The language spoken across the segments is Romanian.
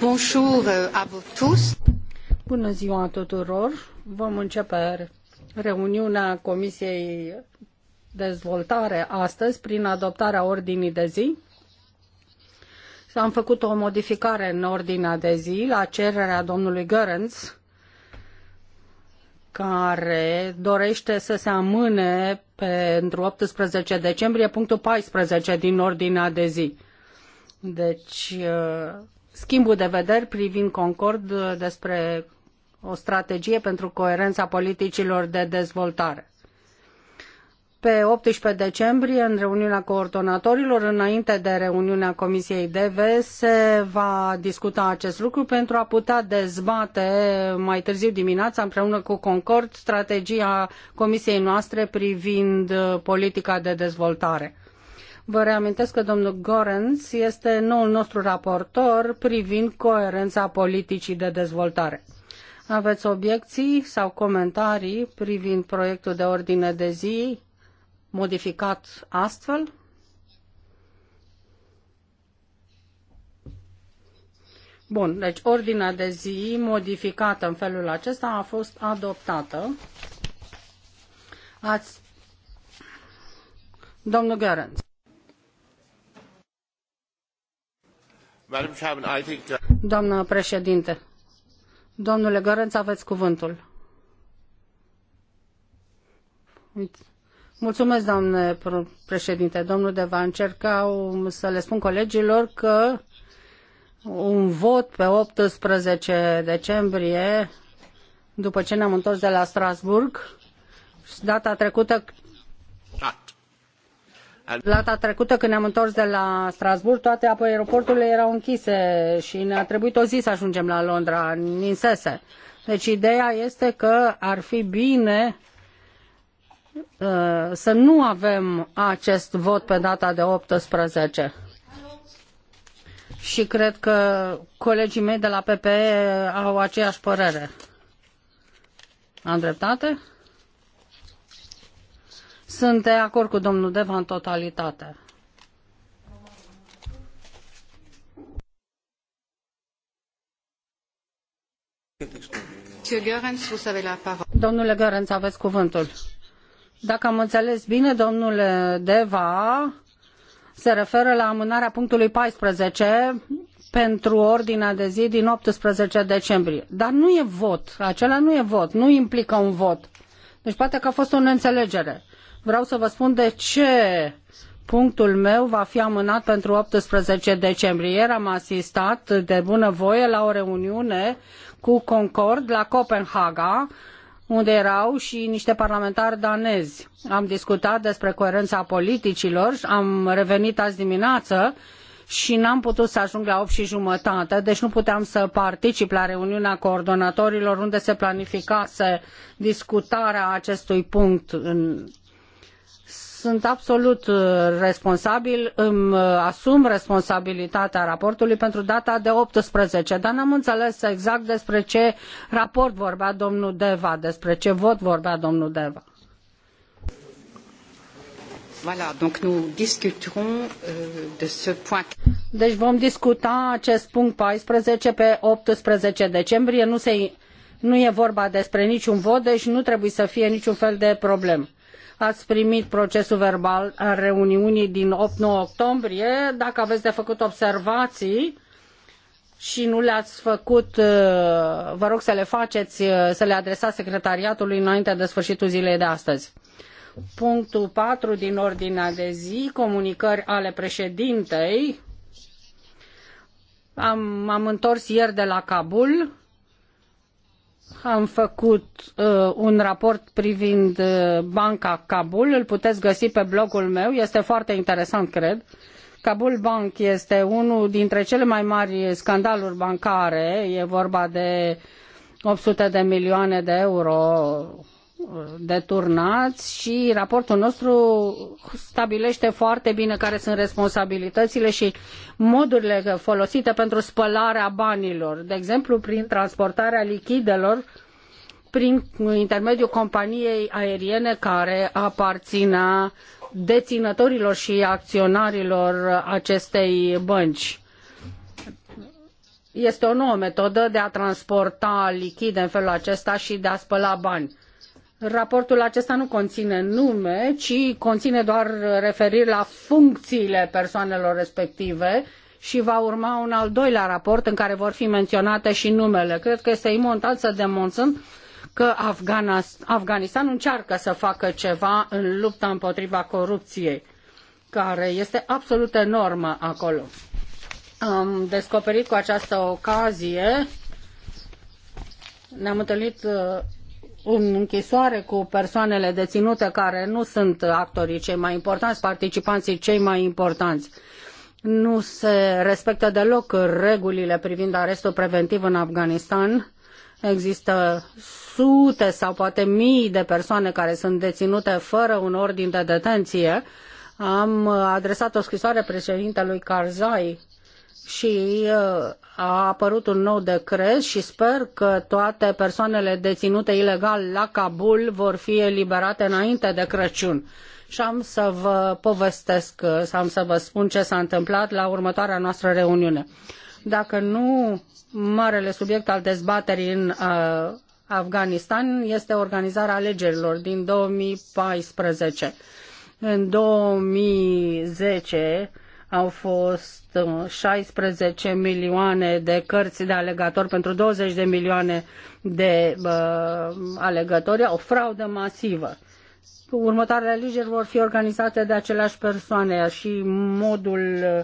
Bonjour euh, à vous tous. Bună ziua tuturor. Vom începe reuniunea Comisiei Dezvoltare astăzi prin adoptarea ordinii de zi. Am făcut o modificare în ordinea de zi la cererea domnului Görens, care dorește să se amâne pentru 18 decembrie punctul 14 din ordinea de zi. Deci, uh, schimbul de vederi privind Concord uh, despre o strategie pentru coerența politicilor de dezvoltare. Pe 18 decembrie, în reuniunea coordonatorilor, înainte de reuniunea Comisiei DV, se va discuta acest lucru pentru a putea dezbate mai târziu dimineața, împreună cu Concord, strategia Comisiei noastre privind uh, politica de dezvoltare Vă reamintesc că domnul Gorenz este noul nostru raportor privind coerența politicii de dezvoltare. Aveți obiecții sau comentarii privind proiectul de ordine de zi modificat astfel? Bun, deci ordinea de zi modificată în felul acesta a fost adoptată. Ați... Domnul Doamnă președinte, domnule Gărenț, aveți cuvântul. Mulțumesc, doamne președinte. Domnul Deva, încerca să le spun colegilor că un vot pe 18 decembrie, după ce ne-am întors de la Strasbourg, data trecută Data trecută când ne-am întors de la Strasbourg, toate aeroporturile erau închise și ne-a trebuit o zi să ajungem la Londra, în Deci ideea este că ar fi bine uh, să nu avem acest vot pe data de 18. Și cred că colegii mei de la PPE au aceeași părere. Am dreptate? Sunt de acord cu domnul Deva în totalitate. Domnule Gărenț, aveți cuvântul. Dacă am înțeles bine, domnule Deva se referă la amânarea punctului 14 pentru ordinea de zi din 18 decembrie. Dar nu e vot, acela nu e vot, nu implică un vot. Deci poate că a fost o neînțelegere. Vreau să vă spun de ce punctul meu va fi amânat pentru 18 decembrie. Ieri am asistat de bunăvoie la o reuniune cu Concord la Copenhaga, unde erau și niște parlamentari danezi. Am discutat despre coerența politicilor, am revenit azi dimineață și n-am putut să ajung la 8 și jumătate, deci nu puteam să particip la reuniunea coordonatorilor unde se planificase discutarea acestui punct în sunt absolut uh, responsabil, îmi uh, asum responsabilitatea raportului pentru data de 18, dar n-am înțeles exact despre ce raport vorbea domnul Deva, despre ce vot vorbea domnul Deva. Voilà, donc nous discuterons euh, de ce point. Deci vom discuta acest punct 14 pe 18 decembrie. Nu, se, nu e vorba despre niciun vot, deci nu trebuie să fie niciun fel de problemă. Ați primit procesul verbal al reuniunii din 8-9 octombrie. Dacă aveți de făcut observații și nu le-ați făcut, uh, vă rog să le faceți, uh, să le adresați secretariatului înainte de sfârșitul zilei de astăzi. Punctul 4 din ordinea de zi, comunicări ale președintei. Am, am întors ieri de la Kabul am făcut uh, un raport privind uh, Banca Kabul, îl puteți găsi pe blogul meu, este foarte interesant, cred. Kabul Bank este unul dintre cele mai mari scandaluri bancare, e vorba de 800 de milioane de euro deturnați și raportul nostru stabilește foarte bine care sunt responsabilitățile și modurile folosite pentru spălarea banilor, de exemplu prin transportarea lichidelor prin intermediul companiei aeriene care aparține deținătorilor și acționarilor acestei bănci. Este o nouă metodă de a transporta lichide în felul acesta și de a spăla bani. Raportul acesta nu conține nume, ci conține doar referiri la funcțiile persoanelor respective și va urma un al doilea raport în care vor fi menționate și numele. Cred că este imontant să demonstrăm că Afganistanul încearcă să facă ceva în lupta împotriva corupției, care este absolut enormă acolo. Am descoperit cu această ocazie ne-am întâlnit uh, în închisoare cu persoanele deținute care nu sunt actorii cei mai importanți, participanții cei mai importanți. Nu se respectă deloc regulile privind arestul preventiv în Afganistan. Există sute sau poate mii de persoane care sunt deținute fără un ordin de detenție. Am adresat o scrisoare președintelui Karzai și uh, a apărut un nou decret și sper că toate persoanele deținute ilegal la Kabul vor fi eliberate înainte de Crăciun. Și am să vă povestesc, uh, am să vă spun ce s-a întâmplat la următoarea noastră reuniune. Dacă nu, marele subiect al dezbaterii în uh, Afganistan este organizarea alegerilor din 2014. În 2010, au fost 16 uh, milioane de cărți de alegători pentru 20 de milioane de uh, alegători, o fraudă masivă. Următoarele alegeri vor fi organizate de aceleași persoane și modul uh,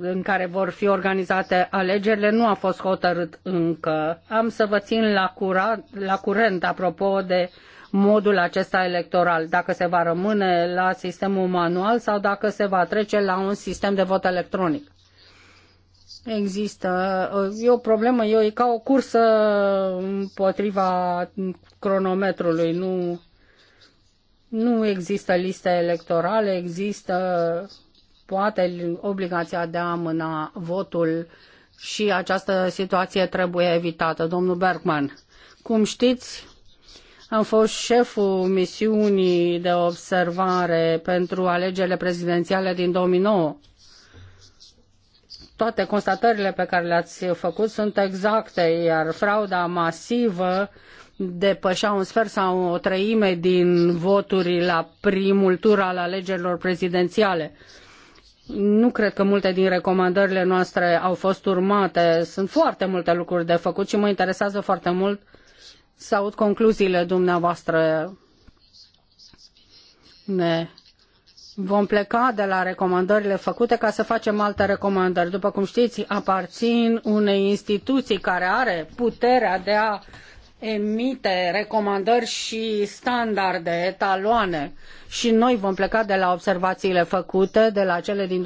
în care vor fi organizate alegerile nu a fost hotărât încă. Am să vă țin la, cura- la curent apropo de uh, modul acesta electoral, dacă se va rămâne la sistemul manual sau dacă se va trece la un sistem de vot electronic. Există, e o problemă, e ca o cursă împotriva cronometrului, nu, nu există liste electorale, există poate obligația de a amâna votul și această situație trebuie evitată. Domnul Bergman, cum știți, am fost șeful misiunii de observare pentru alegerile prezidențiale din 2009. Toate constatările pe care le-ați făcut sunt exacte, iar frauda masivă depășea un sfert sau o treime din voturi la primul tur al alegerilor prezidențiale. Nu cred că multe din recomandările noastre au fost urmate. Sunt foarte multe lucruri de făcut și mă interesează foarte mult să aud concluziile dumneavoastră. Ne vom pleca de la recomandările făcute ca să facem alte recomandări. După cum știți, aparțin unei instituții care are puterea de a emite recomandări și standarde, etaloane și noi vom pleca de la observațiile făcute, de la cele din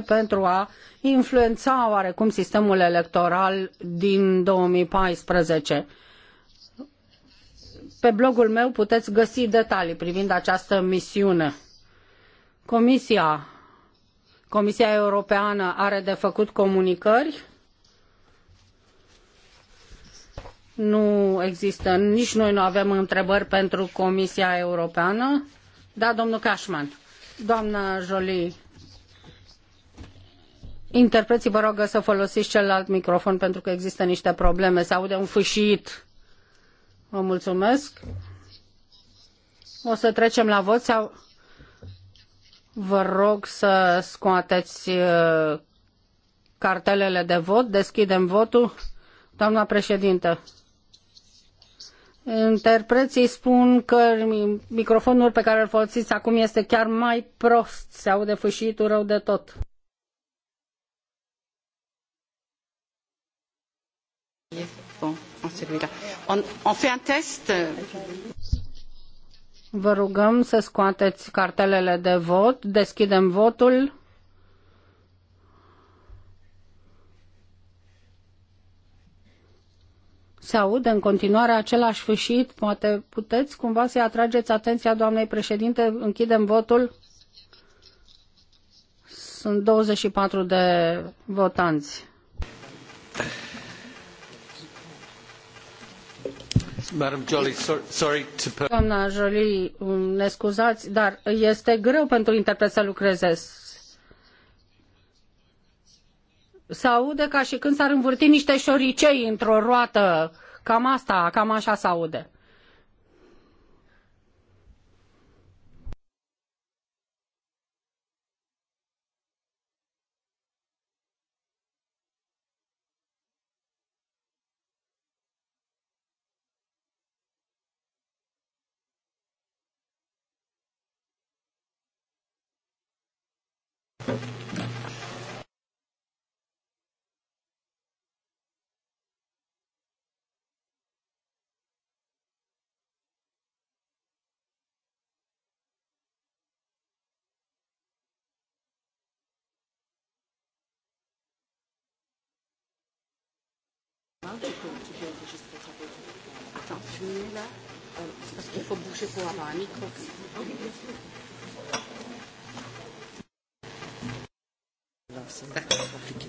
2009-2010 pentru a influența oarecum sistemul electoral din 2014 pe blogul meu puteți găsi detalii privind această misiune. Comisia, Comisia Europeană are de făcut comunicări. Nu există, nici noi nu avem întrebări pentru Comisia Europeană. Da, domnul Cashman. Doamna Jolie, interpreții vă rog să folosiți celălalt microfon pentru că există niște probleme, se aude un fâșiit. Vă mulțumesc. O să trecem la vot sau vă rog să scoateți uh, cartelele de vot. Deschidem votul. Doamna președintă, interpreții spun că microfonul pe care îl folosiți acum este chiar mai prost. Se aude fâșitul rău de tot. Yes celui-là. On, on fait un test. Vă rugăm să scoateți cartelele de vot. Deschidem votul. Se aude în continuare același fâșit. Poate puteți cumva să-i atrageți atenția doamnei președinte. Închidem votul. Sunt 24 de votanți. Doamna Jolie, um, ne scuzați, dar este greu pentru interpret să lucreze. Se aude ca și când s-ar învârti niște șoricei într-o roată. Cam asta, cam așa se aude. que parce qu'il faut bouger pour avoir un micro. c'est compliqué.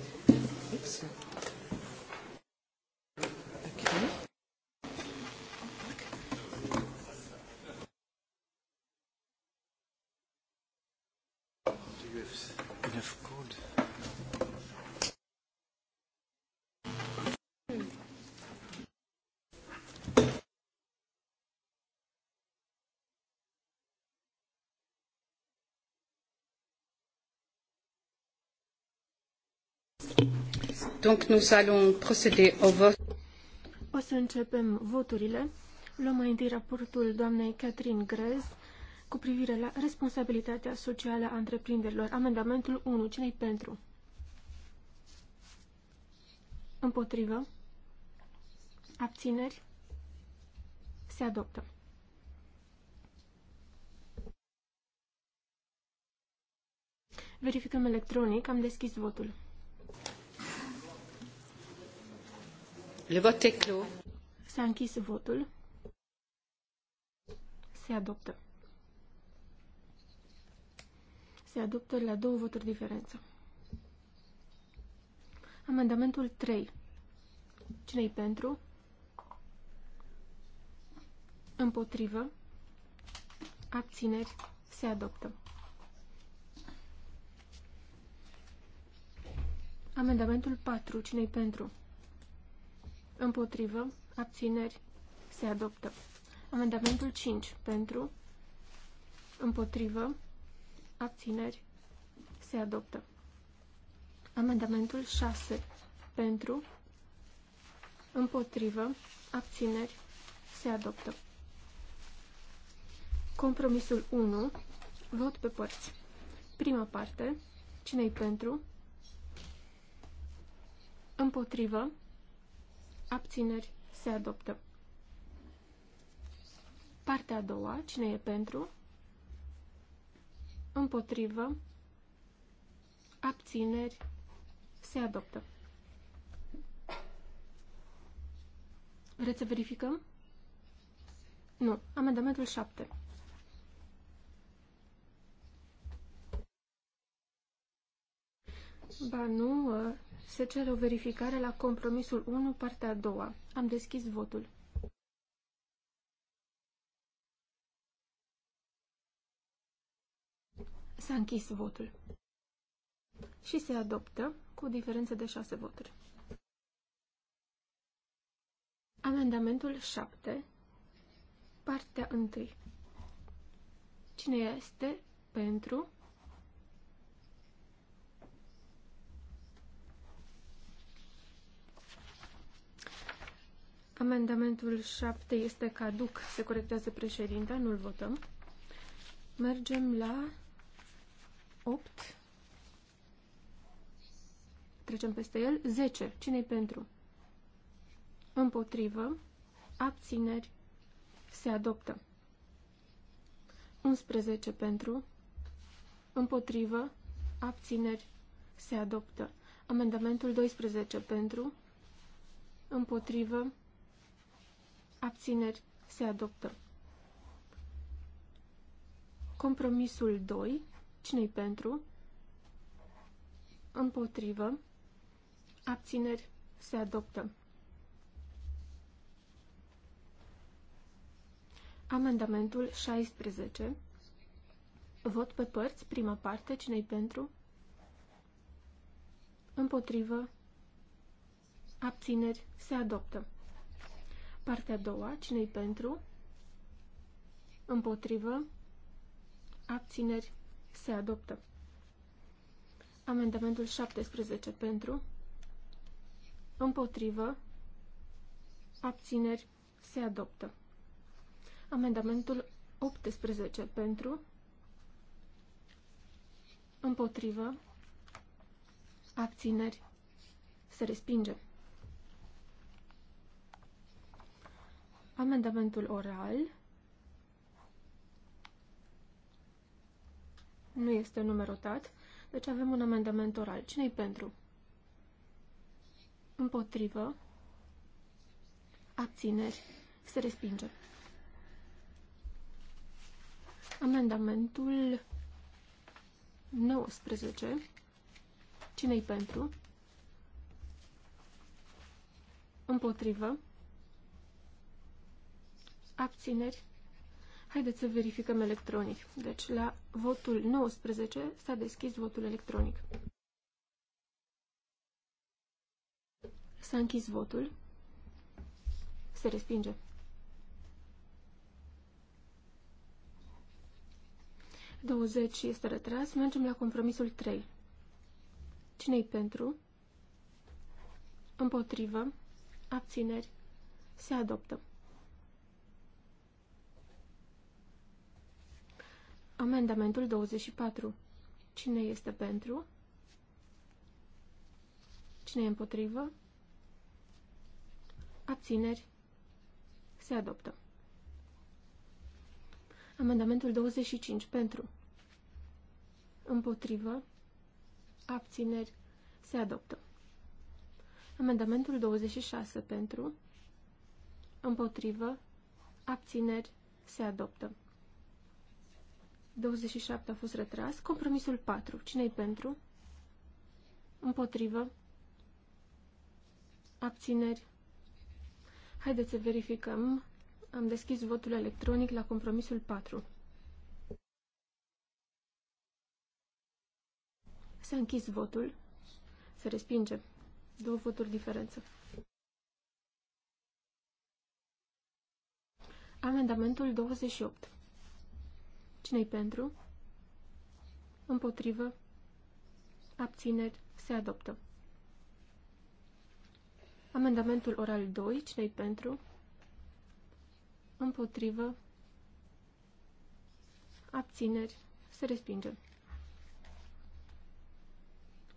Oups. Donc nous allons procéder au vote. O să începem voturile. Luăm mai întâi raportul doamnei Catherine Grez cu privire la responsabilitatea socială a întreprinderilor. Amendamentul 1. Cine-i pentru? Împotrivă? Abțineri? Se adoptă. Verificăm electronic. Am deschis votul. Le vot est clos. s închis votul. Se adoptă. Se adoptă la două voturi diferență. Amendamentul 3. Cine-i pentru? Împotrivă. Abțineri. Se adoptă. Amendamentul 4. Cine-i pentru? Împotrivă. Abțineri. Se adoptă. Amendamentul 5. Pentru. Împotrivă. Abțineri. Se adoptă. Amendamentul 6. Pentru. Împotrivă. Abțineri. Se adoptă. Compromisul 1. Vot pe părți. Prima parte. Cine-i pentru? Împotrivă abțineri, se adoptă. Partea a doua, cine e pentru, împotrivă, abțineri, se adoptă. Vreți să verificăm? Nu. Amendamentul 7. Ba nu, se cere o verificare la compromisul 1, partea a doua. Am deschis votul. S-a închis votul. Și se adoptă cu diferență de 6 voturi. Amendamentul 7, partea 1. Cine este pentru? Amendamentul 7 este caduc, se corectează președinta, nu-l votăm. Mergem la 8. Trecem peste el. 10. Cine-i pentru? Împotrivă. Abțineri. Se adoptă. 11 pentru. Împotrivă. Abțineri. Se adoptă. Amendamentul 12 pentru. Împotrivă abțineri, se adoptă. Compromisul 2, cine-i pentru? Împotrivă, abțineri, se adoptă. Amendamentul 16. Vot pe părți, prima parte, cine-i pentru? Împotrivă, abțineri, se adoptă. Partea a doua, cine pentru? Împotrivă. Abțineri. Se adoptă. Amendamentul 17 pentru. Împotrivă. Abțineri. Se adoptă. Amendamentul 18 pentru. Împotrivă. Abțineri. Se respinge. Amendamentul oral nu este numerotat, deci avem un amendament oral. Cine-i pentru? Împotrivă. Abțineri. Se respinge. Amendamentul 19. Cine-i pentru? Împotrivă abțineri. Haideți să verificăm electronic. Deci la votul 19 s-a deschis votul electronic. S-a închis votul. Se respinge. și este retras. Mergem la compromisul 3. Cine-i pentru? Împotrivă. Abțineri. Se adoptă. Amendamentul 24. Cine este pentru? Cine e împotrivă? Abțineri. Se adoptă. Amendamentul 25. Pentru. Împotrivă. Abțineri. Se adoptă. Amendamentul 26. Pentru. Împotrivă. Abțineri. Se adoptă. 27 a fost retras. Compromisul 4. cine e pentru? Împotrivă. Abțineri. Haideți să verificăm. Am deschis votul electronic la compromisul 4. S-a închis votul. Se respinge. Două voturi diferență. Amendamentul 28. Cine-i pentru? Împotrivă. Abțineri. Se adoptă. Amendamentul oral 2. Cine-i pentru? Împotrivă. Abțineri. Se respinge.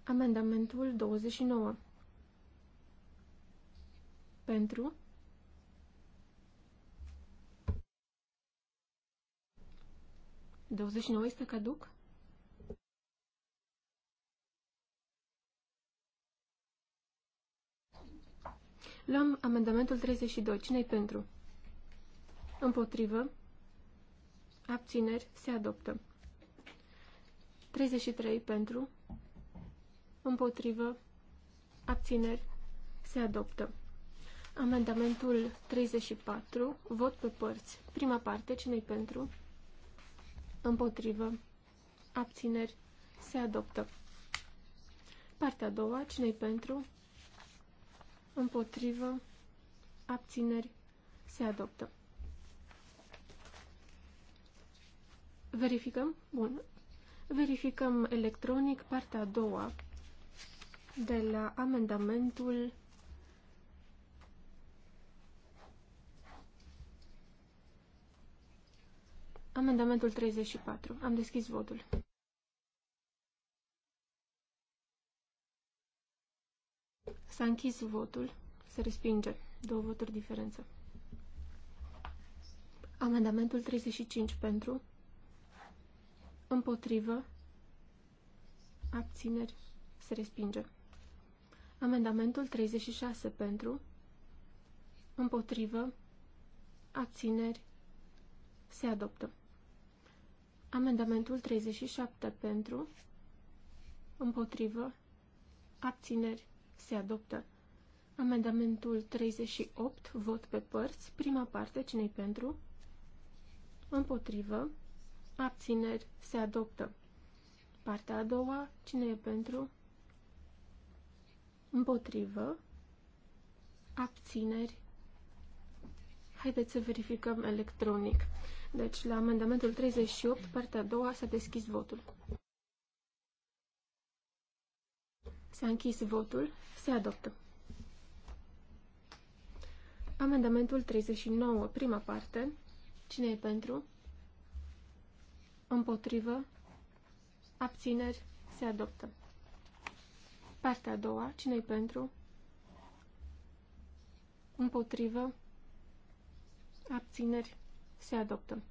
Amendamentul 29. Pentru. 29 este caduc? Luăm amendamentul 32. Cine-i pentru? Împotrivă. Abțineri. Se adoptă. 33 pentru. Împotrivă. Abțineri. Se adoptă. Amendamentul 34. Vot pe părți. Prima parte. Cine-i pentru? Împotrivă. Abțineri. Se adoptă. Partea a doua. Cine-i pentru? Împotrivă. Abțineri. Se adoptă. Verificăm? Bun. Verificăm electronic partea a doua de la amendamentul Amendamentul 34. Am deschis votul. S-a închis votul. Se respinge. Două voturi diferență. Amendamentul 35 pentru. Împotrivă. Abțineri. Se respinge. Amendamentul 36 pentru. Împotrivă. Abțineri. Se adoptă. Amendamentul 37 pentru, împotrivă, abțineri, se adoptă. Amendamentul 38, vot pe părți, prima parte, cine pentru? Împotrivă, abțineri, se adoptă. Partea a doua, cine e pentru? Împotrivă, abțineri. Haideți să verificăm electronic. Deci, la amendamentul 38, partea a doua, s-a deschis votul. S-a închis votul. Se adoptă. Amendamentul 39, prima parte. Cine e pentru? Împotrivă? Abțineri? Se adoptă. Partea a doua. cine e pentru? Împotrivă? Abțineri? Se adoptă.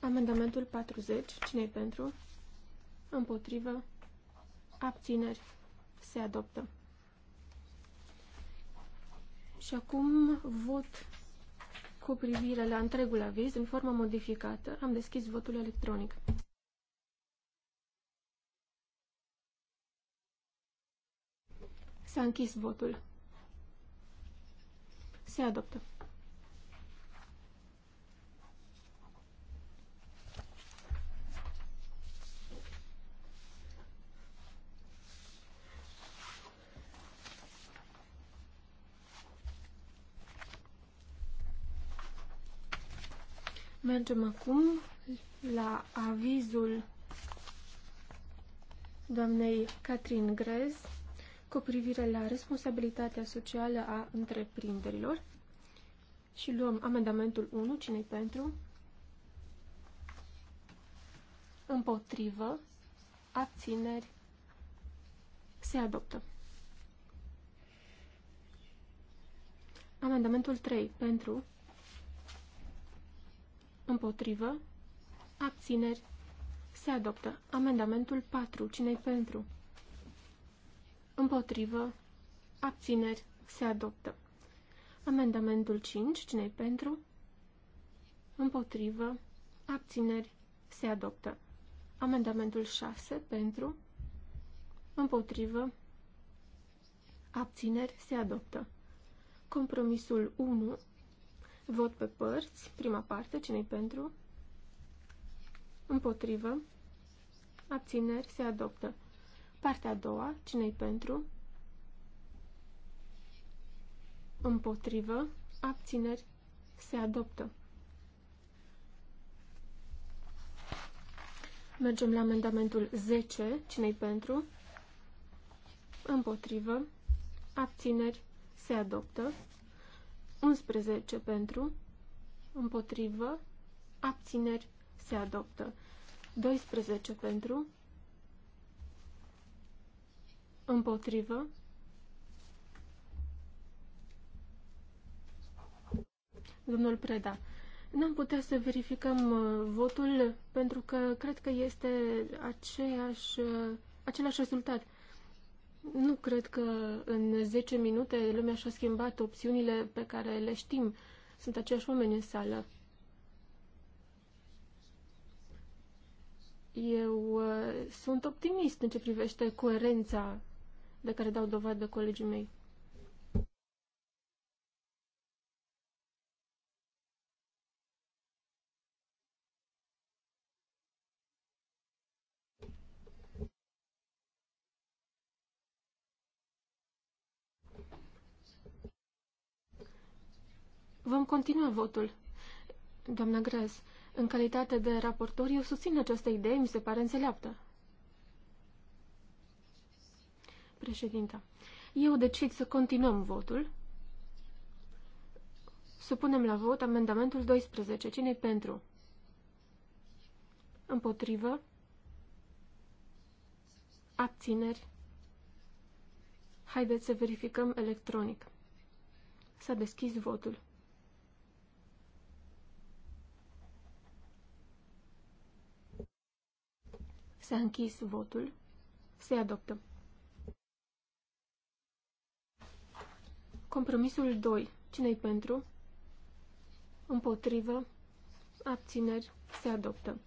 Amendamentul 40. cine pentru? Împotrivă. Abțineri. Se adoptă. Și acum vot cu privire la întregul aviz în formă modificată. Am deschis votul electronic. S-a închis votul. Se adoptă. Mergem acum la avizul doamnei Catherine Grez cu privire la responsabilitatea socială a întreprinderilor și luăm amendamentul 1, cine pentru? Împotrivă, abțineri, se adoptă. Amendamentul 3, pentru, Împotrivă. Abțineri. Se adoptă. Amendamentul 4. Cine-i pentru? Împotrivă. Abțineri. Se adoptă. Amendamentul 5. Cine-i pentru? Împotrivă. Abțineri. Se adoptă. Amendamentul 6. Pentru. Împotrivă. Abțineri. Se adoptă. Compromisul 1 Vot pe părți. Prima parte. Cine-i pentru? Împotrivă. Abțineri. Se adoptă. Partea a doua. Cine-i pentru? Împotrivă. Abțineri. Se adoptă. Mergem la amendamentul 10. Cine-i pentru? Împotrivă. Abțineri. Se adoptă. 11 pentru, împotrivă, abțineri, se adoptă. 12 pentru, împotrivă, domnul Preda. N-am putea să verificăm uh, votul pentru că cred că este aceeași, uh, același rezultat. Nu cred că în 10 minute lumea și-a schimbat opțiunile pe care le știm. Sunt aceiași oameni în sală. Eu uh, sunt optimist în ce privește coerența de care dau dovadă colegii mei. Continua votul. Doamna Grez, în calitate de raportor, eu susțin această idee, mi se pare înțeleaptă. Președinta, eu decid să continuăm votul. Supunem la vot amendamentul 12. cine pentru? Împotrivă? Abțineri? Haideți să verificăm electronic. S-a deschis votul. S-a închis votul. Se adoptă. Compromisul 2. Cine-i pentru? Împotrivă. Abțineri. Se adoptă.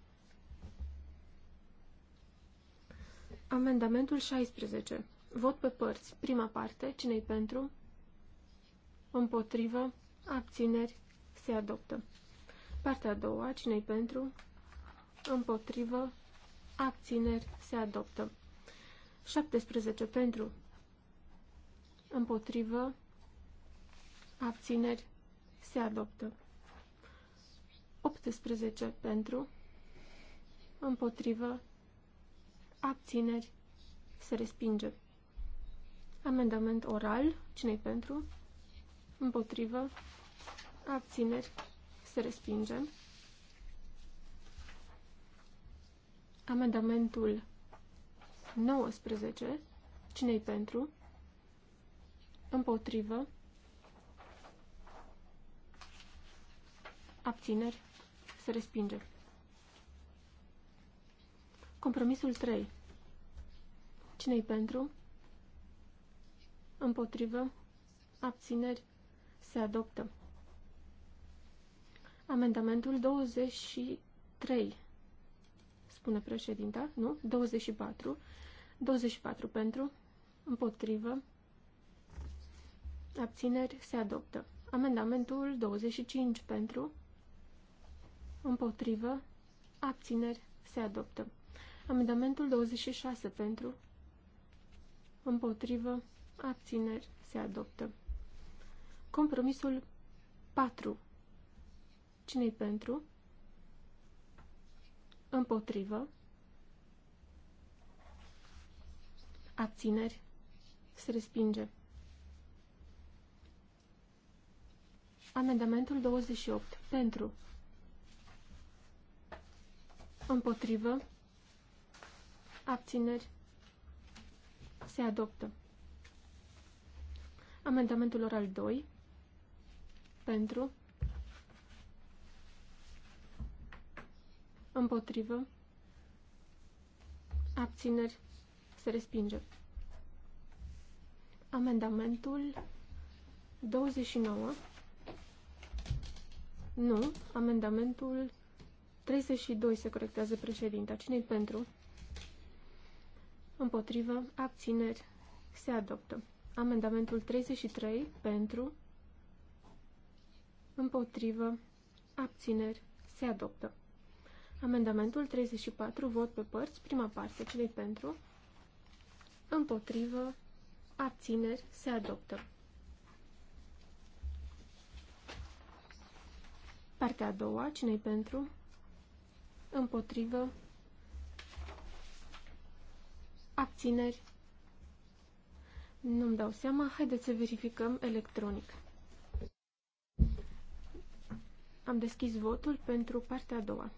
Amendamentul 16. Vot pe părți. Prima parte. Cine-i pentru? Împotrivă. Abțineri. Se adoptă. Partea a doua. Cine-i pentru? Împotrivă abțineri, se adoptă. 17 pentru, împotrivă, abțineri, se adoptă. 18 pentru, împotrivă, abțineri, se respinge. Amendament oral, cine pentru? Împotrivă, abțineri, se respinge. Amendamentul 19. Cine-i pentru? Împotrivă. Abțineri. Se respinge. Compromisul 3. Cine-i pentru? Împotrivă. Abțineri. Se adoptă. Amendamentul 23 spune președinta, nu? 24. 24 pentru, împotrivă, abțineri, se adoptă. Amendamentul 25 pentru, împotrivă, abțineri, se adoptă. Amendamentul 26 pentru, împotrivă, abțineri, se adoptă. Compromisul 4. Cine-i pentru? Împotrivă. Abțineri. Se respinge. Amendamentul 28. Pentru. Împotrivă. Abțineri. Se adoptă. Amendamentul oral 2. Pentru. împotrivă, abțineri, se respinge. Amendamentul 29, nu, amendamentul 32 se corectează președinta. Cine-i pentru? Împotrivă, abțineri, se adoptă. Amendamentul 33 pentru, împotrivă, abțineri, se adoptă. Amendamentul 34, vot pe părți, prima parte, cine pentru? Împotrivă, abțineri, se adoptă. Partea a doua, cine pentru? Împotrivă, abțineri. Nu-mi dau seama, haideți să verificăm electronic. Am deschis votul pentru partea a doua.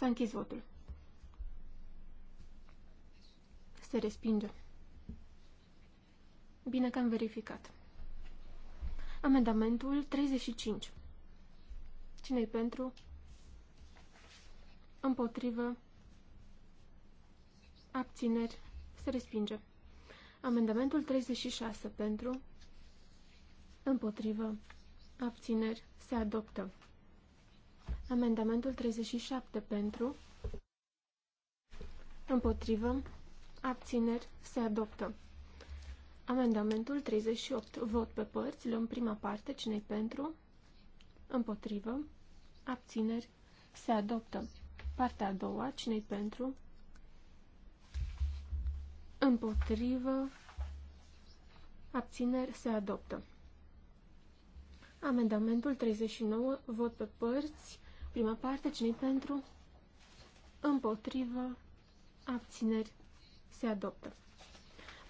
S-a închis votul. Se respinge. Bine că am verificat. Amendamentul 35. Cine-i pentru? Împotrivă. Abțineri. Se respinge. Amendamentul 36 pentru. Împotrivă. Abțineri. Se adoptă. Amendamentul 37 pentru, împotrivă, abțineri, se adoptă. Amendamentul 38, vot pe părți, luăm prima parte, cine pentru, împotrivă, abțineri, se adoptă. Partea a doua, cine pentru, împotrivă, abțineri, se adoptă. Amendamentul 39, vot pe părți, Prima parte, cine pentru? Împotrivă, abțineri, se adoptă.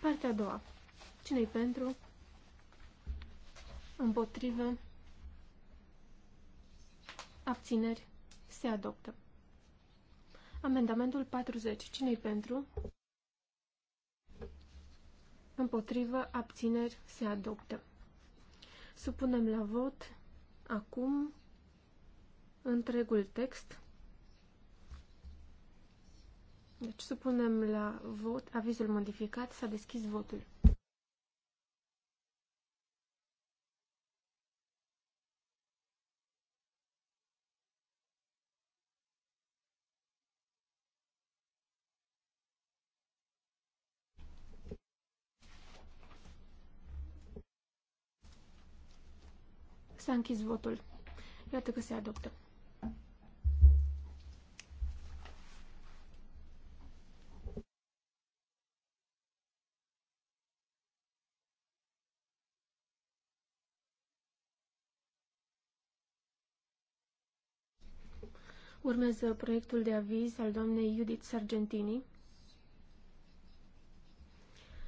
Partea a doua, cine pentru? Împotrivă, abțineri, se adoptă. Amendamentul 40, cine pentru? Împotrivă, abțineri, se adoptă. Supunem la vot acum întregul text. Deci supunem la vot avizul modificat. S-a deschis votul. S-a închis votul. Iată că se adoptă. Urmează proiectul de aviz al doamnei Judith Sargentini.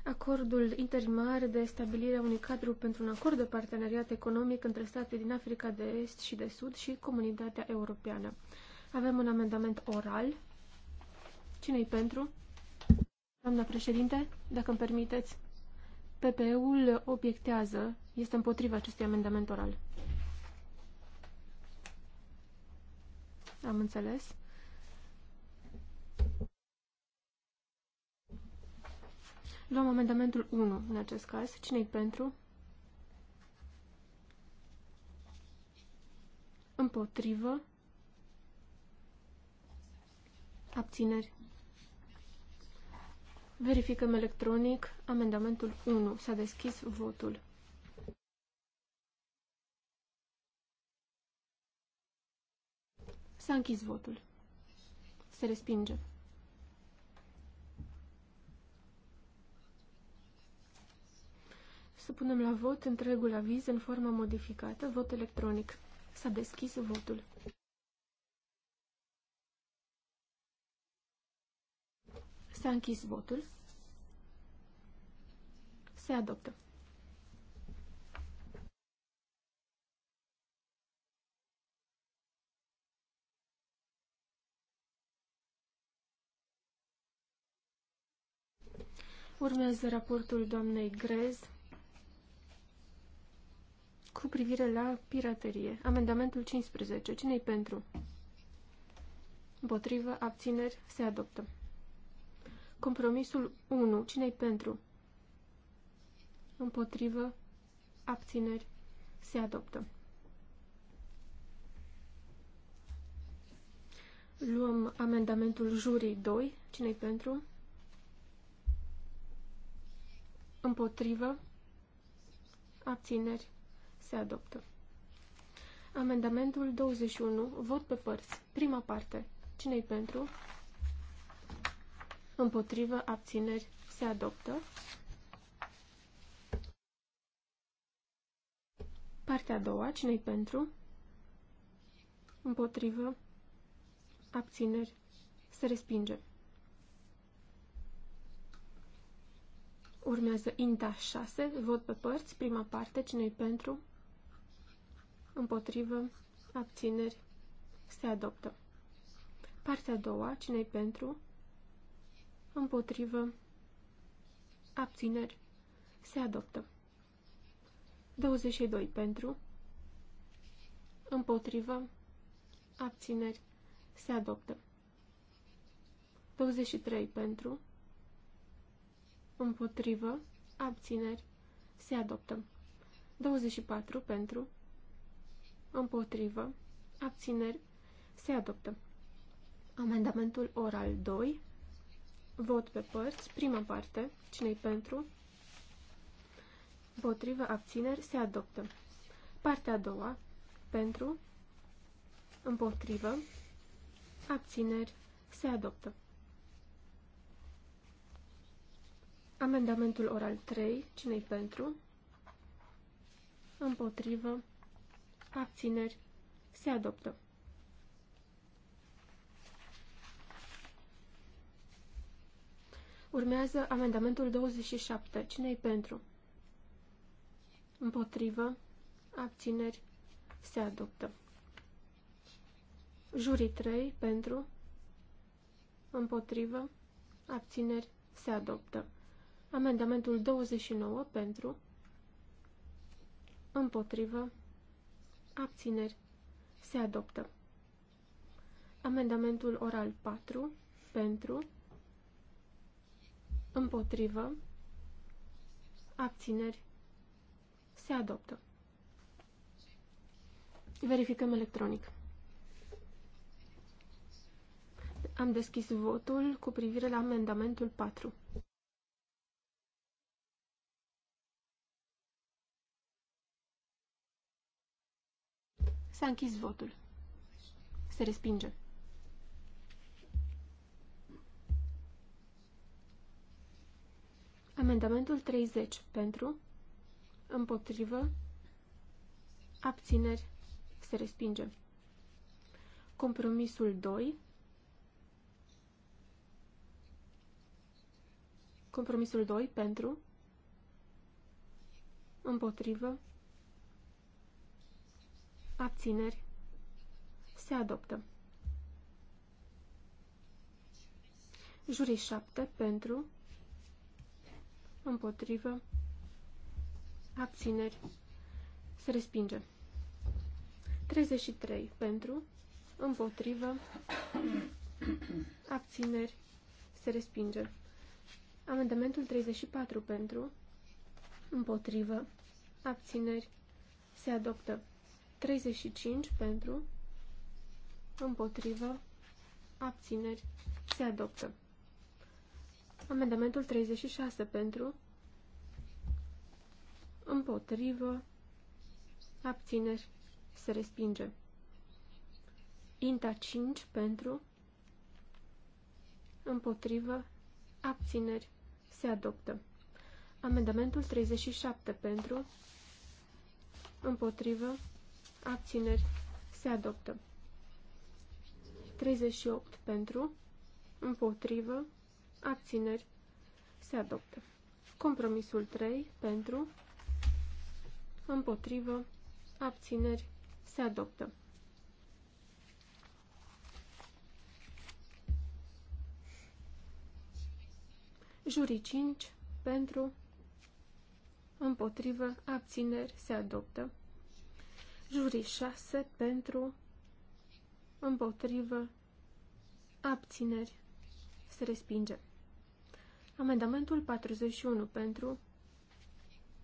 Acordul interimar de stabilire a unui cadru pentru un acord de parteneriat economic între state din Africa de Est și de Sud și Comunitatea Europeană. Avem un amendament oral. Cine-i pentru? Doamna președinte, dacă îmi permiteți, PPE-ul obiectează, este împotriva acestui amendament oral. am înțeles. Luăm amendamentul 1 în acest caz. cine e pentru? Împotrivă. Abțineri. Verificăm electronic amendamentul 1. S-a deschis votul. S-a închis votul. Se respinge. Să punem la vot întregul aviz în formă modificată, vot electronic. S-a deschis votul. S-a închis votul. Se adoptă. Urmează raportul doamnei Grez cu privire la piraterie. Amendamentul 15. Cine-i pentru? Împotrivă, abțineri, se adoptă. Compromisul 1. Cine-i pentru? Împotrivă, abțineri, se adoptă. Luăm amendamentul jurii 2. Cine-i pentru? Împotrivă. Abțineri. Se adoptă. Amendamentul 21. Vot pe părți. Prima parte. Cine-i pentru? Împotrivă. Abțineri. Se adoptă. Partea a doua. Cine-i pentru? Împotrivă. Abțineri. Se respinge. Urmează INTA 6, vot pe părți, prima parte, cine pentru, împotrivă, abțineri, se adoptă. Partea a doua, cine pentru, împotrivă, abțineri, se adoptă. 22 pentru, împotrivă, abțineri, se adoptă. 23 pentru, împotrivă, abțineri, se adoptă. 24 pentru, împotrivă, abțineri, se adoptă. Amendamentul oral 2, vot pe părți, prima parte, cine-i pentru, împotrivă, abțineri, se adoptă. Partea a doua, pentru, împotrivă, abțineri, se adoptă. Amendamentul oral 3. Cine-i pentru? Împotrivă. Abțineri. Se adoptă. Urmează amendamentul 27. Cine-i pentru? Împotrivă. Abțineri. Se adoptă. Jurii 3. Pentru. Împotrivă. Abțineri. Se adoptă. Amendamentul 29 pentru, împotrivă, abțineri, se adoptă. Amendamentul oral 4 pentru, împotrivă, abțineri, se adoptă. Verificăm electronic. Am deschis votul cu privire la amendamentul 4. S-a închis votul. Se respinge. Amendamentul 30 pentru, împotrivă, abțineri, se respinge. Compromisul 2 Compromisul 2 pentru, împotrivă, abțineri, se adoptă. Jurii 7 pentru, împotrivă, abțineri, se respinge. 33 pentru, împotrivă, abțineri, se respinge. Amendamentul 34 pentru, împotrivă, abțineri, se adoptă. 35 pentru, împotrivă, abțineri, se adoptă. Amendamentul 36 pentru, împotrivă, abțineri, se respinge. Inta 5 pentru, împotrivă, abțineri, se adoptă. Amendamentul 37 pentru, împotrivă, abțineri, se adoptă. 38 pentru, împotrivă, abțineri, se adoptă. Compromisul 3 pentru, împotrivă, abțineri, se adoptă. Jurii 5 pentru, împotrivă, abțineri, se adoptă. Jurișase 6 pentru, împotrivă, abțineri, se respinge. Amendamentul 41 pentru,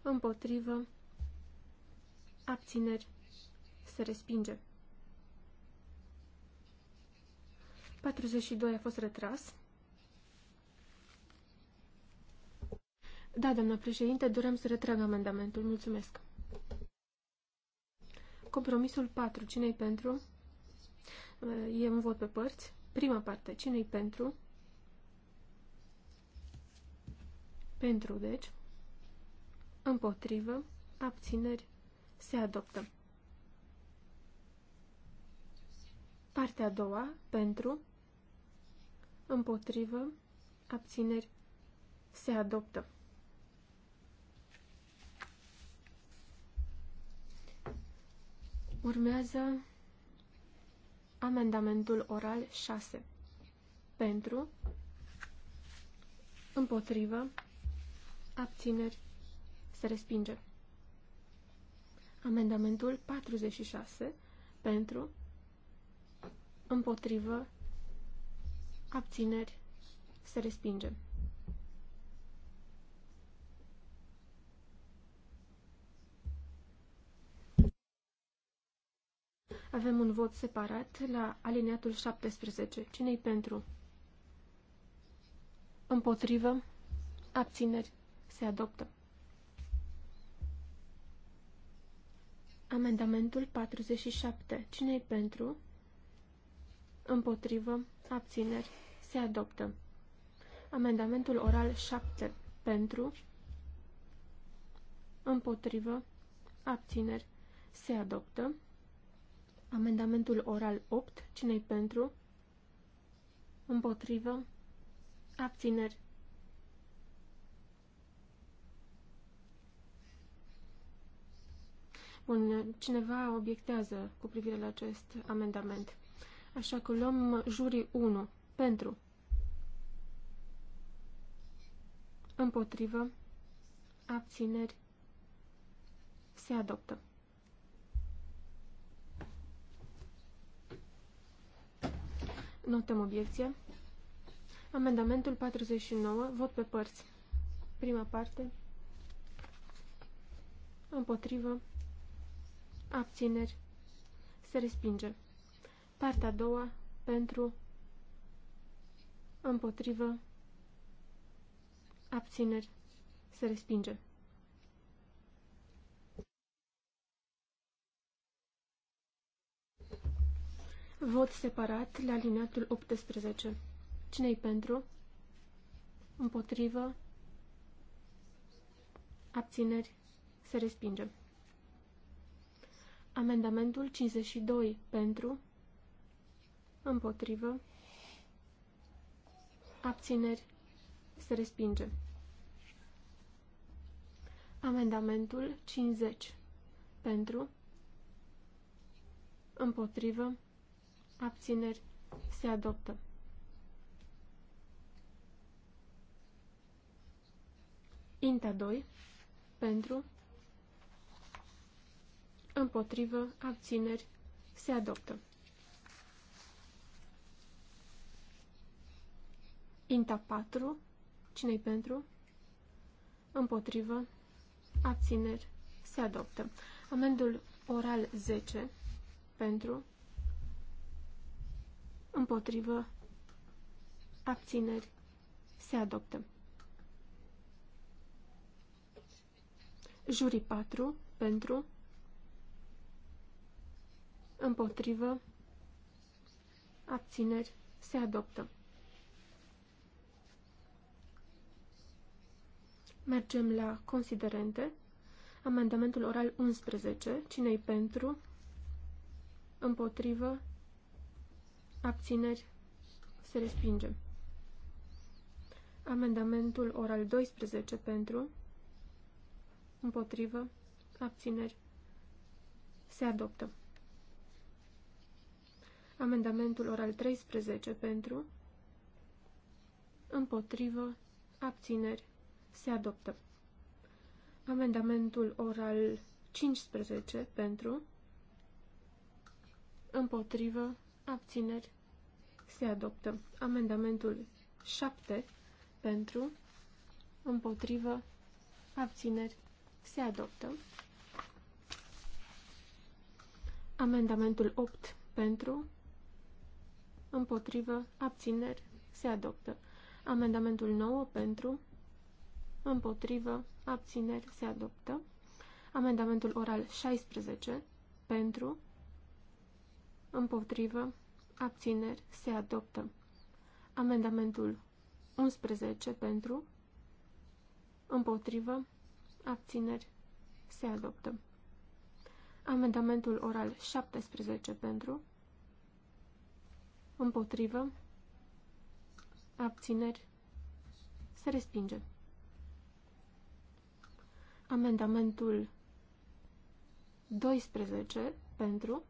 împotrivă, abțineri, se respinge. 42 a fost retras. Da, doamnă președinte, dorem să retrag amendamentul. Mulțumesc. Compromisul 4. Cine-i pentru? E un vot pe părți. Prima parte. Cine-i pentru? Pentru, deci. Împotrivă. Abțineri. Se adoptă. Partea a doua. Pentru. Împotrivă. Abțineri. Se adoptă. Urmează amendamentul oral 6. Pentru, împotrivă, abțineri, se respinge. Amendamentul 46. Pentru, împotrivă, abțineri, se respinge. Avem un vot separat la alineatul 17. Cine-i pentru? Împotrivă? Abțineri? Se adoptă. Amendamentul 47. Cine-i pentru? Împotrivă? Abțineri? Se adoptă. Amendamentul oral 7. Pentru? Împotrivă? Abțineri? Se adoptă. Amendamentul oral 8. cine pentru? Împotrivă? Abțineri? Bun, cineva obiectează cu privire la acest amendament. Așa că luăm jurii 1. Pentru. Împotrivă. Abțineri. Se adoptă. Notăm obiecția. Amendamentul 49, vot pe părți. Prima parte. Împotrivă. Abțineri. Se respinge. Partea a doua, pentru. Împotrivă. Abțineri. Se respinge. Vot separat la alineatul 18. Cine-i pentru? Împotrivă? Abțineri? Se respinge. Amendamentul 52 pentru? Împotrivă? Abțineri? Se respinge. Amendamentul 50 pentru? Împotrivă? abțineri, se adoptă. Inta 2, pentru, împotrivă, abțineri, se adoptă. Inta 4, cine pentru? Împotrivă, abțineri, se adoptă. Amendul oral 10, pentru, împotrivă, abțineri, se adoptă. Jurii 4, pentru, împotrivă, abțineri, se adoptă. Mergem la considerente. Amendamentul oral 11. Cine-i pentru? Împotrivă? abțineri, se respinge. Amendamentul oral 12 pentru, împotrivă, abțineri, se adoptă. Amendamentul oral 13 pentru, împotrivă, abțineri, se adoptă. Amendamentul oral 15 pentru, împotrivă, Abțineri. Se adoptă. Amendamentul 7 pentru, împotrivă, abțineri. Se adoptă. Amendamentul 8 pentru, împotrivă, abțineri. Se adoptă. Amendamentul 9 pentru, împotrivă, abțineri. Se adoptă. Amendamentul oral 16 pentru, împotrivă, abțineri, se adoptă. Amendamentul 11 pentru, împotrivă, abțineri, se adoptă. Amendamentul oral 17 pentru, împotrivă, abțineri, se respinge. Amendamentul 12 pentru,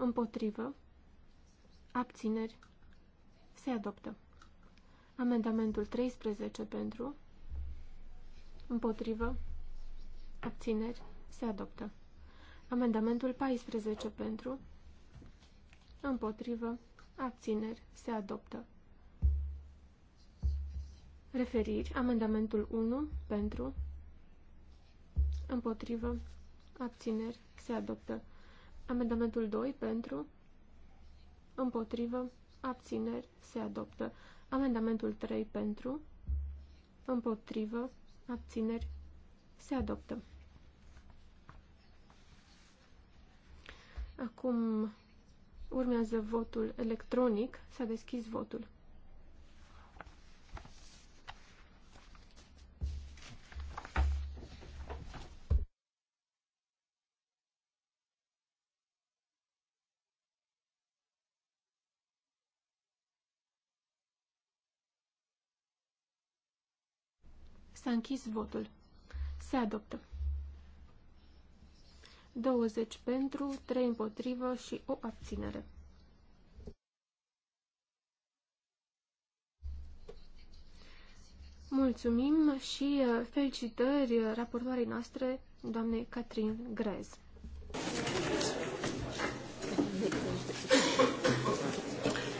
Împotrivă. Abțineri. Se adoptă. Amendamentul 13 pentru. Împotrivă. Abțineri. Se adoptă. Amendamentul 14 pentru. Împotrivă. Abțineri. Se adoptă. Referiri. Amendamentul 1 pentru. Împotrivă. Abțineri. Se adoptă. Amendamentul 2 pentru, împotrivă, abțineri, se adoptă. Amendamentul 3 pentru, împotrivă, abțineri, se adoptă. Acum urmează votul electronic. S-a deschis votul. S-a închis votul. Se adoptă. 20 pentru, 3 împotrivă și o abținere. Mulțumim și uh, felicitări uh, raportoarei noastre, doamnei Catrin Grez.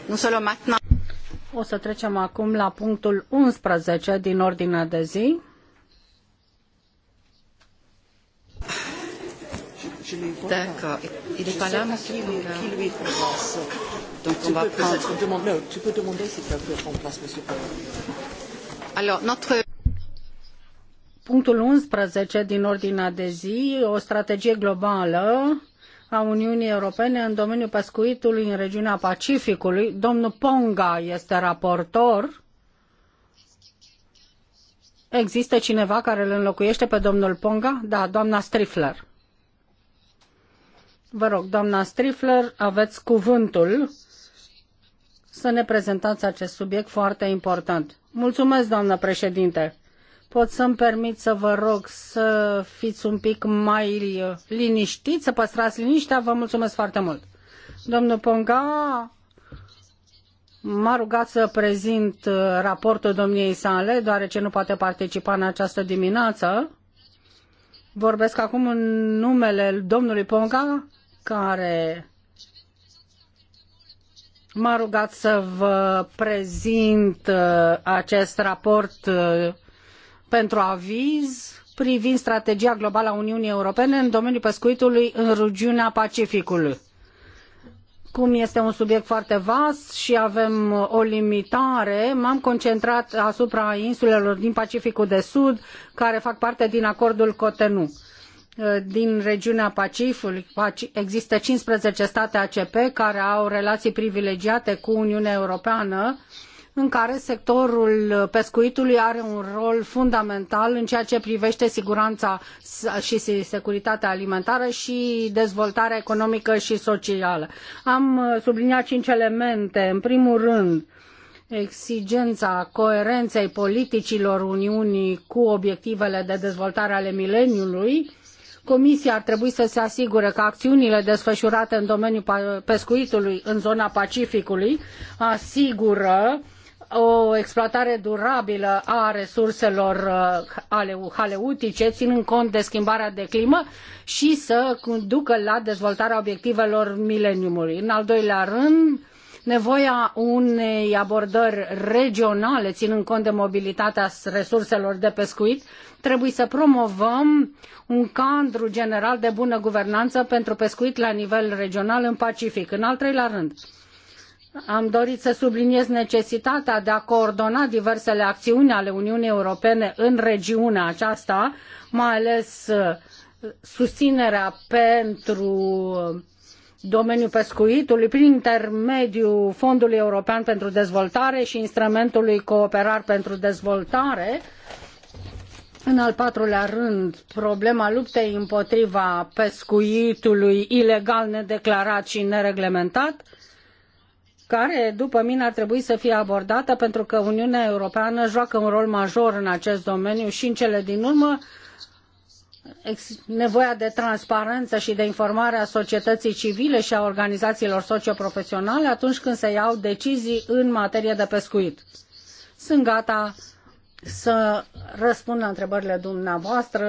Nu solo maintenant. O să trecem acum la punctul 11 din ordinea de zi. D'accord. Il est pas là, monsieur Donc on va prendre. tu peux demander si tu veux remplacer monsieur Alors, notre. Punctul 11 din ordinea de zi, o strategie globală a Uniunii Europene în domeniul pescuitului în regiunea Pacificului. Domnul Ponga este raportor. Există cineva care îl înlocuiește pe domnul Ponga? Da, doamna Strifler. Vă rog, doamna Strifler, aveți cuvântul să ne prezentați acest subiect foarte important. Mulțumesc, doamnă președinte pot să-mi permit să vă rog să fiți un pic mai uh, liniștiți, să păstrați liniștea. Vă mulțumesc foarte mult. Domnul Ponga m-a rugat să prezint uh, raportul domniei sale, deoarece nu poate participa în această dimineață. Vorbesc acum în numele domnului Ponga, care m-a rugat să vă prezint uh, acest raport uh, pentru aviz privind strategia globală a Uniunii Europene în domeniul pescuitului în regiunea Pacificului. Cum este un subiect foarte vast și avem o limitare, m-am concentrat asupra insulelor din Pacificul de Sud, care fac parte din acordul Cotonou din regiunea Pacificului există 15 state ACP care au relații privilegiate cu Uniunea Europeană în care sectorul pescuitului are un rol fundamental în ceea ce privește siguranța și securitatea alimentară și dezvoltarea economică și socială. Am uh, subliniat cinci elemente. În primul rând, exigența coerenței politicilor Uniunii cu obiectivele de dezvoltare ale mileniului, Comisia ar trebui să se asigure că acțiunile desfășurate în domeniul pescuitului în zona Pacificului asigură o exploatare durabilă a resurselor uh, haleutice, ținând cont de schimbarea de climă și să ducă la dezvoltarea obiectivelor mileniumului. În al doilea rând, nevoia unei abordări regionale, ținând cont de mobilitatea resurselor de pescuit, trebuie să promovăm un cadru general de bună guvernanță pentru pescuit la nivel regional în Pacific. În al treilea rând, am dorit să subliniez necesitatea de a coordona diversele acțiuni ale Uniunii Europene în regiunea aceasta, mai ales uh, susținerea pentru uh, domeniul pescuitului prin intermediul Fondului European pentru Dezvoltare și instrumentului Cooperare pentru Dezvoltare. În al patrulea rând, problema luptei împotriva pescuitului ilegal, nedeclarat și nereglementat care, după mine, ar trebui să fie abordată pentru că Uniunea Europeană joacă un rol major în acest domeniu și în cele din urmă nevoia de transparență și de informare a societății civile și a organizațiilor socioprofesionale atunci când se iau decizii în materie de pescuit. Sunt gata să răspund la întrebările dumneavoastră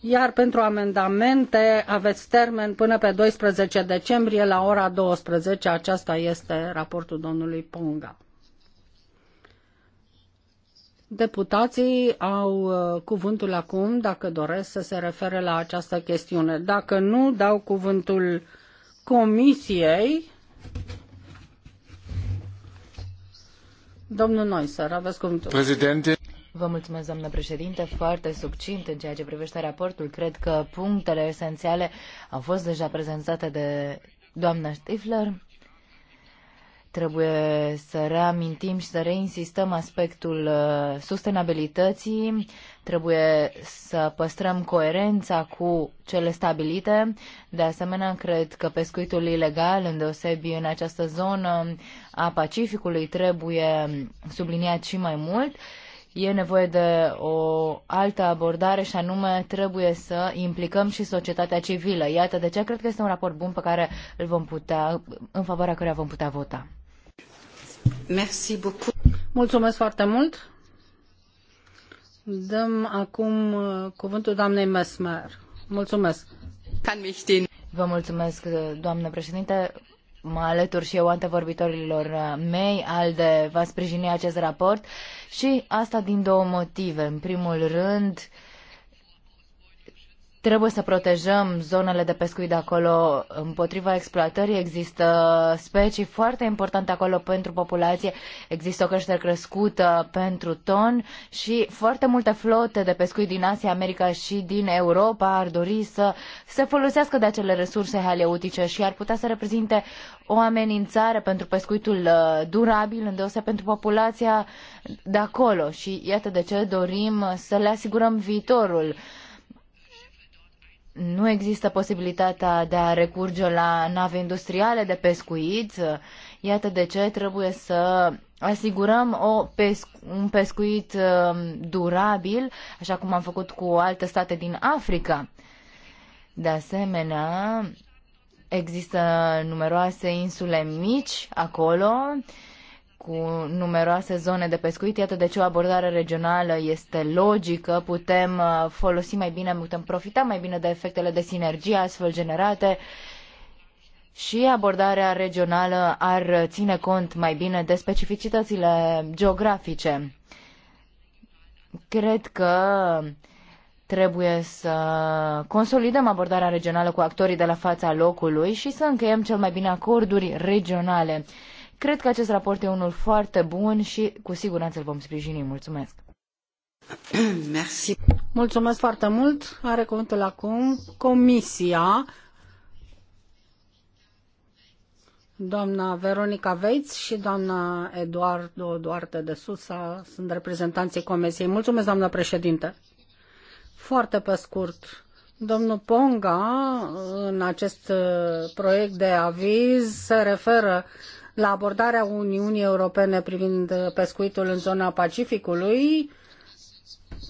iar pentru amendamente aveți termen până pe 12 decembrie la ora 12. Aceasta este raportul domnului Ponga. Deputații au uh, cuvântul acum dacă doresc să se refere la această chestiune. Dacă nu, dau cuvântul Comisiei. Domnul Neusser, aveți cuvântul. Președinte. Vă mulțumesc, doamnă președinte, foarte succint în ceea ce privește raportul. Cred că punctele esențiale au fost deja prezentate de doamna Stifler. Trebuie să reamintim și să reinsistăm aspectul uh, sustenabilității, trebuie să păstrăm coerența cu cele stabilite. De asemenea, cred că pescuitul ilegal, îndeosebi în această zonă a Pacificului, trebuie subliniat și mai mult e nevoie de o altă abordare și anume trebuie să implicăm și societatea civilă. Iată de ce cred că este un raport bun pe care îl vom putea, în favoarea căruia vom putea vota. Merci beaucoup. Mulțumesc foarte mult. Dăm acum uh, cuvântul doamnei Mesmer. Mulțumesc. Vă mulțumesc, doamnă președinte mă alătur și eu antevorbitorilor uh, mei, al de va sprijini acest raport și asta din două motive. În primul rând, uh, Trebuie să protejăm zonele de pescuit de acolo împotriva exploatării. Există specii foarte importante acolo pentru populație. Există o creștere crescută pentru ton și foarte multe flote de pescuit din Asia, America și din Europa ar dori să se folosească de acele resurse haleutice și ar putea să reprezinte o amenințare pentru pescuitul uh, durabil, îndeoseb pentru populația de acolo. Și iată de ce dorim să le asigurăm viitorul nu există posibilitatea de a recurge la nave industriale de pescuit. Iată de ce trebuie să asigurăm o pescu- un pescuit um, durabil, așa cum am făcut cu alte state din Africa. De asemenea, există numeroase insule mici acolo cu numeroase zone de pescuit. Iată de ce o abordare regională este logică, putem uh, folosi mai bine, putem profita mai bine de efectele de sinergie astfel generate și abordarea regională ar ține cont mai bine de specificitățile geografice. Cred că trebuie să consolidăm abordarea regională cu actorii de la fața locului și să încheiem cel mai bine acorduri regionale. Cred că acest raport e unul foarte bun și cu siguranță îl vom sprijini. Mulțumesc! Merci. Mulțumesc foarte mult. Are cuvântul acum Comisia, doamna Veronica Veiț și doamna Eduardo Duarte de Susa sunt reprezentanții Comisiei. Mulțumesc, doamna președinte. Foarte pe scurt, Domnul Ponga, în acest uh, proiect de aviz, se referă la abordarea Uniunii Europene privind pescuitul în zona Pacificului,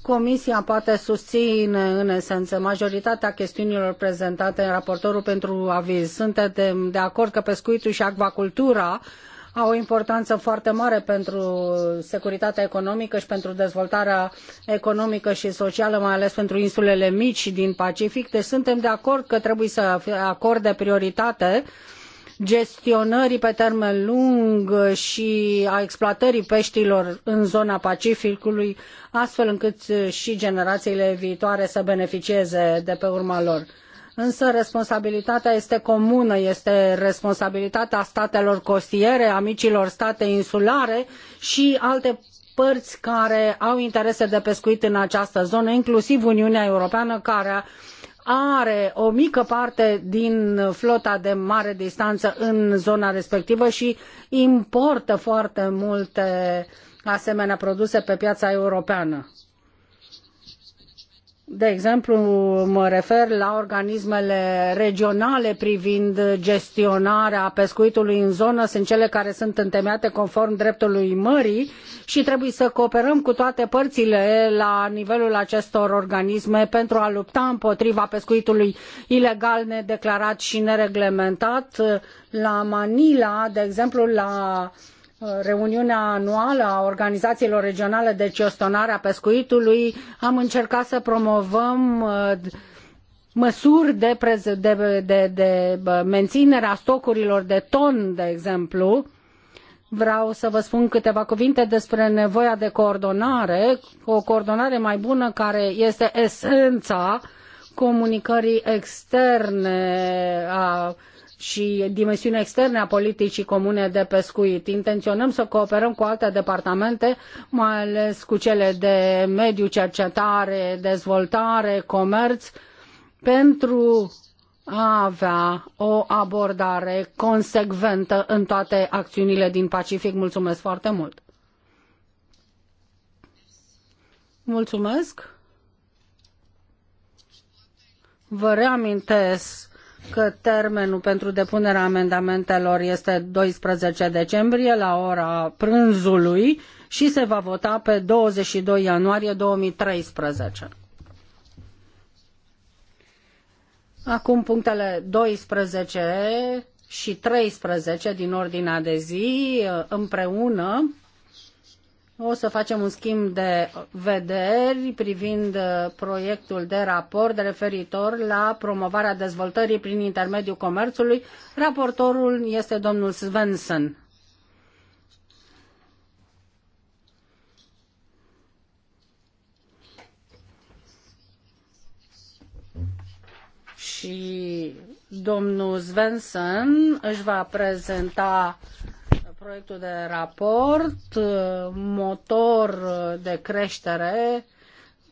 Comisia poate susține în esență majoritatea chestiunilor prezentate în raportorul pentru aviz. Suntem de acord că pescuitul și acvacultura au o importanță foarte mare pentru securitatea economică și pentru dezvoltarea economică și socială, mai ales pentru insulele mici din Pacific. Deci suntem de acord că trebuie să acorde prioritate uh, gestionării pe termen lung și a exploatării peștilor în zona Pacificului, astfel încât și generațiile viitoare să beneficieze de pe urma lor. Însă responsabilitatea este comună, este responsabilitatea statelor costiere, a micilor state insulare și alte părți care au interese de pescuit în această zonă, inclusiv Uniunea Europeană, care are o mică parte din flota de mare distanță în zona respectivă și importă foarte multe asemenea produse pe piața europeană. De exemplu, mă refer la organismele regionale privind gestionarea pescuitului în zonă, sunt cele care sunt întemeiate conform dreptului mării și trebuie să cooperăm cu toate părțile la nivelul acestor organisme pentru a lupta împotriva pescuitului ilegal, nedeclarat și nereglementat. La Manila, de exemplu, la uh, reuniunea anuală a organizațiilor regionale de gestionare a pescuitului, am încercat să promovăm uh, măsuri de, de, de, de menținere a stocurilor de ton, de exemplu, vreau să vă spun câteva cuvinte despre nevoia de coordonare, o coordonare mai bună care este esența comunicării externe a și dimensiunea externă a politicii comune de pescuit. Intenționăm să cooperăm cu alte departamente, mai ales cu cele de mediu, cercetare, dezvoltare, comerț, pentru a avea o abordare consecventă în toate acțiunile din Pacific. Mulțumesc foarte mult! Mulțumesc! Vă reamintesc că termenul pentru depunerea amendamentelor este 12 decembrie la ora prânzului și se va vota pe 22 ianuarie 2013. Acum punctele 12 și 13 din ordinea de zi împreună o să facem un schimb de vederi privind uh, proiectul de raport referitor la promovarea dezvoltării prin intermediul comerțului. Raportorul este domnul Svensson. Și domnul Svensson își va prezenta proiectul de raport, uh, motor de creștere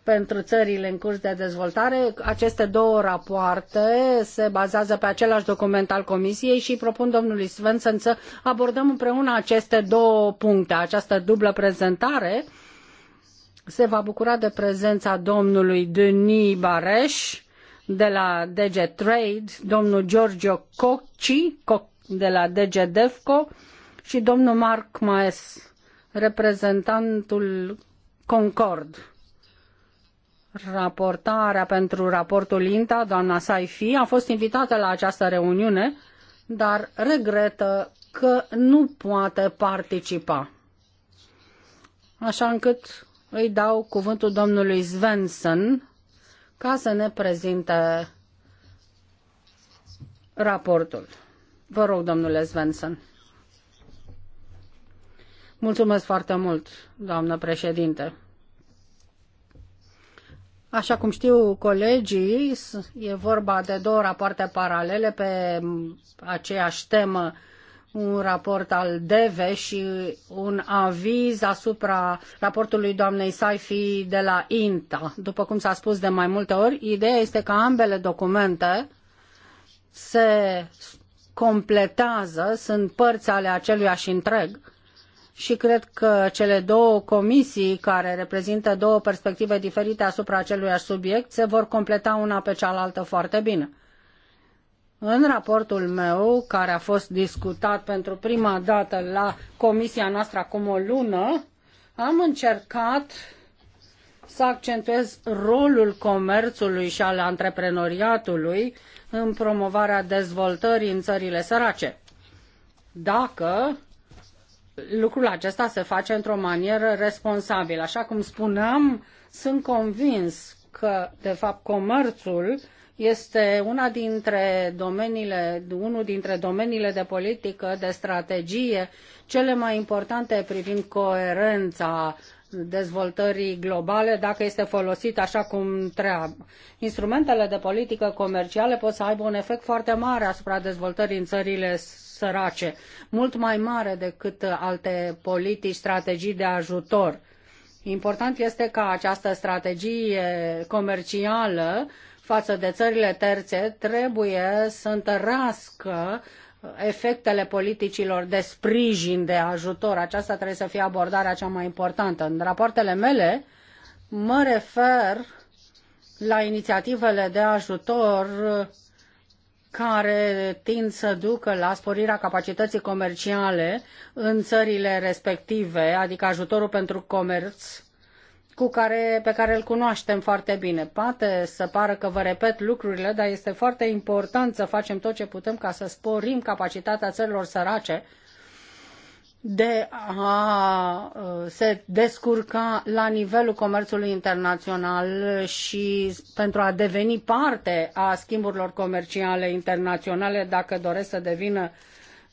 pentru țările în curs de dezvoltare. Aceste două rapoarte se bazează pe același document al Comisiei și propun domnului Svensson să abordăm împreună aceste două puncte, această dublă prezentare. Se va bucura de prezența domnului Denis Bareș de la DG Trade, domnul Giorgio Cocci de la DG Defco, și domnul Marc Maes, reprezentantul Concord. Raportarea pentru raportul INTA, doamna Saifi, a fost invitată la această reuniune, dar regretă că nu poate participa. Așa încât îi dau cuvântul domnului Svensson ca să ne prezinte raportul. Vă rog, domnule Svensson. Mulțumesc foarte mult, doamnă președinte. Așa cum știu colegii, e vorba de două rapoarte paralele pe aceeași temă, un raport al DEVE și un aviz asupra raportului doamnei Saifi de la INTA. După cum s-a spus de mai multe ori, ideea este că ambele documente se completează, sunt părți ale aceluiași întreg și cred că cele două comisii care reprezintă două perspective diferite asupra acelui subiect se vor completa una pe cealaltă foarte bine. În raportul meu, care a fost discutat pentru prima dată la comisia noastră acum o lună, am încercat să accentuez rolul comerțului și al antreprenoriatului în promovarea dezvoltării în țările sărace. Dacă lucrul acesta se face într-o manieră responsabilă. Așa cum spuneam, sunt convins că, de fapt, comerțul este una dintre domeniile, unul dintre domeniile de politică, de strategie, cele mai importante privind coerența dezvoltării globale, dacă este folosit așa cum trebuie. Instrumentele de politică comercială pot să aibă un efect foarte mare asupra dezvoltării în țările sărace, mult mai mare decât alte politici, strategii de ajutor. Important este ca această strategie comercială față de țările terțe trebuie să întărească efectele politicilor de sprijin, de ajutor. Aceasta trebuie să fie abordarea cea mai importantă. În rapoartele mele mă refer la inițiativele de ajutor care tind să ducă la sporirea capacității comerciale în țările respective, adică ajutorul pentru comerț, cu care, pe care îl cunoaștem foarte bine. Poate să pară că vă repet lucrurile, dar este foarte important să facem tot ce putem ca să sporim capacitatea țărilor sărace de a uh, se descurca la nivelul comerțului internațional și pentru a deveni parte a schimburilor comerciale internaționale dacă doresc să devină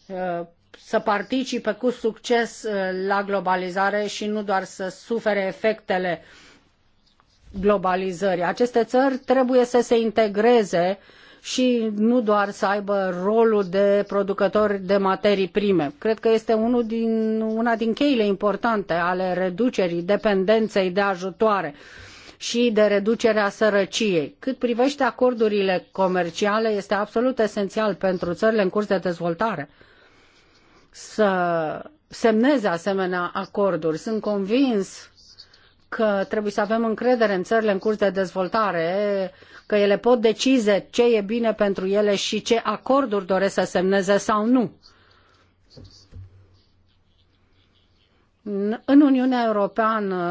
uh, să participe cu succes uh, la globalizare și nu doar să sufere efectele globalizării. Aceste țări trebuie să se integreze uh, și nu doar să aibă rolul de producători de materii prime. Cred că este unul din, una din cheile importante ale reducerii dependenței de ajutoare și de reducerea sărăciei. Cât privește acordurile comerciale, este absolut esențial pentru țările în curs de dezvoltare să semneze asemenea acorduri. Sunt convins că trebuie să avem încredere în țările în curs de dezvoltare, că ele pot decide ce e bine pentru ele și ce acorduri doresc să semneze sau nu. În Uniunea Europeană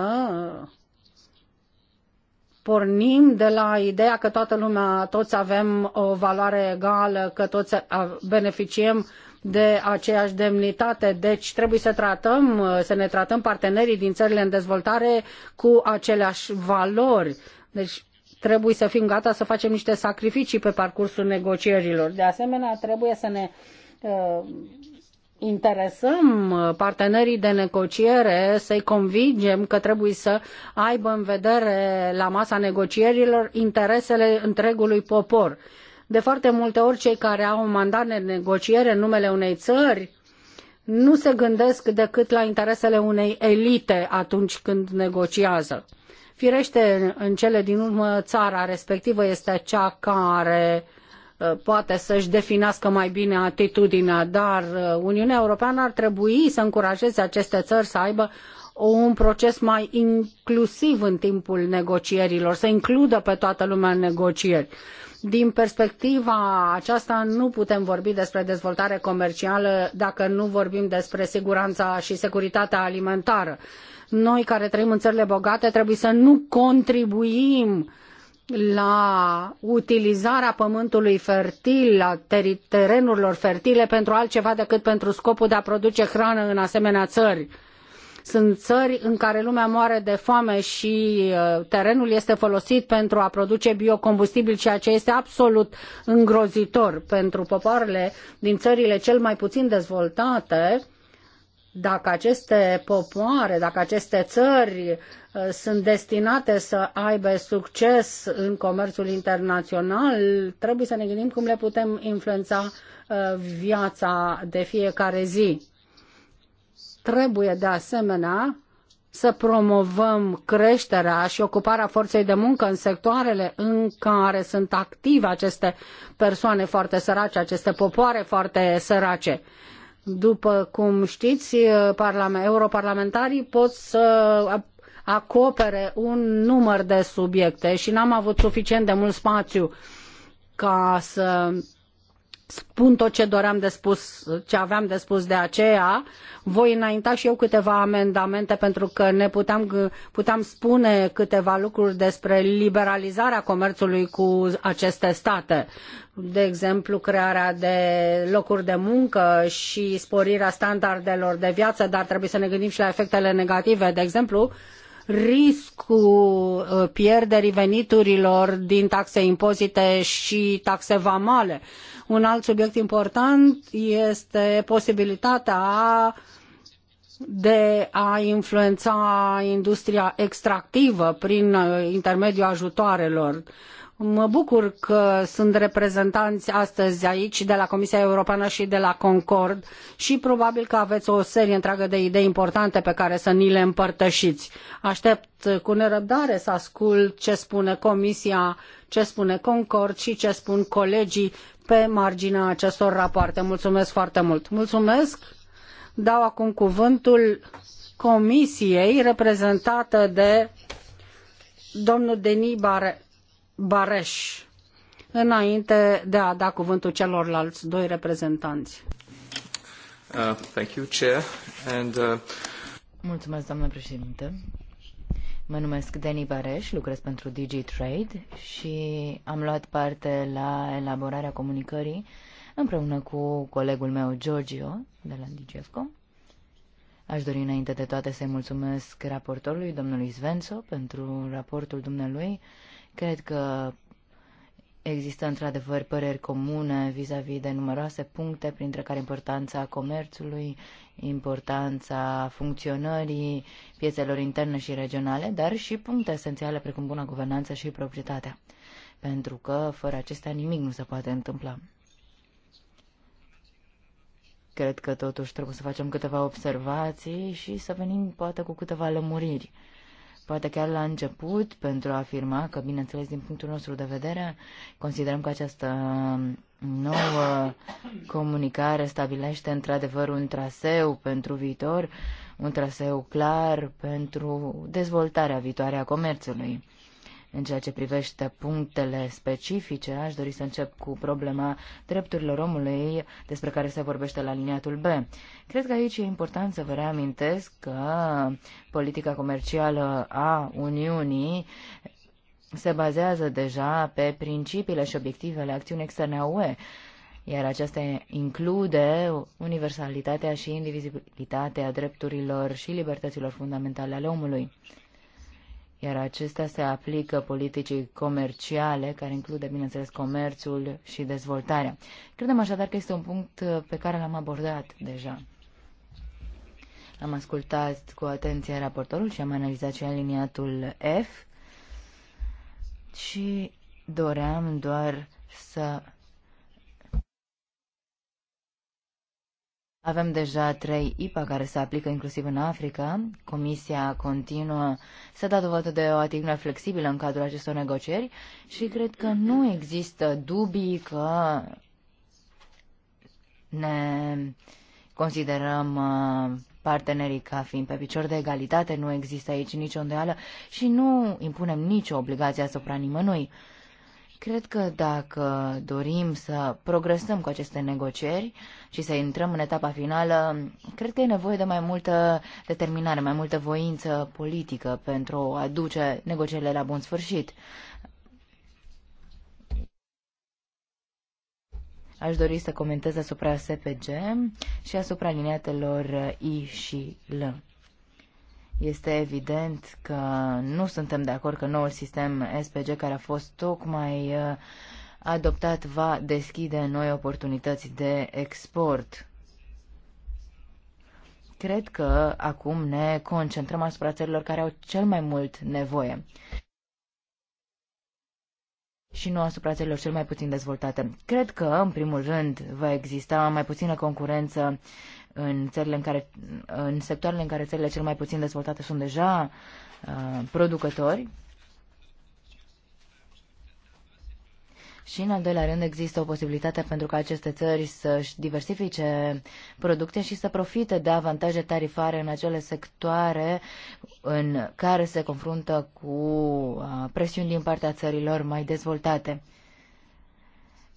pornim de la ideea că toată lumea, toți avem o valoare egală, că toți beneficiem de aceeași demnitate. Deci trebuie să tratăm, să ne tratăm partenerii din țările în dezvoltare cu aceleași valori. Deci trebuie să fim gata să facem niște sacrificii pe parcursul negocierilor. De asemenea, trebuie să ne uh, interesăm uh, partenerii de negociere, să-i convingem că trebuie să aibă în vedere la masa negocierilor interesele întregului popor. De foarte multe ori cei care au un mandat de negociere în numele unei țări nu se gândesc decât la interesele unei elite atunci când negociază. Firește, în cele din urmă, țara respectivă este cea care ă, poate să-și definească mai bine atitudinea, dar ă, Uniunea Europeană ar trebui să încurajeze aceste țări să aibă un proces mai inclusiv în timpul negocierilor, să includă pe toată lumea în negocieri. Din perspectiva aceasta nu putem vorbi despre dezvoltare comercială dacă nu vorbim despre siguranța și securitatea alimentară. Noi care trăim în țările bogate trebuie să nu contribuim la utilizarea pământului fertil, a terenurilor fertile pentru altceva decât pentru scopul de a produce hrană în asemenea țări sunt țări în care lumea moare de foame și uh, terenul este folosit pentru a produce biocombustibil, ceea ce este absolut îngrozitor pentru popoarele din țările cel mai puțin dezvoltate dacă aceste popoare, dacă aceste țări uh, sunt destinate să aibă succes în comerțul internațional, trebuie să ne gândim cum le putem influența uh, viața de fiecare zi. Trebuie de asemenea să promovăm creșterea și ocuparea forței de muncă în sectoarele în care sunt active aceste persoane foarte sărace, aceste popoare foarte sărace. După cum știți, europarlamentarii pot să acopere un număr de subiecte și n-am avut suficient de mult spațiu ca să spun tot ce doream de spus, ce aveam de spus de aceea, voi înainta și eu câteva amendamente pentru că ne puteam, puteam spune câteva lucruri despre liberalizarea comerțului cu aceste state. De exemplu, crearea de locuri de muncă și sporirea standardelor de viață, dar trebuie să ne gândim și la efectele negative. De exemplu, riscul uh, pierderii veniturilor din taxe impozite și taxe vamale un alt subiect important este posibilitatea de a influența industria extractivă prin intermediul ajutoarelor. Uh, Mă bucur că sunt reprezentanți astăzi aici de la Comisia Europeană și de la Concord și probabil că aveți o serie întreagă de idei importante pe care să ni le împărtășiți. Aștept cu nerăbdare să ascult ce spune Comisia, ce spune Concord și ce spun colegii pe marginea acestor rapoarte. Mulțumesc foarte mult! Mulțumesc! Dau acum cuvântul Comisiei reprezentată de domnul Denis Bareș, înainte de a da cuvântul celorlalți doi reprezentanți. Uh, thank you, Chair. And, uh... Mulțumesc, doamnă președinte. Mă numesc Dani Bareș, lucrez pentru DigiTrade și am luat parte la elaborarea comunicării împreună cu colegul meu Giorgio de la DigiFco. Aș dori înainte de toate să-i mulțumesc raportorului, domnului Svenso, pentru raportul dumnealui Cred că există într-adevăr păreri comune vis-a-vis -vis de numeroase puncte, printre care importanța comerțului, importanța funcționării piețelor interne și regionale, dar și puncte esențiale precum buna guvernanță și proprietatea. Pentru că fără acestea nimic nu se poate întâmpla. Cred că totuși trebuie să facem câteva observații și să venim poate cu câteva lămuriri poate chiar la început, pentru a afirma că, bineînțeles, din punctul nostru de vedere, considerăm că această nouă comunicare stabilește într-adevăr un traseu pentru viitor, un traseu clar pentru dezvoltarea viitoare a comerțului. În ceea ce privește punctele specifice, aș dori să încep cu problema drepturilor omului despre care se vorbește la liniatul B. Cred că aici e important să vă reamintesc că politica comercială a Uniunii se bazează deja pe principiile și obiectivele acțiunii externe a UE, iar acestea include universalitatea și indivizibilitatea drepturilor și libertăților fundamentale ale omului iar acestea se aplică politicii comerciale, care include, bineînțeles, comerțul și dezvoltarea. Credem așadar că este un punct uh, pe care l-am abordat deja. Am ascultat cu atenție raportorul și am analizat și aliniatul F și doream doar să Avem deja trei IPA care se aplică inclusiv în Africa. Comisia continuă să dă dovadă de o atitudine flexibilă în cadrul acestor negocieri și cred că nu există dubii că ne considerăm uh, partenerii ca fiind pe picior de egalitate, nu există aici nicio îndoială și nu impunem nicio obligație asupra nimănui. Cred că dacă dorim să progresăm cu aceste negocieri și să intrăm în etapa finală, cred că e nevoie de mai multă determinare, mai multă voință politică pentru a duce negocierile la bun sfârșit. Aș dori să comentez asupra SPG și asupra liniatelor I și L. Este evident că nu suntem de acord că noul sistem SPG care a fost tocmai uh, adoptat va deschide noi oportunități de export. Cred că acum ne concentrăm asupra țărilor care au cel mai mult nevoie și nu asupra țărilor cel mai puțin dezvoltate. Cred că, în primul rând, va exista mai puțină concurență în, țările în, care, în sectoarele în care țările cel mai puțin dezvoltate sunt deja uh, producători. Și, în al doilea rând, există o posibilitate pentru ca aceste țări să-și diversifice producția și să profite de avantaje tarifare în acele sectoare în care se confruntă cu uh, presiuni din partea țărilor mai dezvoltate.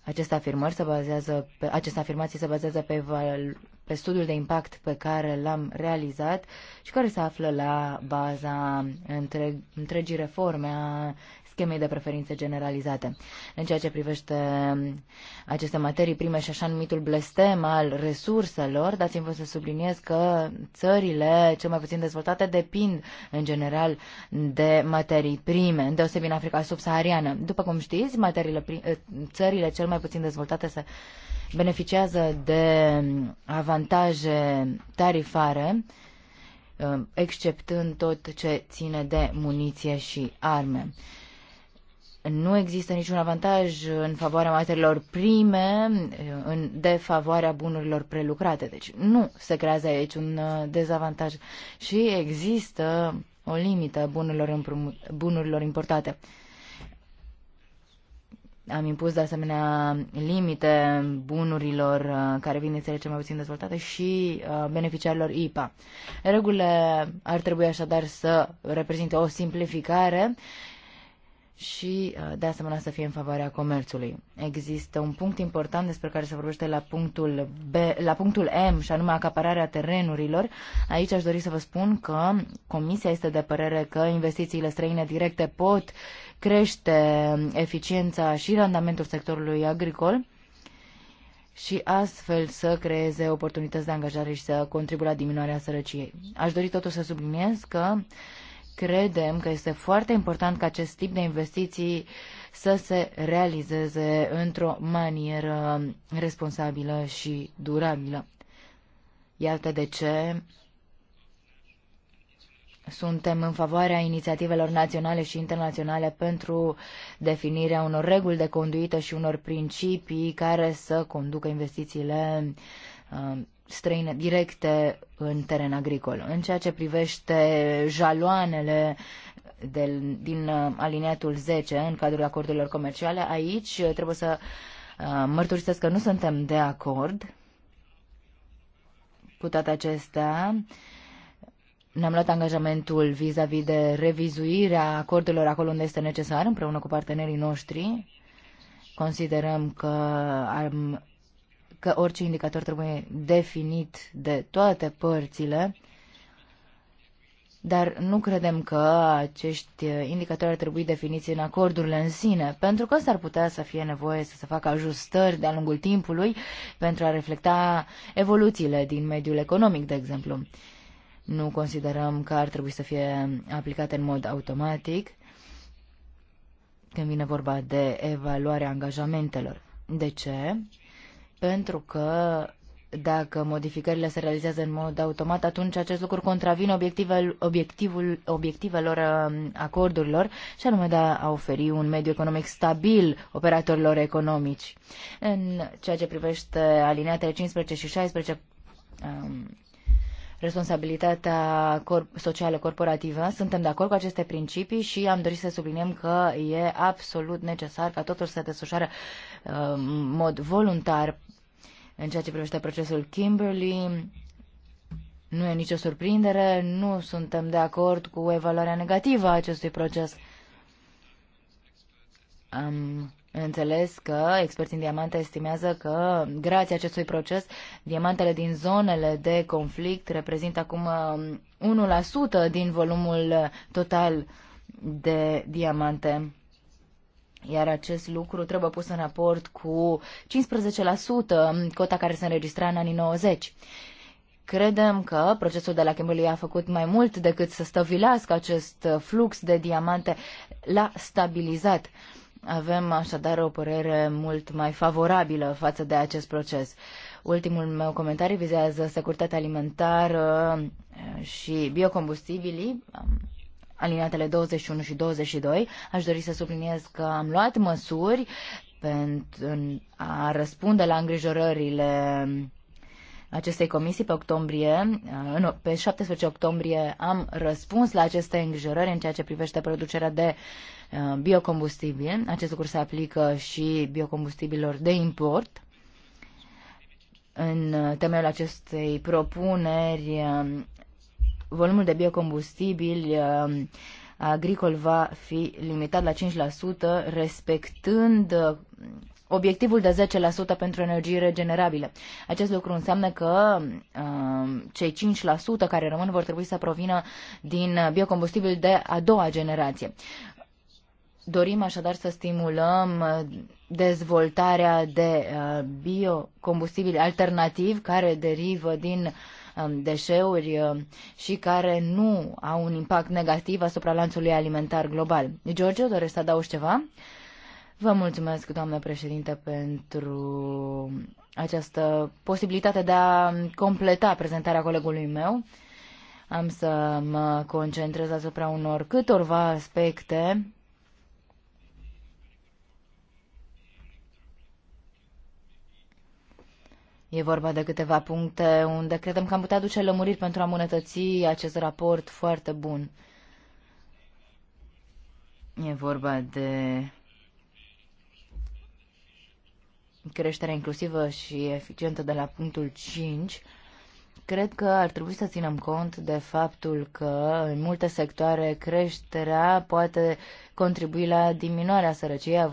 Aceste afirmații se bazează pe, aceste afirmații se bazează pe evalu, pe studiul de impact pe care l-am realizat și care se află la baza întreg, întregii reforme a schemei de preferințe generalizate. În ceea ce privește aceste materii prime și așa numitul blestem al resurselor, dați-mi voi să subliniez că țările cel mai puțin dezvoltate depind în general de materii prime, deosebit în Africa subsahariană. După cum știți, materiile, eh, țările cel mai puțin dezvoltate se beneficiază de avantaje tarifare, eh, exceptând tot ce ține de muniție și arme nu există niciun avantaj în favoarea materiilor prime, în defavoarea bunurilor prelucrate. Deci nu se creează aici un uh, dezavantaj și există o limită bunurilor, bunurilor importate. Am impus de asemenea limite bunurilor uh, care vin din țările cele mai puțin dezvoltate și uh, beneficiarilor IPA. Regulile ar trebui așadar să reprezinte o simplificare și, uh, de asemenea, să fie în favoarea comerțului. Există un punct important despre care se vorbește la punctul, B, la punctul M, și anume acapararea terenurilor. Aici aș dori să vă spun că Comisia este de părere că investițiile străine directe pot crește eficiența și randamentul sectorului agricol și astfel să creeze oportunități de angajare și să contribuie la diminuarea sărăciei. Aș dori totuși să subliniez că Credem că este foarte important ca acest tip de investiții să se realizeze într-o manieră responsabilă și durabilă. Iată de ce suntem în favoarea inițiativelor naționale și internaționale pentru definirea unor reguli de conduită și unor principii care să conducă investițiile Um, străine directe în teren agricol. În ceea ce privește jaloanele de, din uh, aliniatul 10 în cadrul acordurilor comerciale, aici uh, trebuie să uh, mărturisesc că nu suntem de acord. Cu toate acestea, ne-am luat angajamentul vis-a-vis -vis de revizuirea acordurilor acolo unde este necesar, împreună cu partenerii noștri. Considerăm că am că orice indicator trebuie definit de toate părțile, dar nu credem că acești indicatori ar trebui definiți în acordurile în sine, pentru că s-ar putea să fie nevoie să se facă ajustări de-a lungul timpului pentru a reflecta evoluțiile din mediul economic, de exemplu. Nu considerăm că ar trebui să fie aplicate în mod automatic când vine vorba de evaluarea angajamentelor. De ce? pentru că dacă modificările se realizează în mod automat, atunci acest lucru contravine obiectivel, obiectivul, obiectivelor um, acordurilor și anume de a oferi un mediu economic stabil operatorilor economici. În ceea ce privește alineatele 15 și 16, um, responsabilitatea corp- socială corporativă. Suntem de acord cu aceste principii și am dorit să subliniem că e absolut necesar ca totul să se desfășoare um, în uh, mod voluntar în ceea ce privește procesul Kimberley, nu e nicio surprindere, nu suntem de acord cu evaluarea negativă a acestui proces. Am înțeles că experții în diamante estimează că, grație acestui proces, diamantele din zonele de conflict reprezintă acum um, 1% din volumul total de diamante iar acest lucru trebuie pus în raport cu 15% cota care se înregistra în anii 90. Credem că procesul de la Kimberley a făcut mai mult decât să stăvilească acest flux de diamante, l-a stabilizat. Avem așadar o părere mult mai favorabilă față de acest proces. Ultimul meu comentariu vizează securitatea alimentară uh, și biocombustibilii aliniatele 21 și 22. Aș dori să subliniez că am luat măsuri pentru a răspunde la îngrijorările acestei comisii pe octombrie, pe 17 octombrie am răspuns la aceste îngrijorări în ceea ce privește producerea de uh, biocombustibil. Acest lucru se aplică și biocombustibilor de import. În uh, temeiul acestei propuneri uh, volumul de biocombustibili um, agricol va fi limitat la 5%, respectând uh, obiectivul de 10% pentru energii regenerabile. Acest lucru înseamnă că uh, cei 5% care rămân vor trebui să provină din uh, biocombustibil de a doua generație. Dorim așadar să stimulăm uh, dezvoltarea de biocombustibili alternativi care derivă din Um, deșeuri um, și care nu au un impact negativ asupra lanțului alimentar global. George, doresc să adaugi ceva? Vă mulțumesc, doamnă președinte, pentru această posibilitate de a completa prezentarea colegului meu. Am să mă concentrez asupra unor câtorva aspecte E vorba de câteva puncte unde credem că am putea duce lămuriri pentru a mânătăți acest raport foarte bun. E vorba de creșterea inclusivă și eficientă de la punctul 5. Cred că ar trebui să ținem cont de faptul că în multe sectoare creșterea poate contribui la diminuarea sărăciei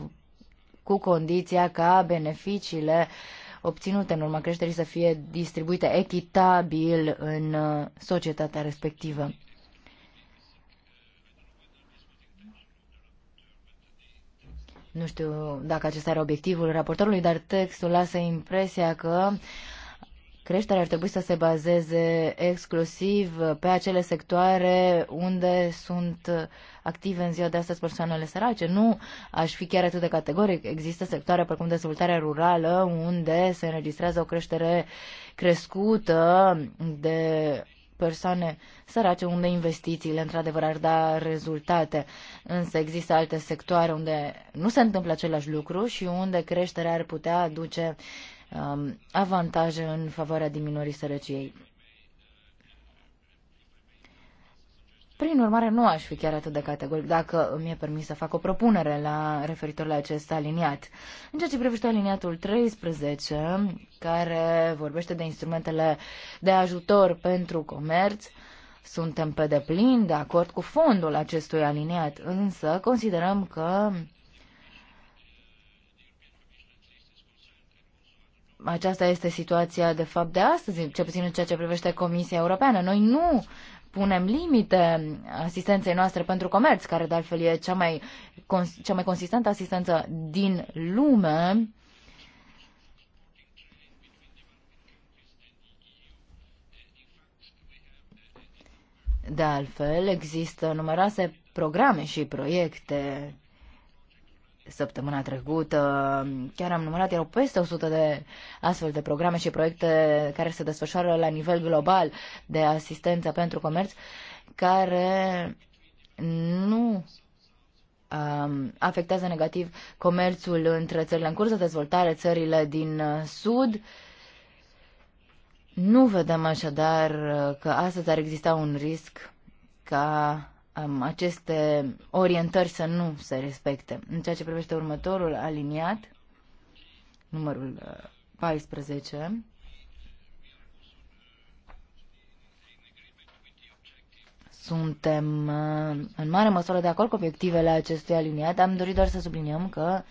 cu condiția ca beneficiile uh, obținute în urma creșterii să fie distribuite echitabil în uh, societatea respectivă. Nu știu dacă acesta era obiectivul raportorului, dar textul lasă impresia că uh, creșterea ar trebui să se bazeze exclusiv pe acele sectoare unde sunt active în ziua de astăzi persoanele sărace. Nu aș fi chiar atât de categoric. Există sectoare precum dezvoltarea rurală unde se înregistrează o creștere crescută de persoane sărace unde investițiile într-adevăr ar da rezultate. Însă există alte sectoare unde nu se întâmplă același lucru și unde creșterea ar putea duce uh, um, avantaje în favoarea diminuării sărăciei. Prin urmare, nu aș fi chiar atât de categoric dacă mi-e permis să fac o propunere la referitor la acest aliniat. În ceea ce privește aliniatul 13, care vorbește de instrumentele de ajutor pentru comerț, suntem pe deplin de acord cu fondul acestui aliniat, însă considerăm că aceasta este situația de fapt de astăzi, cel puțin în ceea ce privește Comisia Europeană. Noi nu punem limite asistenței noastre pentru comerț, care de altfel e cea mai, cea mai consistentă asistență din lume. De altfel, există numeroase programe și proiecte Săptămâna trecută chiar am numărat, erau peste 100 de astfel de programe și proiecte care se desfășoară la nivel global de asistență pentru comerț, care nu um, afectează negativ comerțul între țările în curs de dezvoltare, țările din uh, sud. Nu vedem așadar uh, că astăzi ar exista un risc ca um, aceste orientări să nu se respecte. În ceea ce privește următorul aliniat, numărul 14, uh, suntem uh, în mare măsură de acord cu obiectivele acestui aliniat. Am dorit doar să subliniem că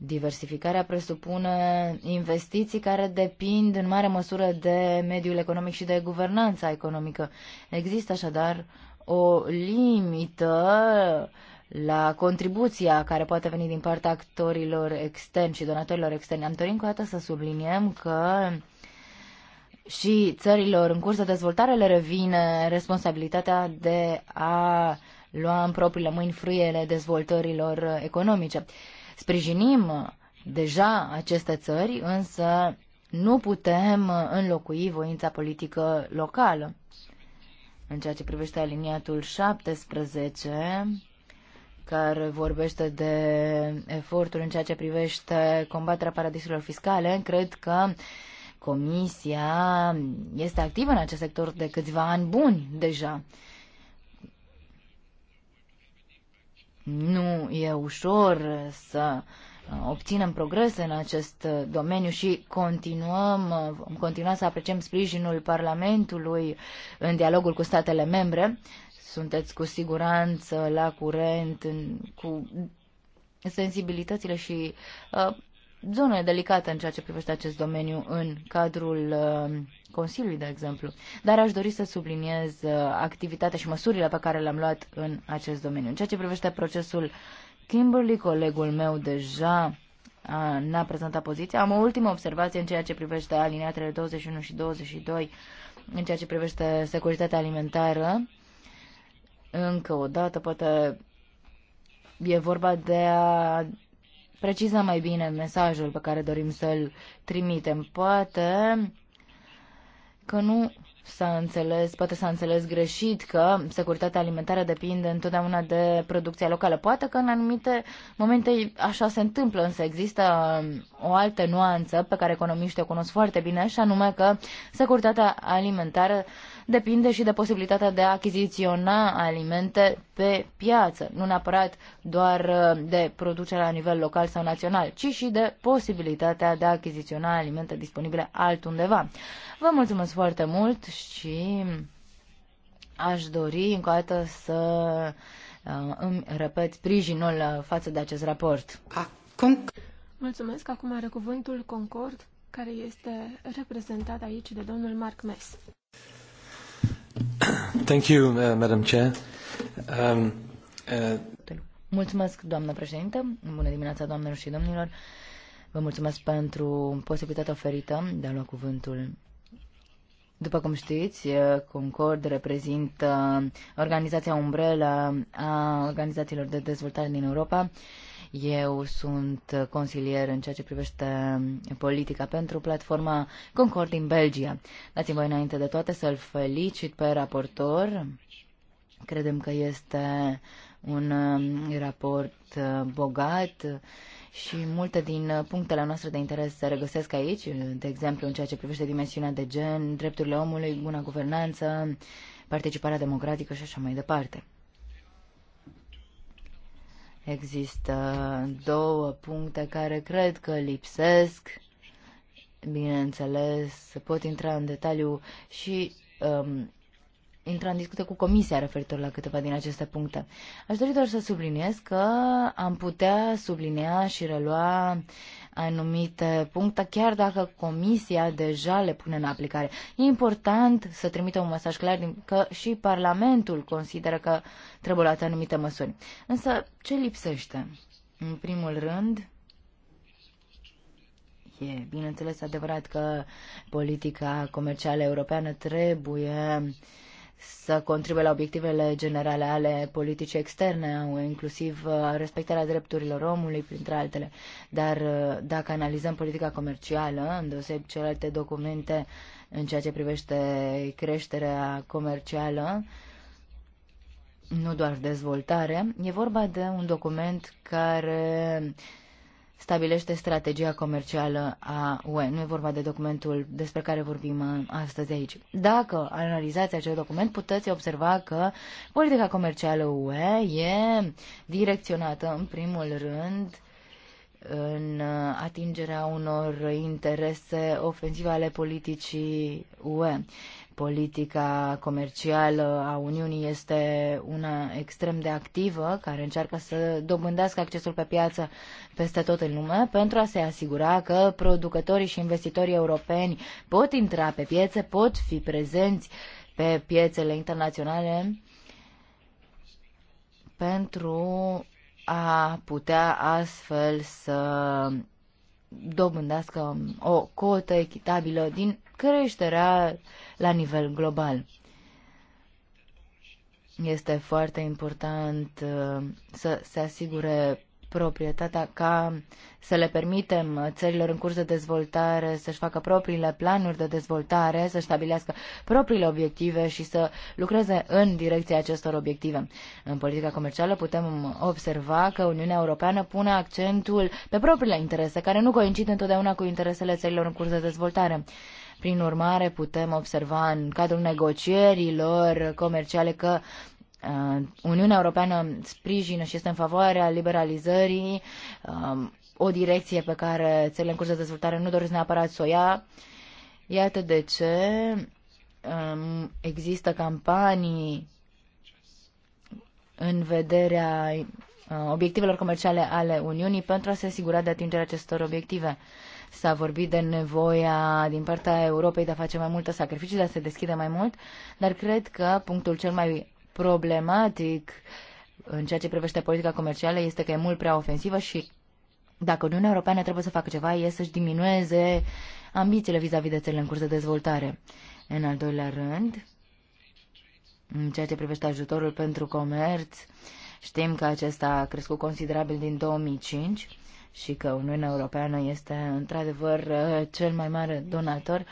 diversificarea presupune investiții care depind în mare măsură de mediul economic și de guvernanța economică. Există așadar o limită la contribuția care poate veni din partea actorilor externi și donatorilor externi. Am dorit încă o dată să subliniem că și țărilor în curs de dezvoltare le revine responsabilitatea de a lua în propriile mâini frâiele dezvoltărilor economice. Sprijinim deja aceste țări, însă nu putem înlocui voința politică locală în ceea ce privește aliniatul 17, care vorbește de eforturi în ceea ce privește combaterea paradisurilor fiscale, cred că Comisia este activă în acest sector de câțiva ani buni deja. Nu e ușor să uh, Uh, obținem progrese în acest uh, domeniu și continuăm, uh, vom continua să apreciem sprijinul Parlamentului în dialogul cu statele membre. Sunteți cu siguranță la curent în, cu sensibilitățile și uh, zone delicate în ceea ce privește acest domeniu în cadrul uh, Consiliului, de exemplu. Dar aș dori să subliniez uh, activitatea și măsurile pe care le-am luat în acest domeniu. În ceea ce privește procesul uh, Kimberly, colegul meu deja n-a prezentat poziția. Am o ultimă observație în ceea ce privește alineatele 21 și 22, în ceea ce privește securitatea alimentară. Încă o dată, poate e vorba de a preciza mai bine mesajul pe care dorim să-l trimitem. Poate că nu s-a înțeles, poate s-a înțeles greșit că securitatea alimentară depinde întotdeauna de producția locală. Poate că în anumite momente așa se întâmplă, însă există um, o altă nuanță pe care economiștii o cunosc foarte bine, și anume că securitatea alimentară uh, depinde și de posibilitatea de a achiziționa alimente pe piață, nu neapărat doar uh, de producerea la nivel local sau național, ci și de posibilitatea de a achiziționa alimente disponibile altundeva. Vă mulțumesc foarte mult și aș dori încă o dată să uh, îmi repet sprijinul uh, față de acest raport. Acum... Mulțumesc. Acum are cuvântul Concord, care este reprezentat aici de domnul Mark Mess. Thank you, uh, Madam Chair. Um, uh... Mulțumesc, doamnă președintă. Bună dimineața, doamnelor și domnilor. Vă mulțumesc pentru posibilitatea oferită de a lua cuvântul. După cum știți, uh, Concord reprezintă organizația umbrelă a organizațiilor de dezvoltare din Europa eu sunt consilier în ceea ce privește politica pentru platforma Concord din Belgia. Dați-mi voi înainte de toate să-l felicit pe raportor. Credem că este un um, raport uh, bogat și multe din punctele noastre de interes se regăsesc aici, de exemplu în ceea ce privește dimensiunea de gen, drepturile omului, buna guvernanță, participarea democratică și așa mai departe. Există două puncte care cred că lipsesc. Bineînțeles, pot intra în detaliu și um, intra în discuție cu comisia referitor la câteva din aceste puncte. Aș dori doar să subliniez că am putea sublinia și relua anumite puncte, chiar dacă Comisia deja le pune în aplicare. E important să trimită un mesaj clar că și Parlamentul consideră că trebuie luate anumite măsuri. Însă, ce lipsește? În primul rând, E bineînțeles adevărat că politica comercială europeană trebuie să contribuie la obiectivele generale ale politicii externe, inclusiv uh, respectarea drepturilor omului, printre altele. Dar uh, dacă analizăm politica comercială, îndeoseb celelalte documente în ceea ce privește creșterea comercială, nu doar dezvoltare, e vorba de un document care uh, stabilește strategia comercială a UE. Nu e vorba de documentul despre care vorbim uh, astăzi aici. Dacă analizați acel document, puteți observa că politica comercială UE e direcționată, în primul rând, în uh, atingerea unor interese ofensive ale politicii UE politica comercială a Uniunii este una extrem de activă, care încearcă să dobândească accesul pe piață peste tot în lume, pentru a se asigura că producătorii și investitorii europeni pot intra pe piețe, pot fi prezenți pe piețele internaționale pentru a putea astfel să dobândească o cotă echitabilă din creșterea la nivel global. Este foarte important uh, să se asigure proprietatea ca să le permitem țărilor în curs de dezvoltare să-și facă propriile planuri de dezvoltare, să stabilească propriile obiective și să lucreze în direcția acestor obiective. În politica comercială putem observa că Uniunea Europeană pune accentul pe propriile interese, care nu coincid întotdeauna cu interesele țărilor în curs de dezvoltare. Prin urmare, putem observa în cadrul negocierilor comerciale că Uh, Uniunea Europeană sprijină și este în favoarea liberalizării, um, o direcție pe care țările în curs de dezvoltare nu doresc neapărat să o ia. Iată de ce um, există campanii în vederea uh, obiectivelor comerciale ale Uniunii pentru a se asigura de atingerea acestor obiective. S-a vorbit de nevoia din partea Europei de a face mai multe sacrificii, de a se deschide mai mult, dar cred că punctul cel mai problematic în ceea ce privește politica comercială este că e mult prea ofensivă și dacă Uniunea Europeană trebuie să facă ceva, e să-și diminueze ambițiile vis-a-vis de țările în curs de dezvoltare. În al doilea rând, în ceea ce privește ajutorul pentru comerț, știm că acesta a crescut considerabil din 2005 și că Uniunea Europeană este într-adevăr cel mai mare donator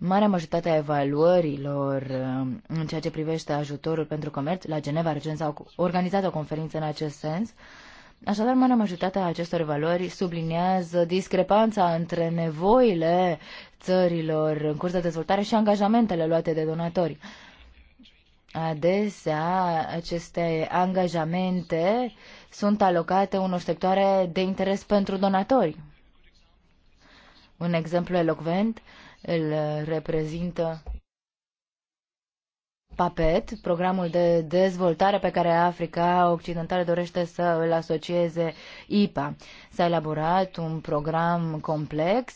Marea majoritate a evaluărilor um, în ceea ce privește ajutorul pentru comerț, la Geneva recent au organizat o conferință în acest sens, Așadar, marea majoritate a acestor valori subliniază discrepanța între nevoile țărilor în curs de dezvoltare și angajamentele luate de donatori. Adesea, aceste angajamente sunt alocate unor sectoare de interes pentru donatori. Un exemplu elocvent îl reprezintă PAPET, programul de dezvoltare pe care Africa Occidentală dorește să îl asocieze IPA. S-a elaborat un program complex.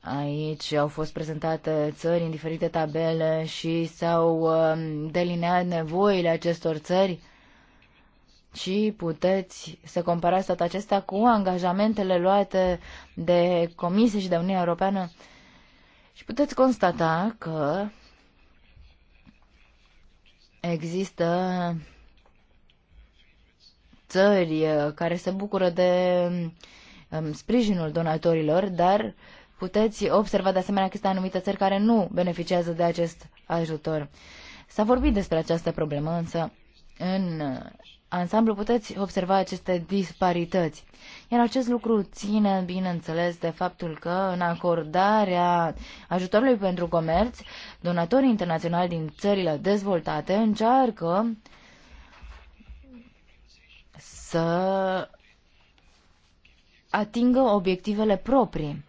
Aici au fost prezentate țări în diferite tabele și s-au um, delineat nevoile acestor țări și puteți să comparați toate acestea cu angajamentele luate de Comisie și de Uniunea Europeană și puteți constata că există țări uh, care se bucură de um, sprijinul donatorilor, dar puteți observa de asemenea că este anumite țări care nu beneficiază de acest ajutor. S-a vorbit despre această problemă, însă în ansamblu puteți observa aceste disparități. Iar acest lucru ține, bineînțeles, de faptul că în acordarea ajutorului pentru comerț, donatorii internaționali din țările dezvoltate încearcă să atingă obiectivele proprii.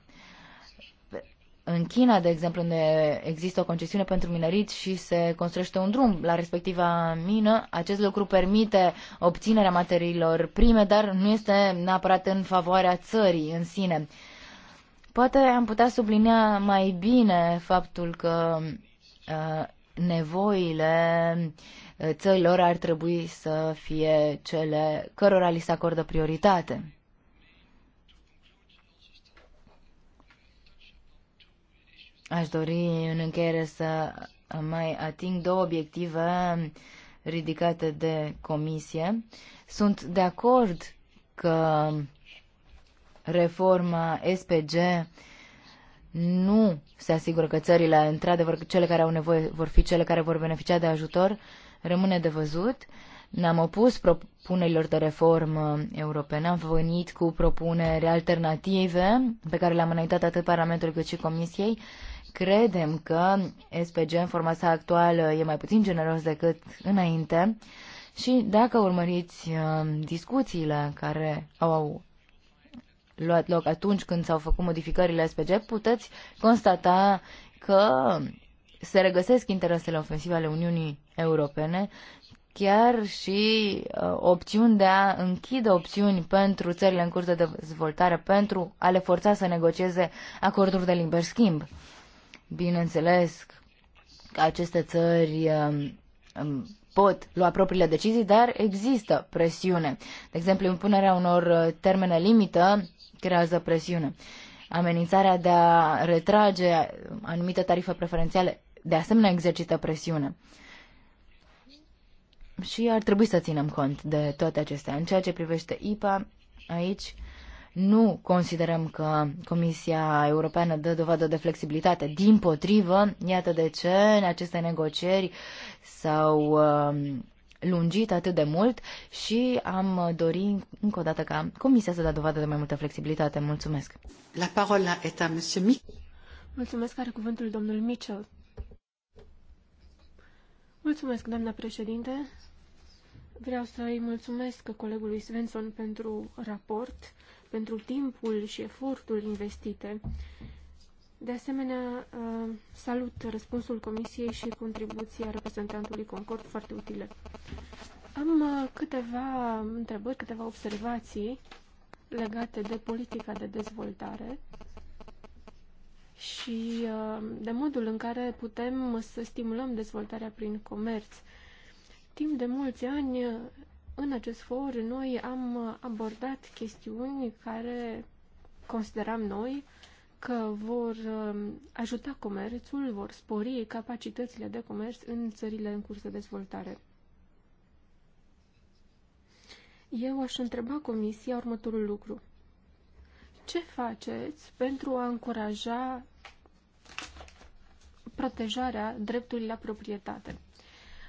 În China, de exemplu, unde există o concesiune pentru minerit și se construiește un drum la respectiva mină, acest lucru permite obținerea materiilor prime, dar nu este neapărat în favoarea țării în sine. Poate am putea sublinia mai bine faptul că uh, nevoile uh, țărilor ar trebui să fie cele cărora li se acordă prioritate. Aș dori în încheiere să mai ating două obiective ridicate de comisie. Sunt de acord că reforma SPG nu se asigură că țările, într-adevăr, cele care au nevoie vor fi cele care vor beneficia de ajutor, rămâne de văzut. Ne-am opus propunerilor de reformă europene, am venit cu propuneri alternative pe care le-am înaintat atât Parlamentului cât și Comisiei. Credem că SPG în forma sa actuală e mai puțin generos decât înainte și dacă urmăriți uh, discuțiile care au luat loc atunci când s-au făcut modificările SPG, puteți constata că se regăsesc interesele ofensive ale Uniunii Europene, chiar și uh, opțiuni de a închide opțiuni pentru țările în curs de dezvoltare, pentru a le forța să negocieze acorduri de liber schimb. Bineînțeles că aceste țări um, um, pot lua propriile decizii, dar există presiune. De exemplu, impunerea unor uh, termene limită creează presiune. Amenințarea de a retrage anumite tarife preferențiale de asemenea exercită presiune. Și ar trebui să ținem cont de toate acestea. În ceea ce privește IPA, aici nu considerăm că Comisia Europeană dă dovadă de flexibilitate. Din potrivă, iată de ce în aceste negocieri s-au um, lungit atât de mult și am dorit încă o dată ca Comisia să dea dovadă de mai multă flexibilitate. Mulțumesc. La parola est a monsieur Mich. Mulțumesc, are cuvântul domnul Mitchell. Mulțumesc, doamna președinte. Vreau să îi mulțumesc colegului Svensson pentru raport pentru timpul și efortul investite. De asemenea, uh, salut răspunsul Comisiei și contribuția reprezentantului Concord, foarte utile. Am uh, câteva întrebări, câteva observații legate de politica de dezvoltare și uh, de modul în care putem să stimulăm dezvoltarea prin comerț. Timp de mulți ani, în acest for noi am abordat chestiuni care consideram noi că vor um, ajuta comerțul, vor spori capacitățile de comerț în țările în curs de dezvoltare. Eu aș întreba Comisia următorul lucru. Ce faceți pentru a încuraja protejarea dreptului la proprietate?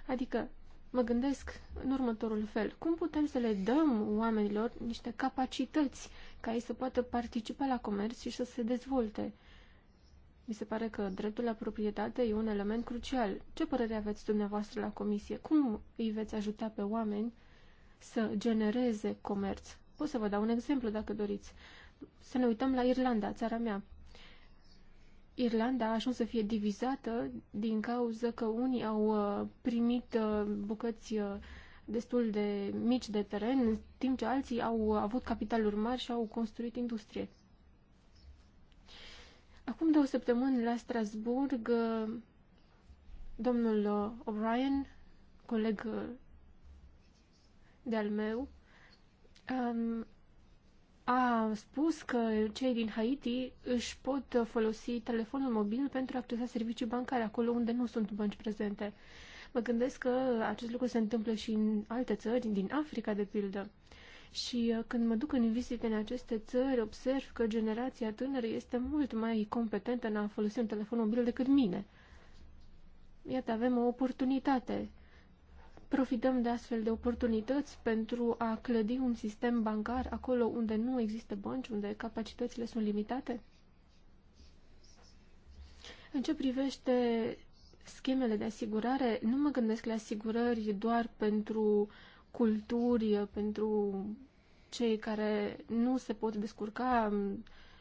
Adică, mă gândesc în următorul fel. Cum putem să le dăm oamenilor niște capacități ca ei să poată participa la comerț și să se dezvolte? Mi se pare că dreptul la proprietate e un element crucial. Ce părere aveți dumneavoastră la comisie? Cum îi veți ajuta pe oameni să genereze comerț? Pot să vă dau un exemplu dacă doriți. Să ne uităm la Irlanda, țara mea. Irlanda a ajuns să fie divizată din cauza că unii au uh, primit uh, bucăți uh, destul de mici de teren, în timp ce alții au avut capitaluri mari și au construit industrie. Acum două săptămâni la Strasburg, domnul O'Brien, coleg de-al meu, a spus că cei din Haiti își pot folosi telefonul mobil pentru a accesa servicii bancare acolo unde nu sunt bănci prezente. Mă gândesc că acest lucru se întâmplă și în alte țări, din Africa, de pildă. Și uh, când mă duc în vizite în aceste țări, observ că generația tânără este mult mai competentă în a folosi un telefon mobil decât mine. Iată, avem o oportunitate Profităm de astfel de oportunități pentru a clădi un sistem bancar acolo unde nu există bănci, unde capacitățile sunt limitate? În ce privește schemele de asigurare, nu mă gândesc la asigurări doar pentru culturi, pentru cei care nu se pot descurca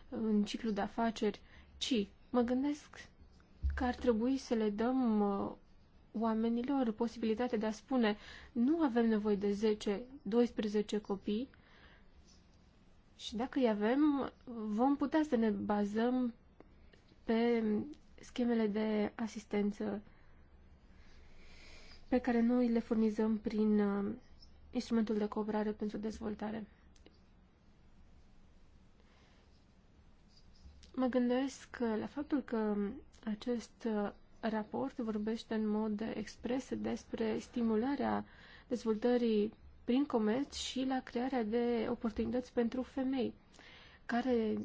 în ciclu de afaceri, ci mă gândesc că ar trebui să le dăm uh, oamenilor posibilitatea de a spune nu avem nevoie de 10-12 copii și dacă îi avem, vom putea să ne bazăm pe schemele de asistență pe care noi le furnizăm prin uh, instrumentul de cooperare pentru dezvoltare. Mă gândesc la faptul că acest uh, raport vorbește în mod expres despre stimularea dezvoltării prin comerț și la crearea de oportunități pentru femei, care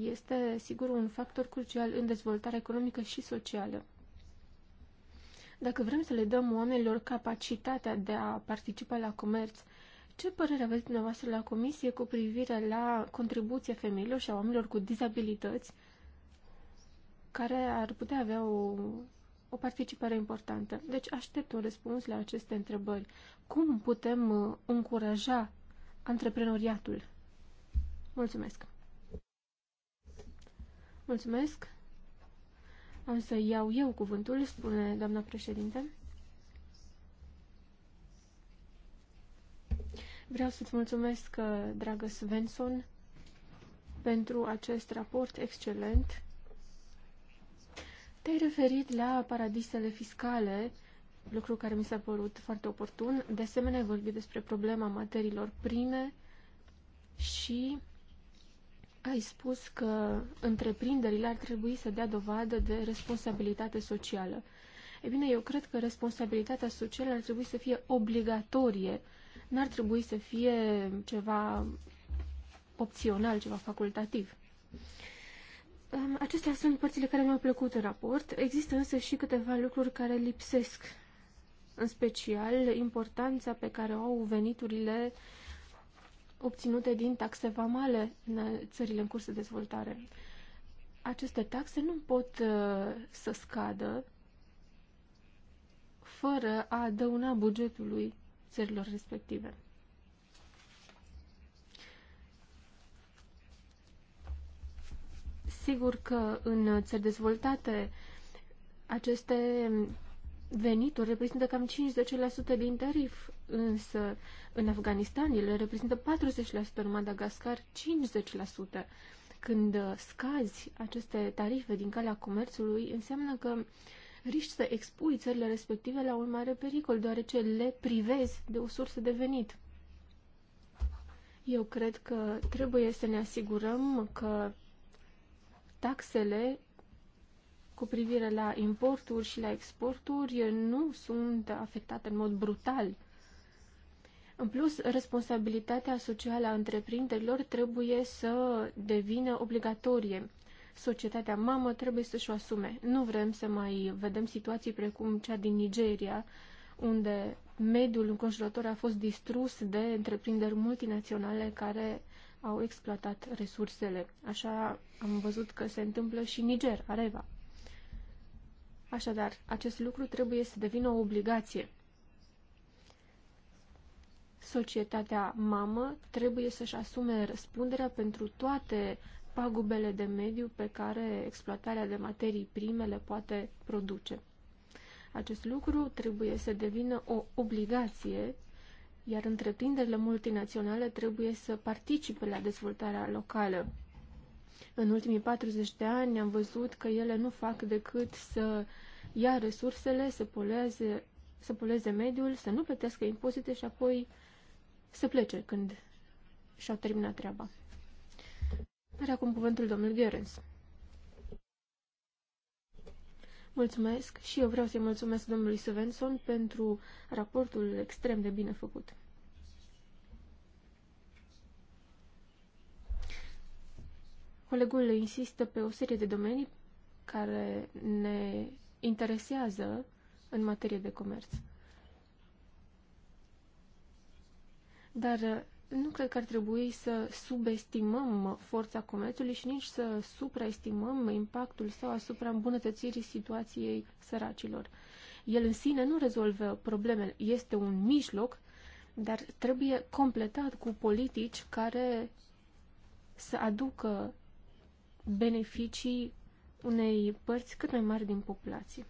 este, sigur, un factor crucial în dezvoltarea economică și socială. Dacă vrem să le dăm oamenilor capacitatea de a participa la comerț, ce părere aveți dumneavoastră la comisie cu privire la contribuția femeilor și a oamenilor cu dizabilități care ar putea avea o, o participare importantă. Deci aștept un răspuns la aceste întrebări. Cum putem uh, încuraja antreprenoriatul? Mulțumesc! Mulțumesc! Am să iau eu cuvântul, spune doamna președinte. Vreau să-ți mulțumesc, uh, dragă Svensson, pentru acest raport excelent te-ai referit la paradisele fiscale, lucru care mi s-a părut foarte oportun. De asemenea, ai vorbit despre problema materiilor prime și ai spus că întreprinderile ar trebui să dea dovadă de responsabilitate socială. Ei bine, eu cred că responsabilitatea socială ar trebui să fie obligatorie. N-ar trebui să fie ceva opțional, ceva facultativ. Acestea sunt părțile care mi-au plăcut în raport. Există însă și câteva lucruri care lipsesc, în special importanța pe care o au veniturile obținute din taxe vamale în țările în curs de dezvoltare. Aceste taxe nu pot uh, să scadă fără a dăuna bugetului țărilor respective. Sigur că în țări dezvoltate aceste venituri reprezintă cam 50% din tarif, însă în Afganistan ele reprezintă 40%, în Madagascar 50%. Când scazi aceste tarife din calea comerțului, înseamnă că riști să expui țările respective la un mare pericol, deoarece le privezi de o sursă de venit. Eu cred că trebuie să ne asigurăm că taxele cu privire la importuri și la exporturi nu sunt afectate în mod brutal. În plus, responsabilitatea socială a întreprinderilor trebuie să devină obligatorie. Societatea mamă trebuie să-și o asume. Nu vrem să mai vedem situații precum cea din Nigeria, unde mediul înconjurător a fost distrus de întreprinderi multinaționale care au exploatat resursele. Așa am văzut că se întâmplă și Niger, Areva. Așadar, acest lucru trebuie să devină o obligație. Societatea mamă trebuie să-și asume răspunderea pentru toate pagubele de mediu pe care exploatarea de materii prime le poate produce. Acest lucru trebuie să devină o obligație iar întreprinderile multinaționale trebuie să participe la dezvoltarea locală. În ultimii 40 de ani am văzut că ele nu fac decât să ia resursele, să poleze, să poleze mediul, să nu plătească impozite și apoi să plece când și-au terminat treaba. Dar acum cuvântul domnul Gerens. Mulțumesc și eu vreau să-i mulțumesc domnului Svensson pentru raportul extrem de bine făcut. Colegul insistă pe o serie de domenii care ne interesează în materie de comerț. Dar nu cred că ar trebui să subestimăm forța comerțului și nici să supraestimăm impactul său asupra îmbunătățirii situației săracilor. El în sine nu rezolvă problemele, este un mijloc, dar trebuie completat cu politici care să aducă beneficii unei părți cât mai mari din populație.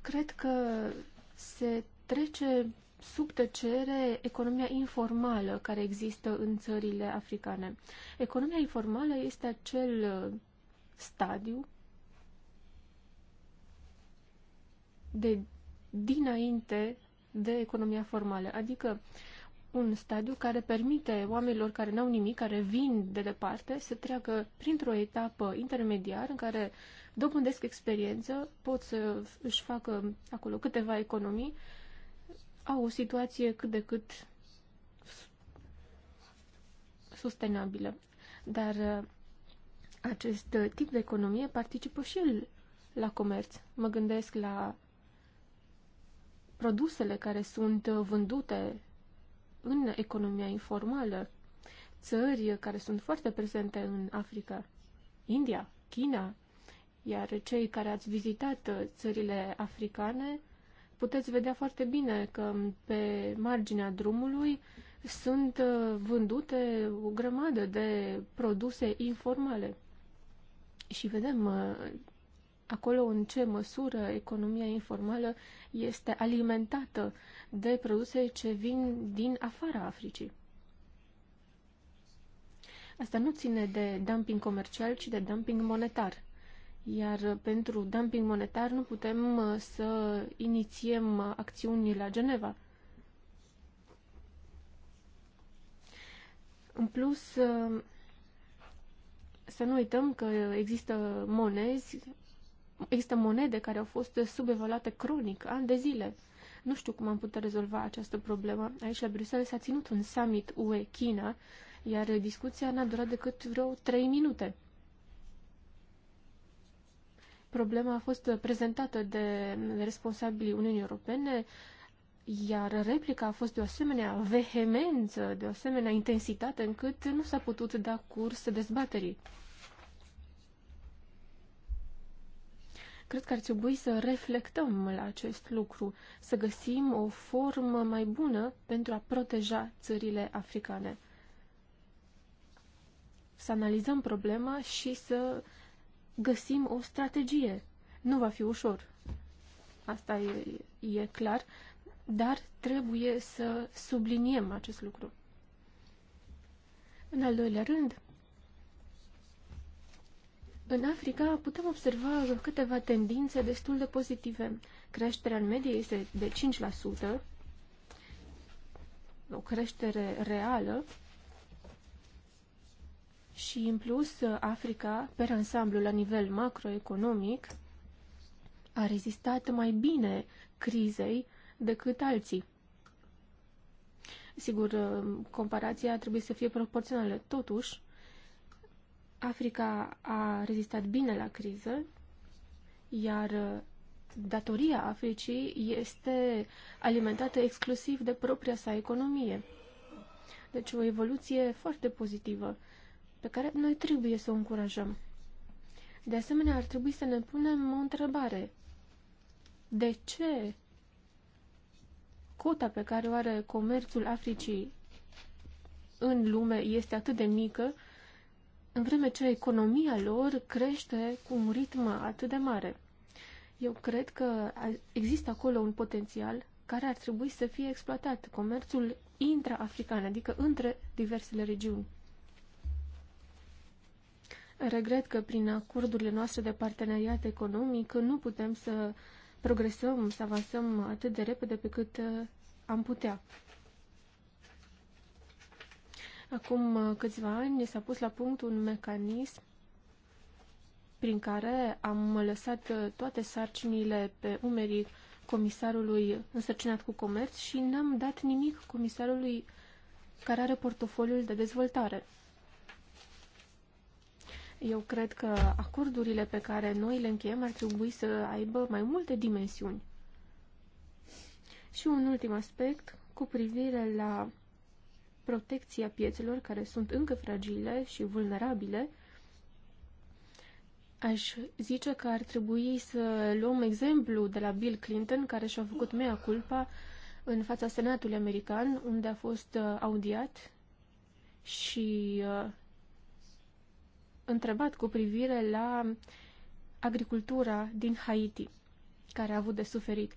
Cred că se trece sub tăcere economia informală care există în țările africane. Economia informală este acel uh, stadiu de dinainte de economia formală, adică un stadiu care permite oamenilor care n-au nimic, care vin de departe, să treacă printr-o etapă intermediară în care dobândesc experiență, pot să își facă acolo câteva economii, au o situație cât de cât sustenabilă. Dar uh, acest uh, tip de economie participă și el la comerț. Mă gândesc la produsele care sunt uh, vândute în economia informală, țări care sunt foarte prezente în Africa, India, China, iar cei care ați vizitat uh, țările africane, puteți vedea foarte bine că pe marginea drumului sunt uh, vândute o grămadă de produse informale. Și vedem uh, acolo în ce măsură economia informală este alimentată de produse ce vin din afara Africii. Asta nu ține de dumping comercial, ci de dumping monetar. Iar pentru dumping monetar nu putem uh, să inițiem uh, acțiuni la Geneva. În plus, uh, să nu uităm că există monezi, există monede care au fost subevaluate cronic, ani de zile. Nu știu cum am putea rezolva această problemă. Aici, la Bruxelles, s-a ținut un summit UE-China, iar discuția n-a durat decât vreo 3 minute. Problema a fost prezentată de responsabilii Uniunii Europene, iar replica a fost de o asemenea vehemență, de o asemenea intensitate, încât nu s-a putut da curs dezbaterii. Cred că ar trebui să reflectăm la acest lucru, să găsim o formă mai bună pentru a proteja țările africane. Să analizăm problema și să găsim o strategie. Nu va fi ușor, asta e, e clar, dar trebuie să subliniem acest lucru. În al doilea rând, în Africa putem observa câteva tendințe destul de pozitive. Creșterea în medie este de 5%, o creștere reală, și, în plus, Africa, pe ansamblu, la nivel macroeconomic, a rezistat mai bine crizei decât alții. Sigur, comparația trebuie să fie proporțională. Totuși, Africa a rezistat bine la criză, iar datoria Africii este alimentată exclusiv de propria sa economie. Deci o evoluție foarte pozitivă pe care noi trebuie să o încurajăm. De asemenea, ar trebui să ne punem o întrebare. De ce cota pe care o are comerțul Africii în lume este atât de mică, în vreme ce economia lor crește cu un ritm atât de mare? Eu cred că există acolo un potențial care ar trebui să fie exploatat, comerțul intra-african, adică între diversele regiuni. Regret că prin acordurile noastre de parteneriat economic nu putem să progresăm, să avansăm atât de repede pe cât uh, am putea. Acum uh, câțiva ani s-a pus la punct un mecanism prin care am lăsat uh, toate sarcinile pe umerii comisarului însărcinat cu comerț și n-am dat nimic comisarului care are portofoliul de dezvoltare. Eu cred că acordurile pe care noi le încheiem ar trebui să aibă mai multe dimensiuni. Și un ultim aspect cu privire la protecția piețelor care sunt încă fragile și vulnerabile, aș zice că ar trebui să luăm exemplu de la Bill Clinton, care și-a făcut mea culpa în fața Senatului American, unde a fost uh, audiat și uh, întrebat cu privire la agricultura din Haiti, care a avut de suferit.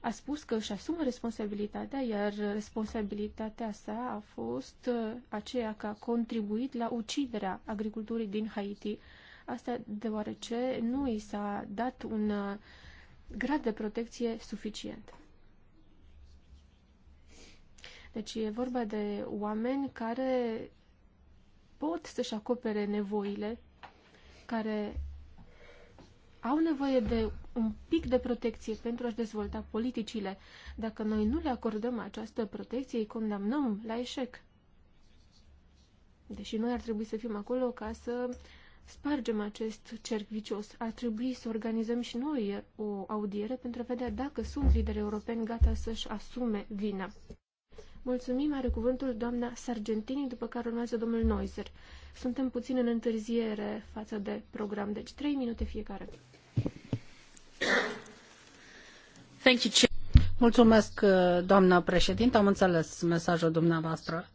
A spus că își asumă responsabilitatea, iar responsabilitatea sa a fost uh, aceea că a contribuit la uciderea agriculturii din Haiti. Asta deoarece nu i s-a dat un uh, grad de protecție suficient. Deci e vorba de oameni care pot să-și acopere nevoile, care au nevoie de un pic de protecție pentru a-și dezvolta politicile. Dacă noi nu le acordăm această protecție, îi condamnăm la eșec. Deși noi ar trebui să fim acolo ca să spargem acest cerc vicios. Ar trebui să organizăm și noi o audiere pentru a vedea dacă sunt lideri europeni gata să-și asume vina. Mulțumim, are cuvântul doamna Sargentini, după care urmează domnul Noiser. Suntem puțin în întârziere față de program, deci trei minute fiecare. Thank you, Mulțumesc, uh, doamna președintă, am înțeles mesajul dumneavoastră.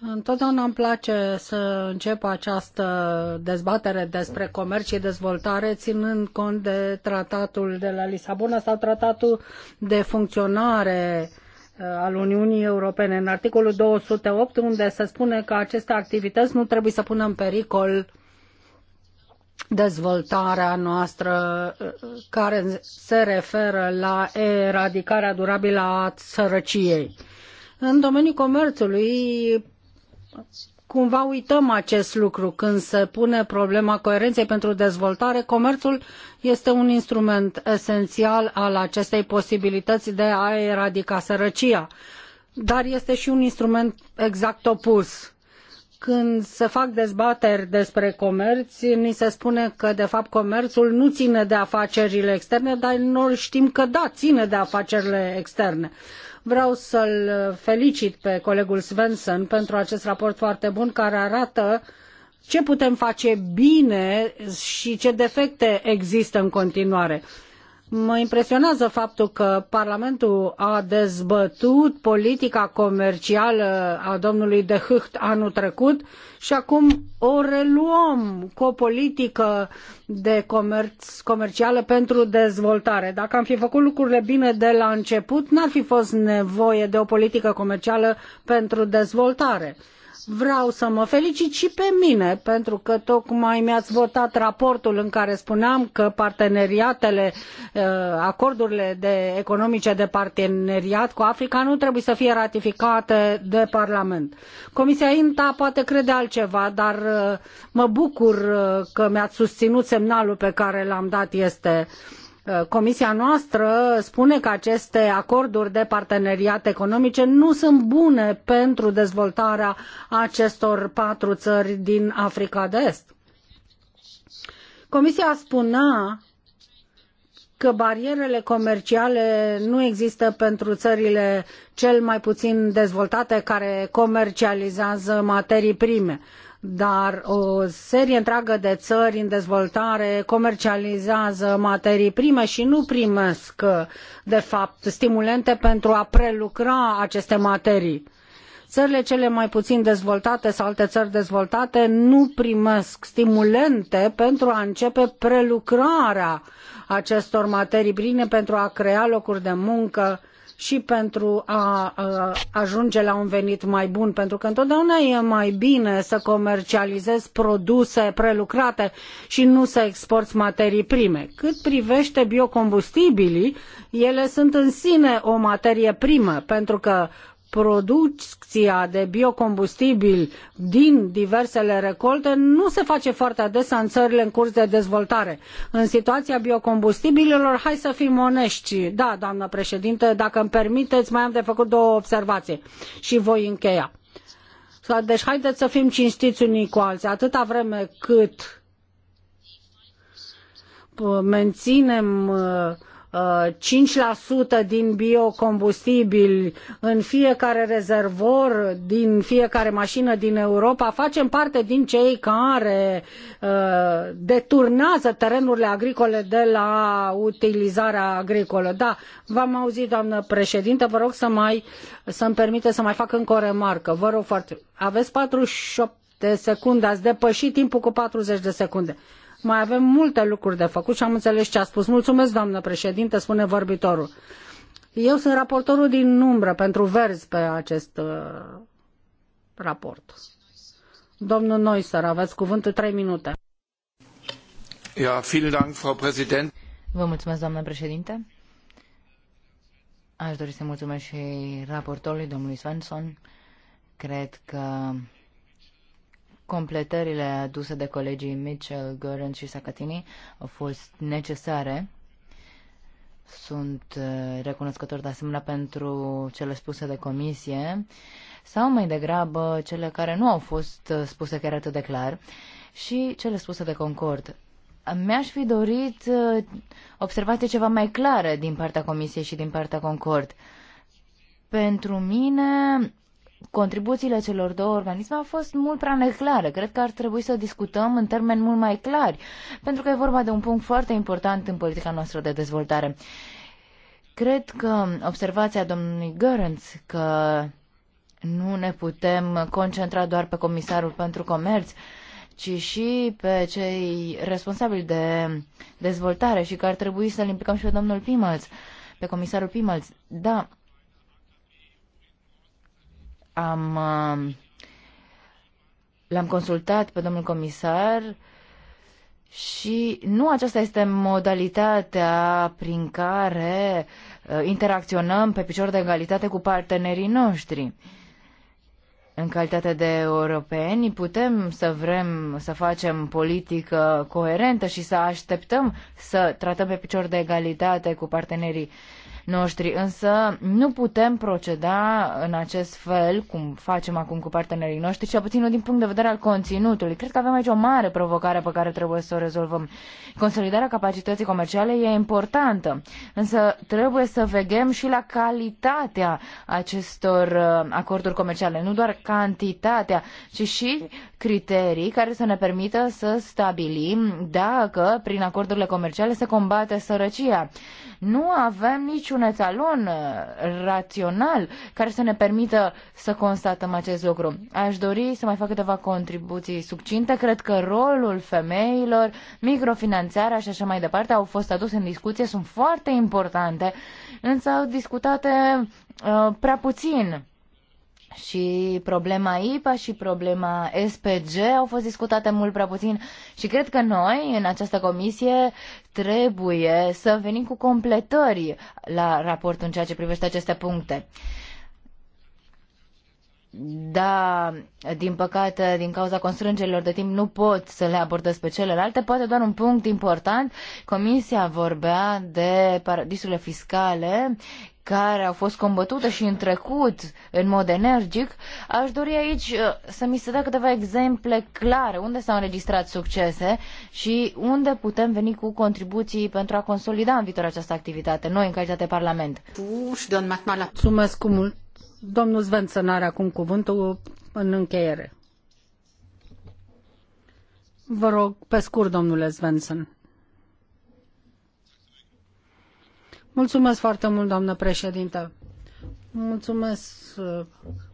Întotdeauna îmi place să încep această dezbatere despre comerț și dezvoltare, ținând cont de tratatul de la Lisabona sau tratatul de funcționare uh, al Uniunii Europene, în articolul 208, unde se spune că aceste activități nu trebuie să pună în pericol dezvoltarea noastră care se referă la eradicarea durabilă a sărăciei. În domeniul comerțului, cumva uităm acest lucru când se pune problema coerenței pentru dezvoltare. Comerțul este un instrument esențial al acestei posibilități de a eradica sărăcia, dar este și un instrument exact opus. Când se fac dezbateri despre comerț, ni se spune că, de fapt, comerțul nu ține de afacerile externe, dar noi știm că, da, ține de afacerile externe Vreau să-l felicit pe colegul Svensson pentru acest raport foarte bun care arată ce putem face bine și ce defecte există în continuare. Mă impresionează faptul că Parlamentul a dezbătut politica comercială a domnului de Hucht anul trecut și acum o reluăm cu o politică de comerț comercială pentru dezvoltare. Dacă am fi făcut lucrurile bine de la început, n-ar fi fost nevoie de o politică comercială pentru dezvoltare. Vreau să mă felicit și pe mine, pentru că tocmai mi-ați votat raportul în care spuneam că parteneriatele, uh, acordurile de economice de parteneriat cu Africa nu trebuie să fie ratificate de Parlament. Comisia INTA poate crede altceva, dar uh, mă bucur uh, că mi-ați susținut semnalul pe care l-am dat. Este uh, Uh, comisia noastră spune că aceste acorduri de parteneriat economice nu sunt bune pentru dezvoltarea acestor patru țări din Africa de Est. Comisia spunea că barierele comerciale nu există pentru țările cel mai puțin dezvoltate care comercializează materii prime dar o serie întreagă de țări în dezvoltare comercializează materii prime și nu primesc, de fapt, stimulente pentru a prelucra aceste materii. Țările cele mai puțin dezvoltate sau alte țări dezvoltate nu primesc stimulente pentru a începe prelucrarea acestor materii prime pentru a crea locuri de muncă și pentru a ajunge la un venit mai bun, pentru că întotdeauna e mai bine să comercializezi produse prelucrate și nu să exporți materii prime. Cât privește biocombustibilii, ele sunt în sine o materie primă, pentru că producția de biocombustibil din diversele recolte nu se face foarte adesea în țările în curs de dezvoltare. În situația biocombustibililor, hai să fim onești. Da, doamnă președinte, dacă îmi permiteți, mai am de făcut două observații și voi încheia. Deci haideți să fim cinstiți unii cu alții. Atâta vreme cât uh, menținem uh, 5% din biocombustibil în fiecare rezervor, din fiecare mașină din Europa, facem parte din cei care uh, deturnează terenurile agricole de la utilizarea agricolă. Da, v-am auzit, doamnă președinte, vă rog să mai, să-mi permite să mai fac încă o remarcă. Vă rog foarte, aveți 48 de secunde, ați depășit timpul cu 40 de secunde. Mai avem multe lucruri de făcut și am înțeles ce a spus. Mulțumesc, doamnă președinte, spune vorbitorul. Eu sunt raportorul din umbră pentru verzi pe acest uh, raport. Domnul Neusser, aveți cuvântul 3 minute. Ja, vielen Dank, Frau Präsident. Vă mulțumesc, doamnă președinte. Aș dori să mulțumesc și raportorului, domnului Svensson. Cred că completările aduse de colegii Mitchell, Gurren și Sacatini au fost necesare. Sunt uh, recunoscător de asemenea pentru cele spuse de comisie sau mai degrabă cele care nu au fost uh, spuse chiar atât de clar și cele spuse de Concord. Mi-aș fi dorit uh, observate ceva mai clare din partea Comisiei și din partea Concord. Pentru mine, contribuțiile celor două organisme au fost mult prea neclare. Cred că ar trebui să discutăm în termeni mult mai clari, pentru că e vorba de un punct foarte important în politica noastră de dezvoltare. Cred că observația domnului Gărânț că nu ne putem concentra doar pe comisarul pentru comerț, ci și pe cei responsabili de dezvoltare și că ar trebui să-l implicăm și pe domnul Pimals, pe comisarul Pimals. Da, am, uh, l-am consultat pe domnul comisar și nu aceasta este modalitatea prin care uh, interacționăm pe picior de egalitate cu partenerii noștri. În calitate de europeni putem să vrem să facem politică coerentă și să așteptăm să tratăm pe picior de egalitate cu partenerii uh, noștri, însă nu putem proceda în acest fel, cum facem acum cu partenerii noștri, cel puțin nu din punct de vedere al conținutului. Cred că avem aici o mare provocare pe care trebuie să o rezolvăm. Consolidarea capacității comerciale e importantă, însă trebuie să veghem și la calitatea acestor uh, acorduri comerciale, nu doar cantitatea, ci și criterii care să ne permită să stabilim dacă prin acordurile comerciale se combate sărăcia. Nu avem niciun etalon uh, rațional care să ne permită să constatăm acest lucru. Aș dori să mai fac câteva contribuții subcinte. Cred că rolul femeilor, microfinanțarea și așa mai departe au fost aduse în discuție, sunt foarte importante, însă au discutate uh, prea puțin și problema IPA și problema SPG au fost discutate mult prea puțin și cred că noi, în această comisie, trebuie să venim cu completări la raport în ceea ce privește aceste puncte. Da, din păcate, din cauza constrângerilor de timp, nu pot să le abordez pe celelalte. Poate doar un punct important. Comisia vorbea de paradisurile fiscale care au fost combătute și în trecut în mod energic, aș dori aici uh, să mi se dea câteva exemple clare unde s-au înregistrat succese și unde putem veni cu contribuții pentru a consolida în viitor această activitate, noi în calitate de Parlament. Mulțumesc mult. Domnul Svensson are acum cuvântul în încheiere. Vă rog, pe scurt, domnule Svensson. Mulțumesc foarte mult, doamnă președintă. Mulțumesc uh,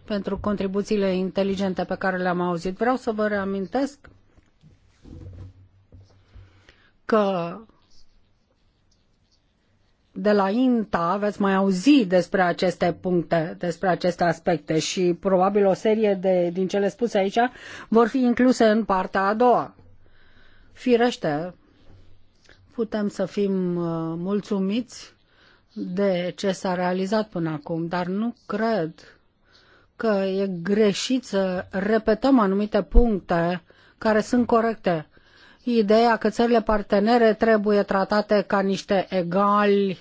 pentru contribuțiile inteligente pe care le-am auzit. Vreau să vă reamintesc că de la INTA veți mai auzi despre aceste puncte, despre aceste aspecte și probabil o serie de, din cele spuse aici vor fi incluse în partea a doua. Firește, putem să fim uh, mulțumiți de ce s-a realizat până acum, dar nu cred că e greșit să repetăm anumite puncte care sunt corecte. Ideea că țările partenere trebuie tratate ca niște egali,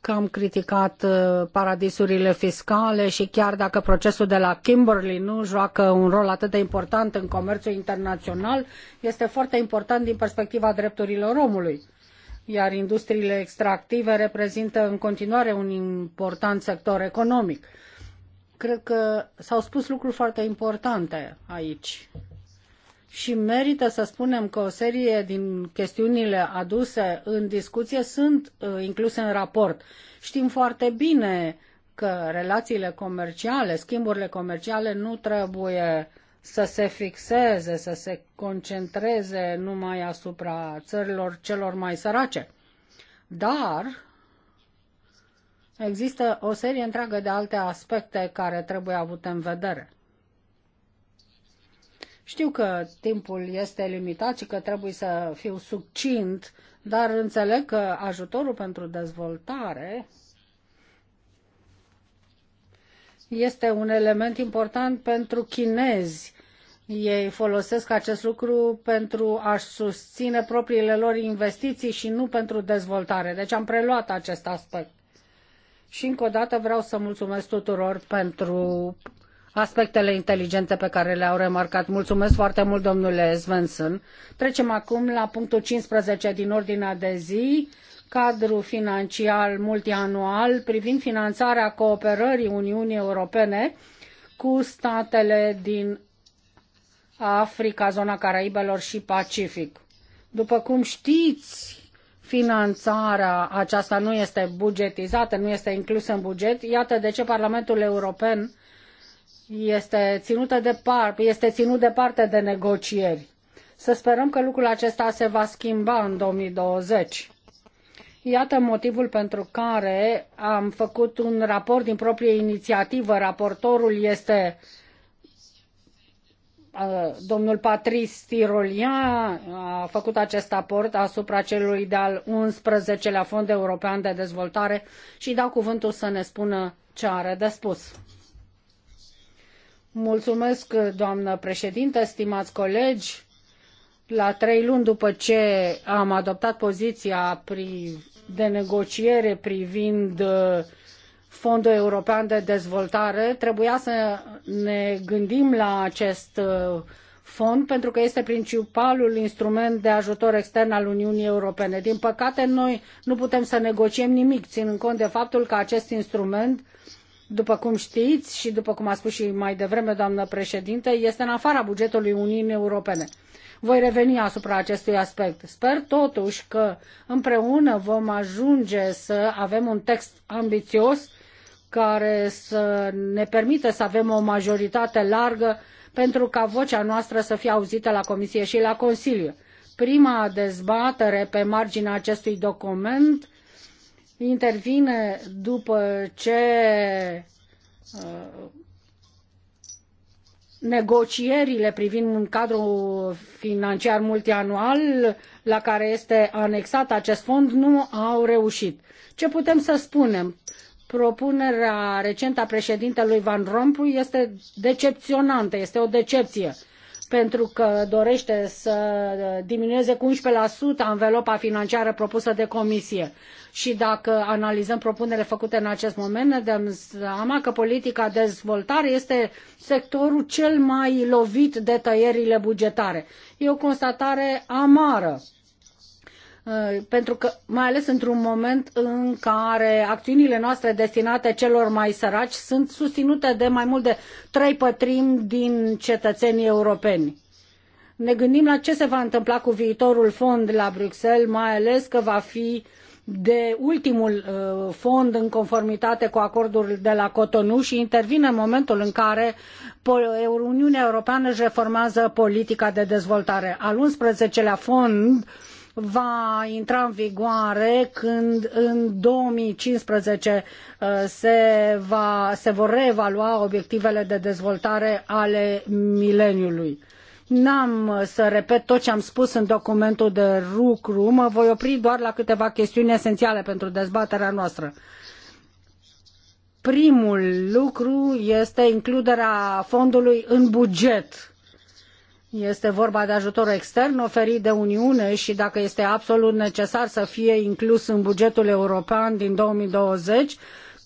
că am criticat uh, paradisurile fiscale și chiar dacă procesul de la Kimberley nu joacă un rol atât de important în comerțul internațional, este foarte important din perspectiva drepturilor omului iar industriile extractive reprezintă în continuare un important sector economic. Cred că s-au spus lucruri foarte importante aici. Și merită să spunem că o serie din chestiunile aduse în discuție sunt uh, incluse în raport. Știm foarte bine că relațiile comerciale, schimburile comerciale nu trebuie să se fixeze, să se concentreze numai asupra țărilor celor mai sărace. Dar există o serie întreagă de alte aspecte care trebuie avute în vedere. Știu că timpul este limitat și că trebuie să fiu succint, dar înțeleg că ajutorul pentru dezvoltare este un element important pentru chinezi ei folosesc acest lucru pentru a-și susține propriile lor investiții și nu pentru dezvoltare. Deci am preluat acest aspect. Și încă o dată vreau să mulțumesc tuturor pentru aspectele inteligente pe care le-au remarcat. Mulțumesc foarte mult, domnule Svensson. Trecem acum la punctul 15 din ordinea de zi, Cadrul financiar multianual privind finanțarea cooperării Uniunii Europene cu statele din Africa, zona Caraibelor și Pacific. După cum știți, finanțarea aceasta nu este bugetizată, nu este inclusă în buget. Iată de ce Parlamentul European este ținut, departe, este ținut departe de negocieri. Să sperăm că lucrul acesta se va schimba în 2020. Iată motivul pentru care am făcut un raport din proprie inițiativă. Raportorul este uh, Uh, domnul Patrice Tirolian a făcut acest aport asupra celui de-al 11-lea Fond European de Dezvoltare și dau cuvântul să ne spună ce are de spus. Mulțumesc, doamnă președintă, stimați colegi. La trei luni după ce am adoptat poziția de negociere privind uh, Fondul European de Dezvoltare, trebuia să ne gândim la acest uh, fond pentru că este principalul instrument de ajutor extern al Uniunii Europene. Din păcate, noi nu putem să negociem nimic, ținând cont de faptul că acest instrument, după cum știți și după cum a spus și mai devreme doamnă președinte, este în afara bugetului Uniunii Europene. Voi reveni asupra acestui aspect. Sper totuși că împreună vom ajunge să avem un text ambițios care să ne permită să avem o majoritate largă pentru ca vocea noastră să fie auzită la Comisie și la Consiliu. Prima dezbatere pe marginea acestui document intervine după ce uh, negocierile privind un cadru financiar multianual la care este anexat acest fond nu au reușit. Ce putem să spunem? propunerea recentă a președintelui Van Rompuy este decepționantă, este o decepție pentru că dorește să diminueze cu 11% anvelopa financiară propusă de comisie. Și dacă analizăm propunerile făcute în acest moment, ne dăm seama că politica de dezvoltare este sectorul cel mai lovit de tăierile bugetare. E o constatare amară Uh, pentru că, mai ales într-un moment în care acțiunile noastre destinate celor mai săraci sunt susținute de mai mult de trei pătrimi din cetățenii europeni. Ne gândim la ce se va întâmpla cu viitorul fond la Bruxelles, mai ales că va fi de ultimul uh, fond în conformitate cu acordul de la Cotonou și intervine în momentul în care Uniunea Europeană își reformează politica de dezvoltare. Al 11-lea fond uh, va intra în vigoare când în 2015 uh, se, va, se vor reevalua obiectivele de dezvoltare ale mileniului. N-am uh, să repet tot ce am spus în documentul de lucru, mă voi opri doar la câteva chestiuni esențiale pentru dezbaterea noastră. Primul lucru este includerea fondului în buget este vorba de ajutor extern oferit de Uniune și dacă este absolut necesar să fie inclus în bugetul european din 2020,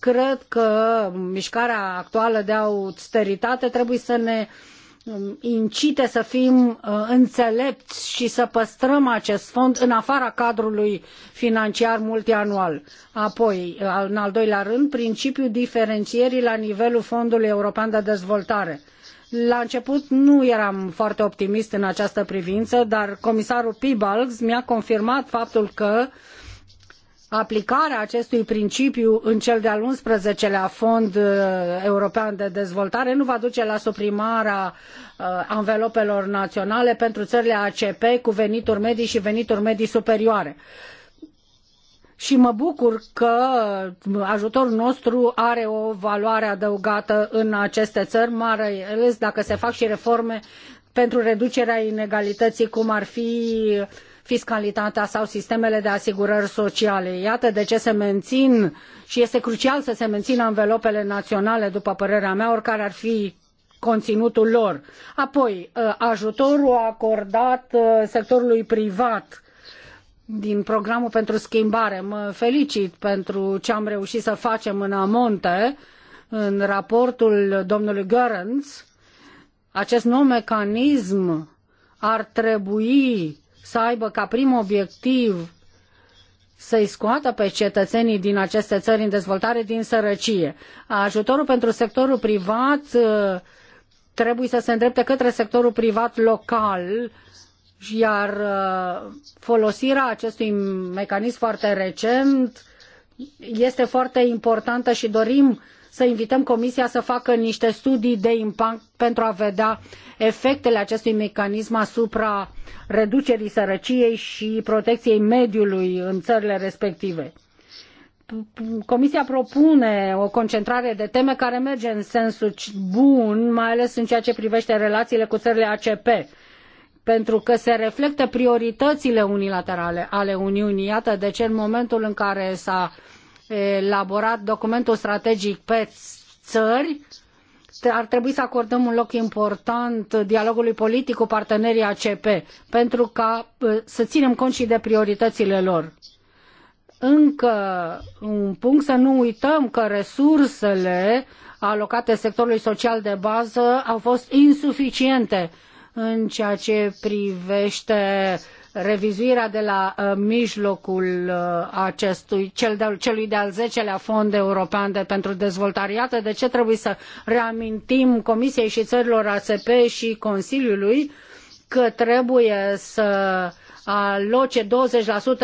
cred că mișcarea actuală de austeritate trebuie să ne um, incite să fim uh, înțelepți și să păstrăm acest fond în afara cadrului financiar multianual. Apoi, uh, în al doilea rând, principiul diferențierii la nivelul Fondului European de Dezvoltare la început nu eram foarte optimist în această privință, dar comisarul Piebalgs mi-a confirmat faptul că aplicarea acestui principiu în cel de-al 11-lea Fond uh, European de Dezvoltare nu va duce la suprimarea uh, anvelopelor naționale pentru țările ACP cu venituri medii și venituri medii superioare și mă bucur că ajutorul nostru are o valoare adăugată în aceste țări, mai ales dacă se fac și reforme pentru reducerea inegalității, cum ar fi fiscalitatea sau sistemele de asigurări sociale. Iată de ce se mențin și este crucial să se mențină anvelopele naționale, după părerea mea, oricare ar fi conținutul lor. Apoi, ajutorul acordat uh, sectorului privat din programul pentru schimbare. Mă felicit pentru ce am reușit să facem în amonte, în raportul domnului Görens. Acest nou mecanism ar trebui să aibă ca prim obiectiv să-i scoată pe cetățenii din aceste țări în dezvoltare din sărăcie. Ajutorul pentru sectorul privat uh, trebuie să se îndrepte către sectorul privat local iar uh, folosirea acestui mecanism foarte recent este foarte importantă și dorim să invităm Comisia să facă niște studii de impact pentru a vedea efectele acestui mecanism asupra reducerii sărăciei și protecției mediului în țările respective. Comisia propune o concentrare de teme care merge în sensul bun, mai ales în ceea ce privește relațiile cu țările ACP pentru că se reflectă prioritățile unilaterale ale Uniunii. Iată de ce în momentul în care s-a elaborat documentul strategic pe țări, ar trebui să acordăm un loc important dialogului politic cu partenerii ACP, pentru ca să ținem cont și de prioritățile lor. Încă un punct să nu uităm că resursele alocate sectorului social de bază au fost insuficiente în ceea ce privește revizuirea de la uh, mijlocul uh, acestui, cel de, celui de-al 10-lea Fond European de, pentru Dezvoltare. Iată de ce trebuie să reamintim Comisiei și țărilor ASP și Consiliului că trebuie să aloce 20%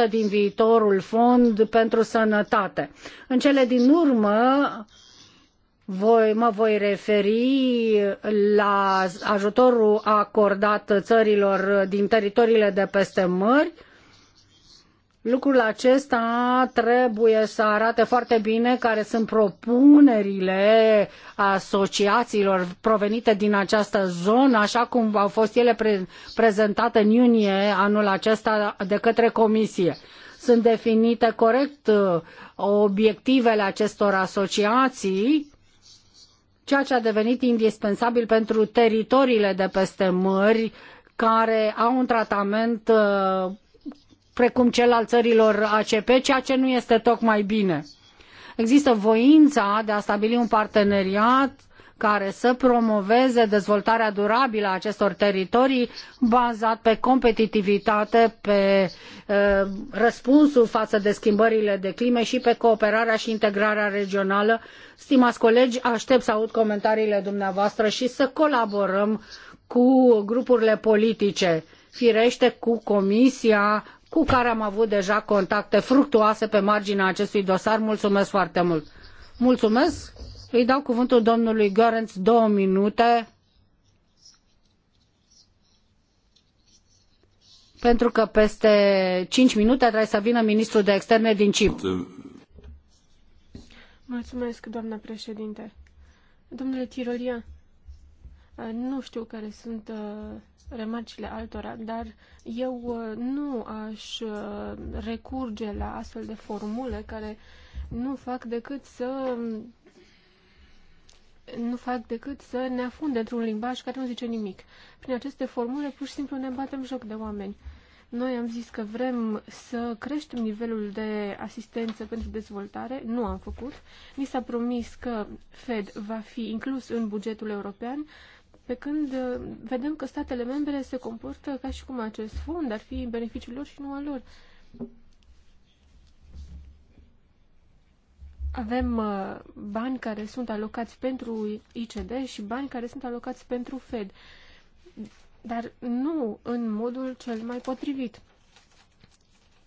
din viitorul fond pentru sănătate. În cele din urmă, voi, mă voi referi la ajutorul acordat țărilor din teritoriile de peste mări. Lucrul acesta trebuie să arate foarte bine care sunt propunerile asociațiilor provenite din această zonă, așa cum au fost ele pre- prezentate în iunie anul acesta de către Comisie sunt definite corect uh, obiectivele acestor asociații ceea ce a devenit indispensabil pentru teritoriile de peste mări care au un tratament uh, precum cel al țărilor ACP, ceea ce nu este tocmai bine. Există voința de a stabili un parteneriat uh, care să promoveze dezvoltarea durabilă a acestor teritorii bazat pe competitivitate, pe uh, răspunsul față de schimbările de clime și pe cooperarea și integrarea regională. Stimați colegi, aștept să aud comentariile dumneavoastră și să colaborăm cu grupurile politice, firește cu Comisia cu care am avut deja contacte fructuoase pe marginea acestui dosar. Mulțumesc foarte mult! Mulțumesc! Îi dau cuvântul domnului Gorenț două minute pentru că peste cinci minute trebuie să vină ministrul de externe din CIP. Mulțumesc, doamna președinte. Domnule Tirolia, nu știu care sunt uh, remarcile altora, dar eu uh, nu aș uh, recurge la astfel de formule care nu fac decât să nu fac decât să ne afunde într-un limbaj care nu zice nimic. Prin aceste formule pur și simplu ne batem joc de oameni. Noi am zis că vrem să creștem nivelul de asistență pentru dezvoltare, nu am făcut. Ni s-a promis că Fed va fi inclus în bugetul european, pe când uh, vedem că statele membre se comportă ca și cum acest fond ar fi în beneficiul lor și nu al lor. avem uh, bani care sunt alocați pentru ICD și bani care sunt alocați pentru Fed, dar nu în modul cel mai potrivit.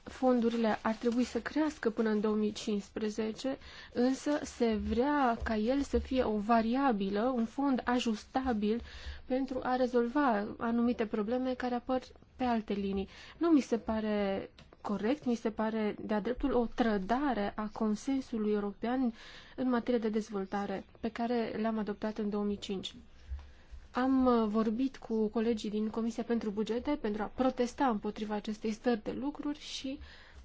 Fondurile ar trebui să crească până în 2015, însă se vrea ca el să fie o variabilă, un fond ajustabil pentru a rezolva anumite probleme care apar pe alte linii. Nu mi se pare corect, mi se pare de-a dreptul o trădare a consensului european în materie de dezvoltare pe care l-am adoptat în 2005. Am uh, vorbit cu colegii din Comisia pentru Bugete pentru a protesta împotriva acestei stări de lucruri și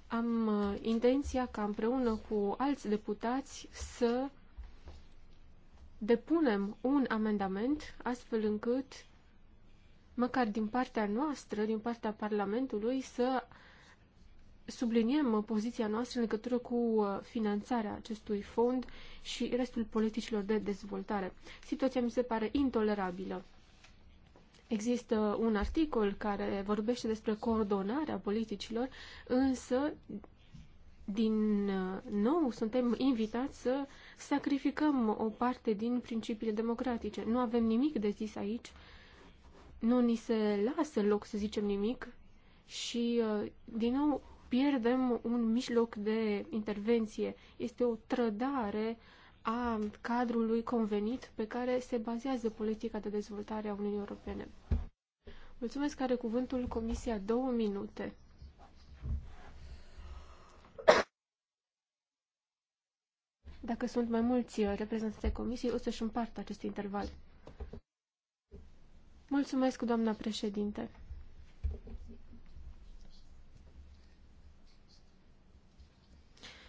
am uh, intenția ca împreună cu alți deputați să depunem un amendament astfel încât măcar din partea noastră, din partea Parlamentului, să subliniem poziția noastră în legătură cu uh, finanțarea acestui fond și restul politicilor de dezvoltare. Situația mi se pare intolerabilă. Există un articol care vorbește despre coordonarea politicilor, însă din uh, nou suntem invitați să sacrificăm o parte din principiile democratice. Nu avem nimic de zis aici, nu ni se lasă loc să zicem nimic și, uh, din nou, pierdem un mijloc de intervenție. Este o trădare a cadrului convenit pe care se bazează politica de dezvoltare a Uniunii Europene. Mulțumesc, are cuvântul Comisia două minute. Dacă sunt mai mulți reprezentanți ai Comisiei, o să-și împartă acest interval. Mulțumesc, doamna președinte.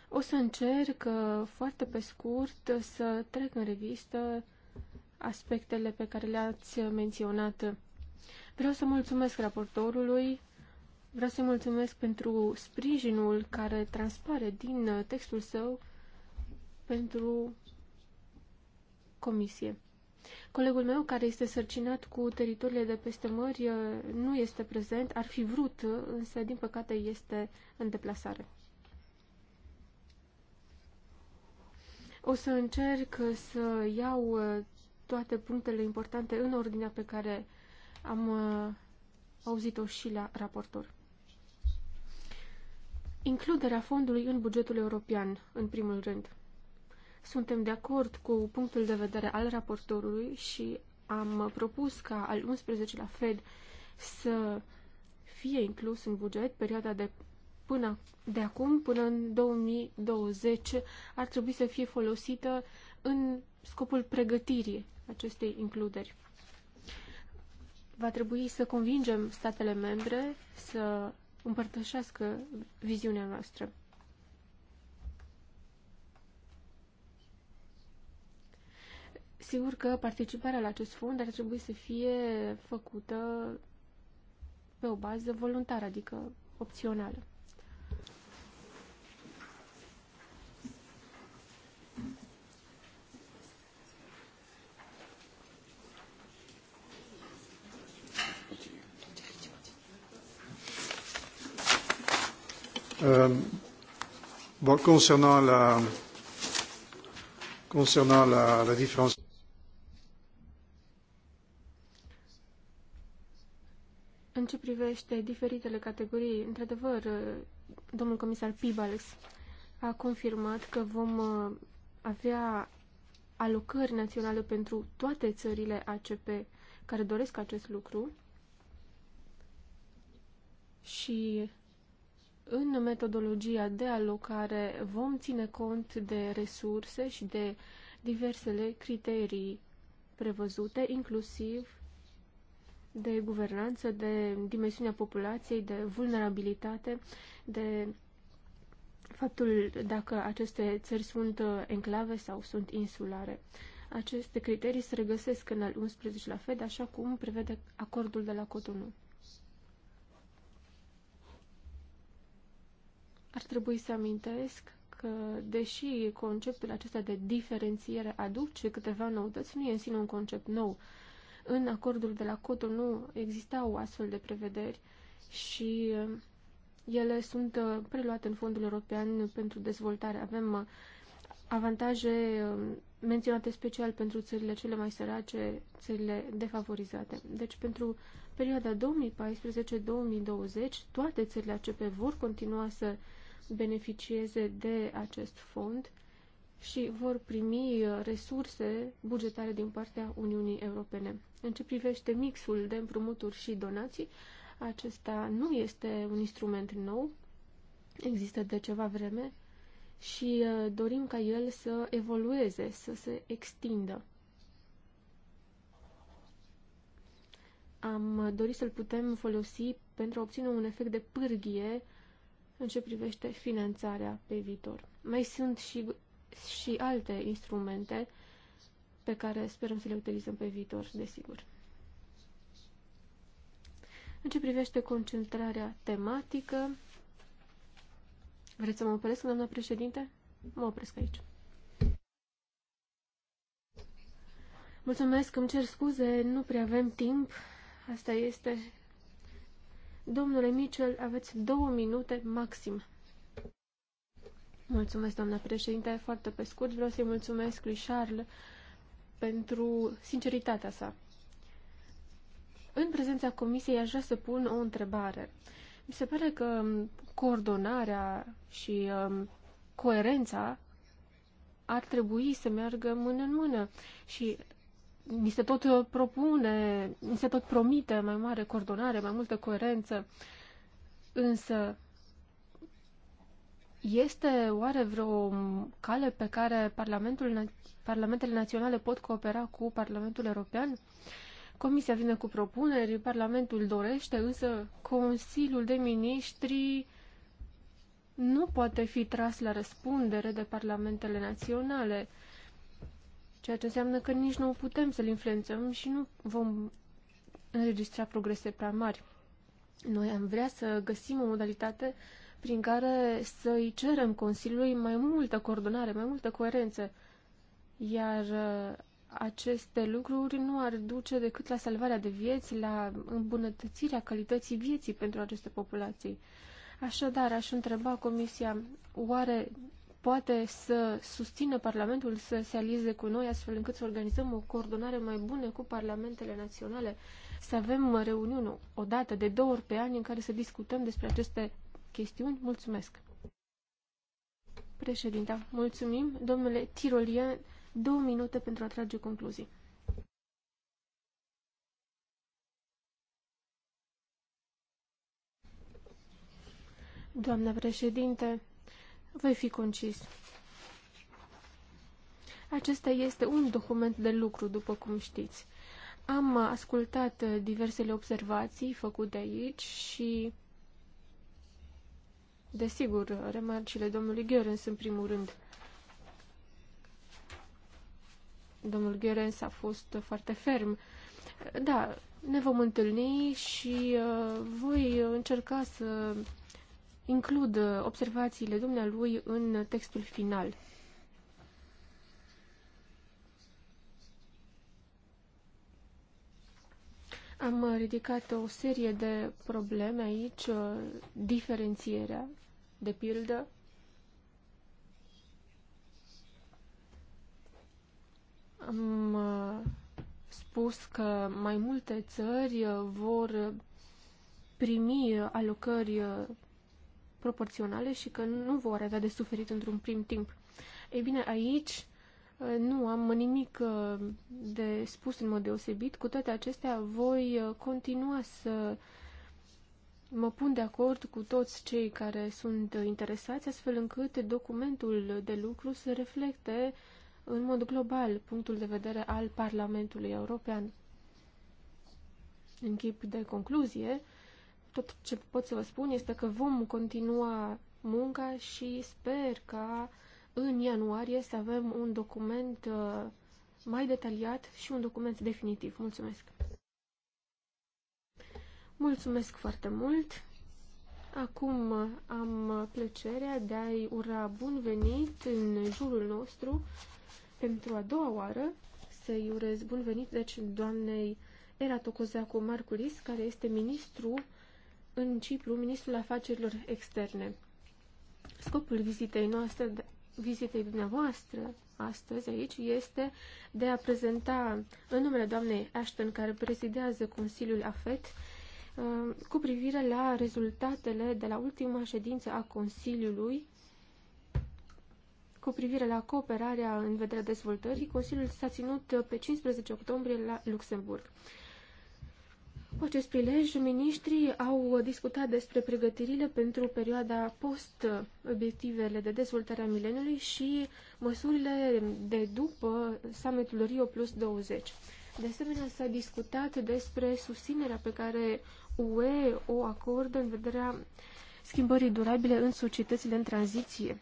O să încerc uh, foarte pe scurt uh, să trec în revistă aspectele pe care le-ați menționat. Vreau să mulțumesc raportorului, vreau să mulțumesc pentru sprijinul care transpare din uh, textul său pentru comisie. Colegul meu, care este sărcinat cu teritoriile de peste mări, nu este prezent, ar fi vrut, însă, din păcate, este în deplasare. O să încerc să iau uh, toate punctele importante în ordinea pe care am uh, auzit-o și la raportor. Includerea fondului în bugetul european, în primul rând. Suntem de acord cu punctul de vedere al raportorului și am propus ca al 11-lea Fed să fie inclus în buget perioada de până de acum, până în 2020, ar trebui să fie folosită în scopul pregătirii acestei includeri. Va trebui să convingem statele membre să împărtășească viziunea noastră. Sigur că participarea la acest fond ar trebui să fie făcută pe o bază voluntară, adică opțională. Euh, bon, concernant la, concernant la, la différence. În ce privește diferitele categorii, într-adevăr, uh, domnul comisar Pibals a confirmat că vom uh, avea alocări naționale pentru toate țările ACP care doresc acest lucru și în metodologia de alocare vom ține cont de resurse și de diversele criterii prevăzute, inclusiv de guvernanță, de dimensiunea populației, de vulnerabilitate, de faptul dacă aceste țări sunt uh, enclave sau sunt insulare. Aceste criterii se regăsesc în al 11 la FED, așa cum prevede acordul de la Cotonou. Ar trebui să amintesc că, deși conceptul acesta de diferențiere aduce câteva noutăți, nu e în sine un concept nou. În acordul de la nu existau astfel de prevederi și uh, ele sunt uh, preluate în Fondul European pentru Dezvoltare. Avem uh, avantaje menționate special pentru țările cele mai sărace, țările defavorizate. Deci pentru perioada 2014-2020 toate țările ACP vor continua să beneficieze de acest fond și vor primi uh, resurse bugetare din partea Uniunii Europene. În ce privește mixul de împrumuturi și donații, acesta nu este un instrument nou, există de ceva vreme și uh, dorim ca el să evolueze, să se extindă. Am uh, dorit să-l putem folosi pentru a obține un efect de pârghie în ce privește finanțarea pe viitor. Mai sunt și, și alte instrumente pe care sperăm să le utilizăm pe viitor, desigur. În ce privește concentrarea tematică, vreți să mă opresc, doamna președinte? Mă opresc aici. Mulțumesc, îmi cer scuze, nu prea avem timp. Asta este. Domnule Mitchell, aveți două minute maxim. Mulțumesc, doamna președinte. Foarte pe scurt, vreau să-i mulțumesc lui Charles pentru sinceritatea sa. În prezența comisiei aș vrea să pun o întrebare. Mi se pare că coordonarea și um, coerența ar trebui să meargă mână în mână și ni se tot uh, propune, ni se tot promite mai mare coordonare, mai multă coerență, însă este oare vreo cale pe care Parlamentul, Parlamentele Naționale pot coopera cu Parlamentul European? Comisia vine cu propuneri, Parlamentul dorește, însă Consiliul de Ministri nu poate fi tras la răspundere de Parlamentele Naționale. Uh, ceea ce înseamnă că nici nu putem să-l influențăm și nu vom înregistra progrese prea mari. Noi am vrea să găsim o modalitate prin care să-i cerem Consiliului mai multă coordonare, mai multă coerență, iar uh, aceste lucruri nu ar duce decât la salvarea de vieți, la îmbunătățirea calității vieții pentru aceste populații. Așadar, aș întreba Comisia, oare poate să susțină Parlamentul să se alieze cu noi, astfel încât să organizăm o coordonare mai bună cu parlamentele naționale, să avem reuniuni o dată, de două ori pe an, în care să discutăm despre aceste chestiuni. Mulțumesc! Președinta, mulțumim. Domnule Tirolien, două minute pentru a trage concluzii. Doamna președinte, voi fi concis. Acesta este un document de lucru, după cum știți. Am ascultat diversele observații făcute aici și, desigur, remarcile domnului Gheorens în primul rând. Domnul Gheorens a fost foarte ferm. Da, ne vom întâlni și uh, voi încerca să includ uh, observațiile dumnealui în textul final. Am uh, ridicat o serie de probleme aici, uh, diferențierea, de pildă, am spus că mai multe țări vor primi alocări proporționale și că nu vor avea de suferit într-un prim timp. Ei bine, aici uh, nu am nimic uh, de spus în mod deosebit. Cu toate acestea, voi uh, continua să mă pun de acord cu toți cei care sunt interesați, astfel încât documentul de lucru să reflecte în mod global punctul de vedere al Parlamentului European. În chip de concluzie, tot ce pot să vă spun este că vom continua munca și sper ca în ianuarie să avem un document uh, mai detaliat și un document definitiv. Mulțumesc! Mulțumesc foarte mult! Acum uh, am plăcerea de a-i ura bun venit în jurul nostru pentru a doua oară să-i urez bun venit, deci doamnei Era Tocozeacu Marculis, care este ministru în Cipru ministrul afacerilor externe. Scopul vizitei noastre, vizitei dumneavoastră astăzi aici este de a prezenta în numele doamnei Ashton, care prezidează Consiliul AFET, uh, cu privire la rezultatele de la ultima ședință a Consiliului cu privire la cooperarea în vederea dezvoltării, Consiliul s-a ținut pe 15 octombrie la Luxemburg. Cu acest prilej, miniștrii au discutat despre pregătirile pentru perioada post obiectivele de dezvoltare a mileniului și măsurile de după summitul Rio Plus 20. De asemenea, s-a discutat despre susținerea pe care UE o acordă în vederea schimbării durabile în societățile în tranziție.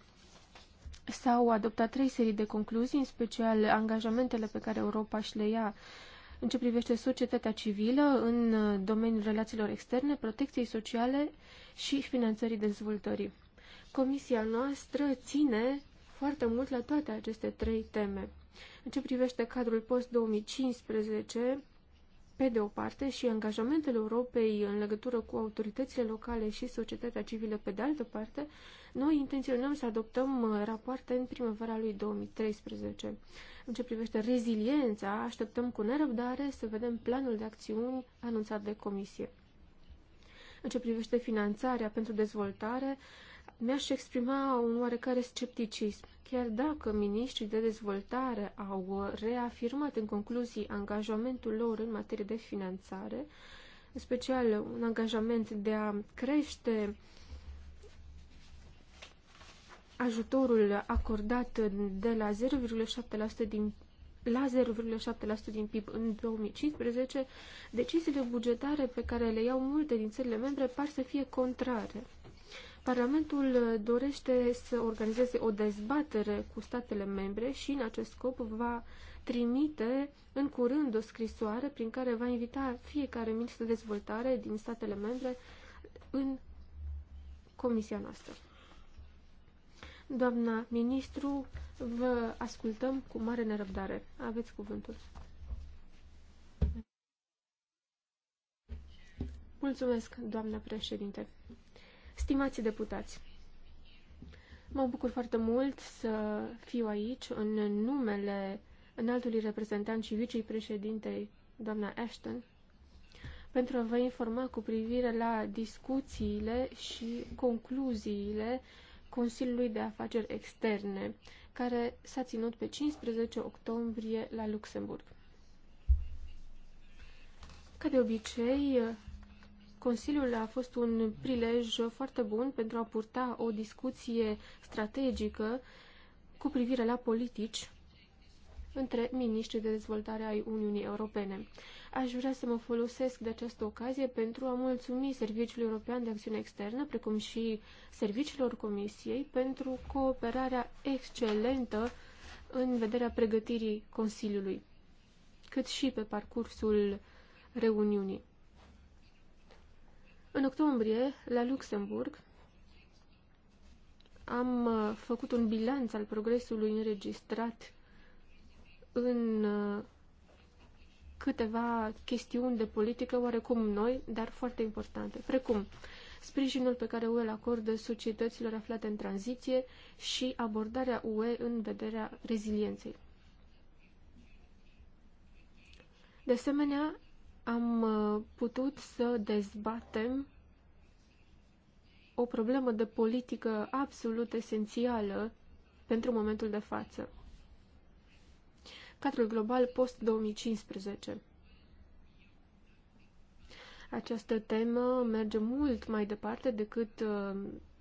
S-au adoptat trei serii de concluzii, în special angajamentele pe care Europa și le ia în ce privește societatea civilă în domeniul relațiilor externe, protecției sociale și finanțării dezvoltării. Comisia noastră ține foarte mult la toate aceste trei teme. În ce privește cadrul post-2015, pe de o parte, și angajamentele Europei în legătură cu autoritățile locale și societatea civilă pe de altă parte, noi intenționăm să adoptăm rapoarte în primăvara lui 2013. În ce privește reziliența, așteptăm cu nerăbdare să vedem planul de acțiuni anunțat de Comisie. În ce privește finanțarea pentru dezvoltare, mi-aș exprima un oarecare scepticism. Chiar dacă miniștrii de dezvoltare au reafirmat în concluzii angajamentul lor în materie de finanțare, în special un angajament de a crește uh, ajutorul acordat de la 0,7% din la 0,7% din PIB în 2015, deciziile bugetare pe care le iau multe din țările membre par să fie contrare. Parlamentul dorește să organizeze o dezbatere cu statele membre și în acest scop va trimite în curând o scrisoare prin care va invita fiecare ministru de dezvoltare din statele membre în comisia noastră. Doamna ministru, vă ascultăm cu mare nerăbdare. Aveți cuvântul. Mulțumesc, doamna președinte. Stimați deputați, mă bucur foarte mult să fiu aici în numele înaltului reprezentant și vicepreședintei, doamna Ashton, pentru a vă informa cu privire la discuțiile și concluziile Consiliului de Afaceri Externe, care s-a ținut pe 15 octombrie la Luxemburg. Ca de obicei, Consiliul a fost un prilej foarte bun pentru a purta o discuție strategică cu privire la politici între miniștrii de dezvoltare ai Uniunii Europene. Aș vrea să mă folosesc de această ocazie pentru a mulțumi Serviciul European de Acțiune Externă, precum și serviciilor Comisiei, pentru cooperarea excelentă în vederea pregătirii Consiliului, cât și pe parcursul reuniunii. În octombrie, la Luxemburg, am uh, făcut un bilanț al progresului înregistrat în uh, câteva chestiuni de politică oarecum noi, dar foarte importante, precum sprijinul pe care UE îl acordă societăților aflate în tranziție și abordarea UE în vederea rezilienței. De asemenea, am uh, putut să dezbatem o problemă de politică absolut esențială pentru momentul de față cadrul global post-2015. Această temă merge mult mai departe decât uh,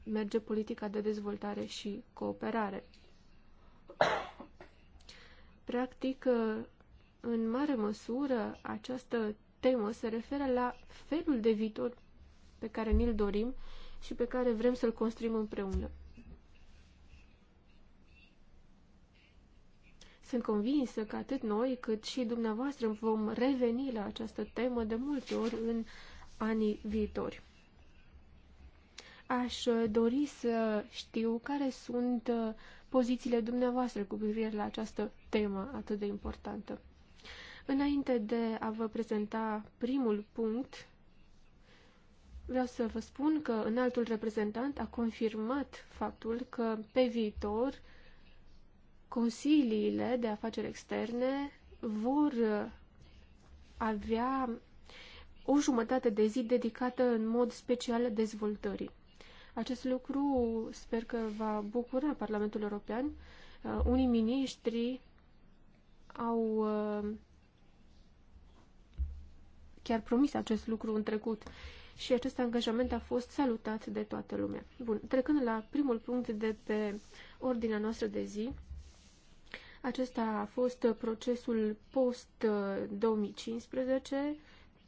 merge politica de dezvoltare și cooperare. Practic, uh, în mare măsură, această temă se referă la felul de viitor pe care ni-l dorim și pe care vrem să-l construim împreună. Sunt convinsă că atât noi cât și dumneavoastră vom reveni la această temă de multe ori în anii viitori. Aș uh, dori să știu care sunt uh, pozițiile dumneavoastră cu privire la această temă atât de importantă. Înainte de a vă prezenta primul punct, vreau să vă spun că înaltul reprezentant a confirmat faptul că pe viitor consiliile de afaceri externe vor avea o jumătate de zi dedicată în mod special dezvoltării. Acest lucru sper că va bucura Parlamentul European. Uh, unii miniștri au uh, chiar promis acest lucru în trecut și acest angajament a fost salutat de toată lumea. Bun, trecând la primul punct de pe ordinea noastră de zi, acesta a fost procesul post-2015,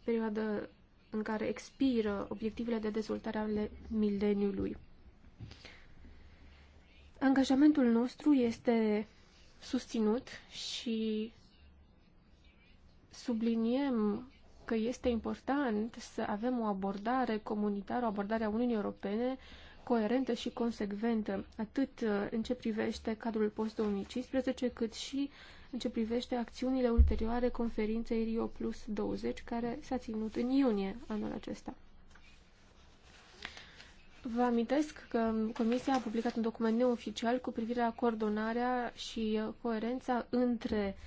perioadă în care expiră obiectivele de dezvoltare ale mileniului. Angajamentul nostru este susținut și subliniem că este important să avem o abordare comunitară, o abordare a Uniunii Europene coerentă și consecventă, atât uh, în ce privește cadrul post-2015, cât și în ce privește acțiunile ulterioare conferinței Rio Plus 20, care s-a ținut în iunie anul acesta. Vă amintesc că Comisia a publicat un document neoficial cu privire la coordonarea și uh, coerența între uh,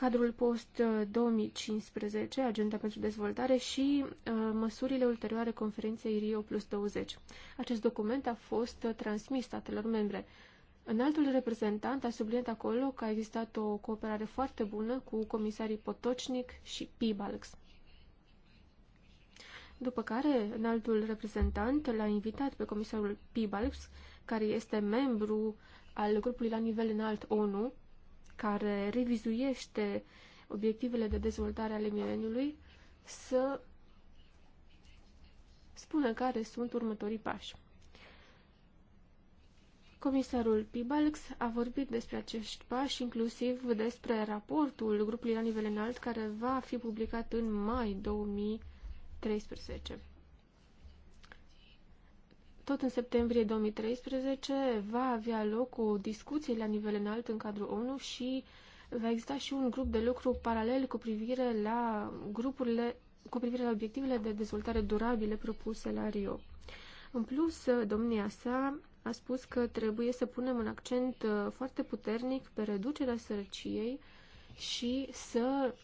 cadrul post-2015, agenda pentru dezvoltare și uh, măsurile ulterioare conferinței Rio plus 20. Acest document a fost uh, transmis statelor membre. altul reprezentant a subliniat acolo că a existat o cooperare foarte bună cu comisarii Potocnic și Pibalx. După care, altul reprezentant l-a invitat pe comisarul Pibalx, care este membru al grupului la nivel înalt ONU, care revizuiește obiectivele de dezvoltare ale mileniului să spună care sunt următorii pași. Comisarul Pibalx a vorbit despre acești pași, inclusiv despre raportul grupului la nivel înalt, care va fi publicat în mai 2013. Tot în septembrie 2013 va avea loc o discuție la nivel înalt în cadrul ONU și va exista și un grup de lucru paralel cu privire la grupurile cu privire la obiectivele de dezvoltare durabile propuse la Rio. În plus, domnia sa a spus că trebuie să punem un accent uh, foarte puternic pe reducerea sărăciei și să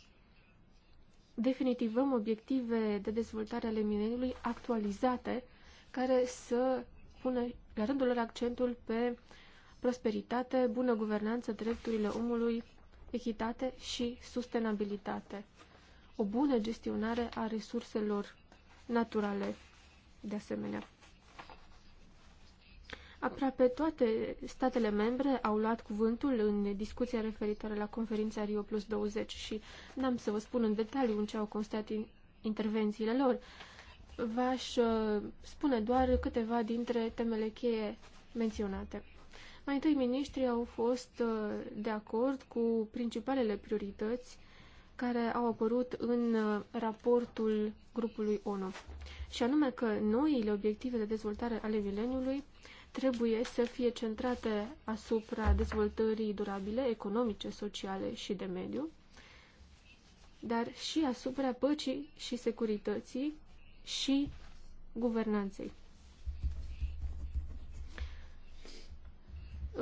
definitivăm obiective de dezvoltare ale mileniului actualizate care să pună la rândul lor accentul pe prosperitate, bună guvernanță, drepturile omului, echitate și sustenabilitate. O bună gestionare a resurselor naturale, de asemenea. Aproape toate statele membre au luat cuvântul în discuția referitoare la conferința Rio Plus 20 și n-am să vă spun în detaliu în ce au constat intervențiile lor, v-aș uh, spune doar câteva dintre temele cheie menționate. Mai întâi, ministrii au fost uh, de acord cu principalele priorități care au apărut în uh, raportul grupului ONU, și anume că noile obiective de dezvoltare ale mileniului trebuie să fie centrate asupra dezvoltării durabile, economice, sociale și de mediu, dar și asupra păcii și securității și guvernanței.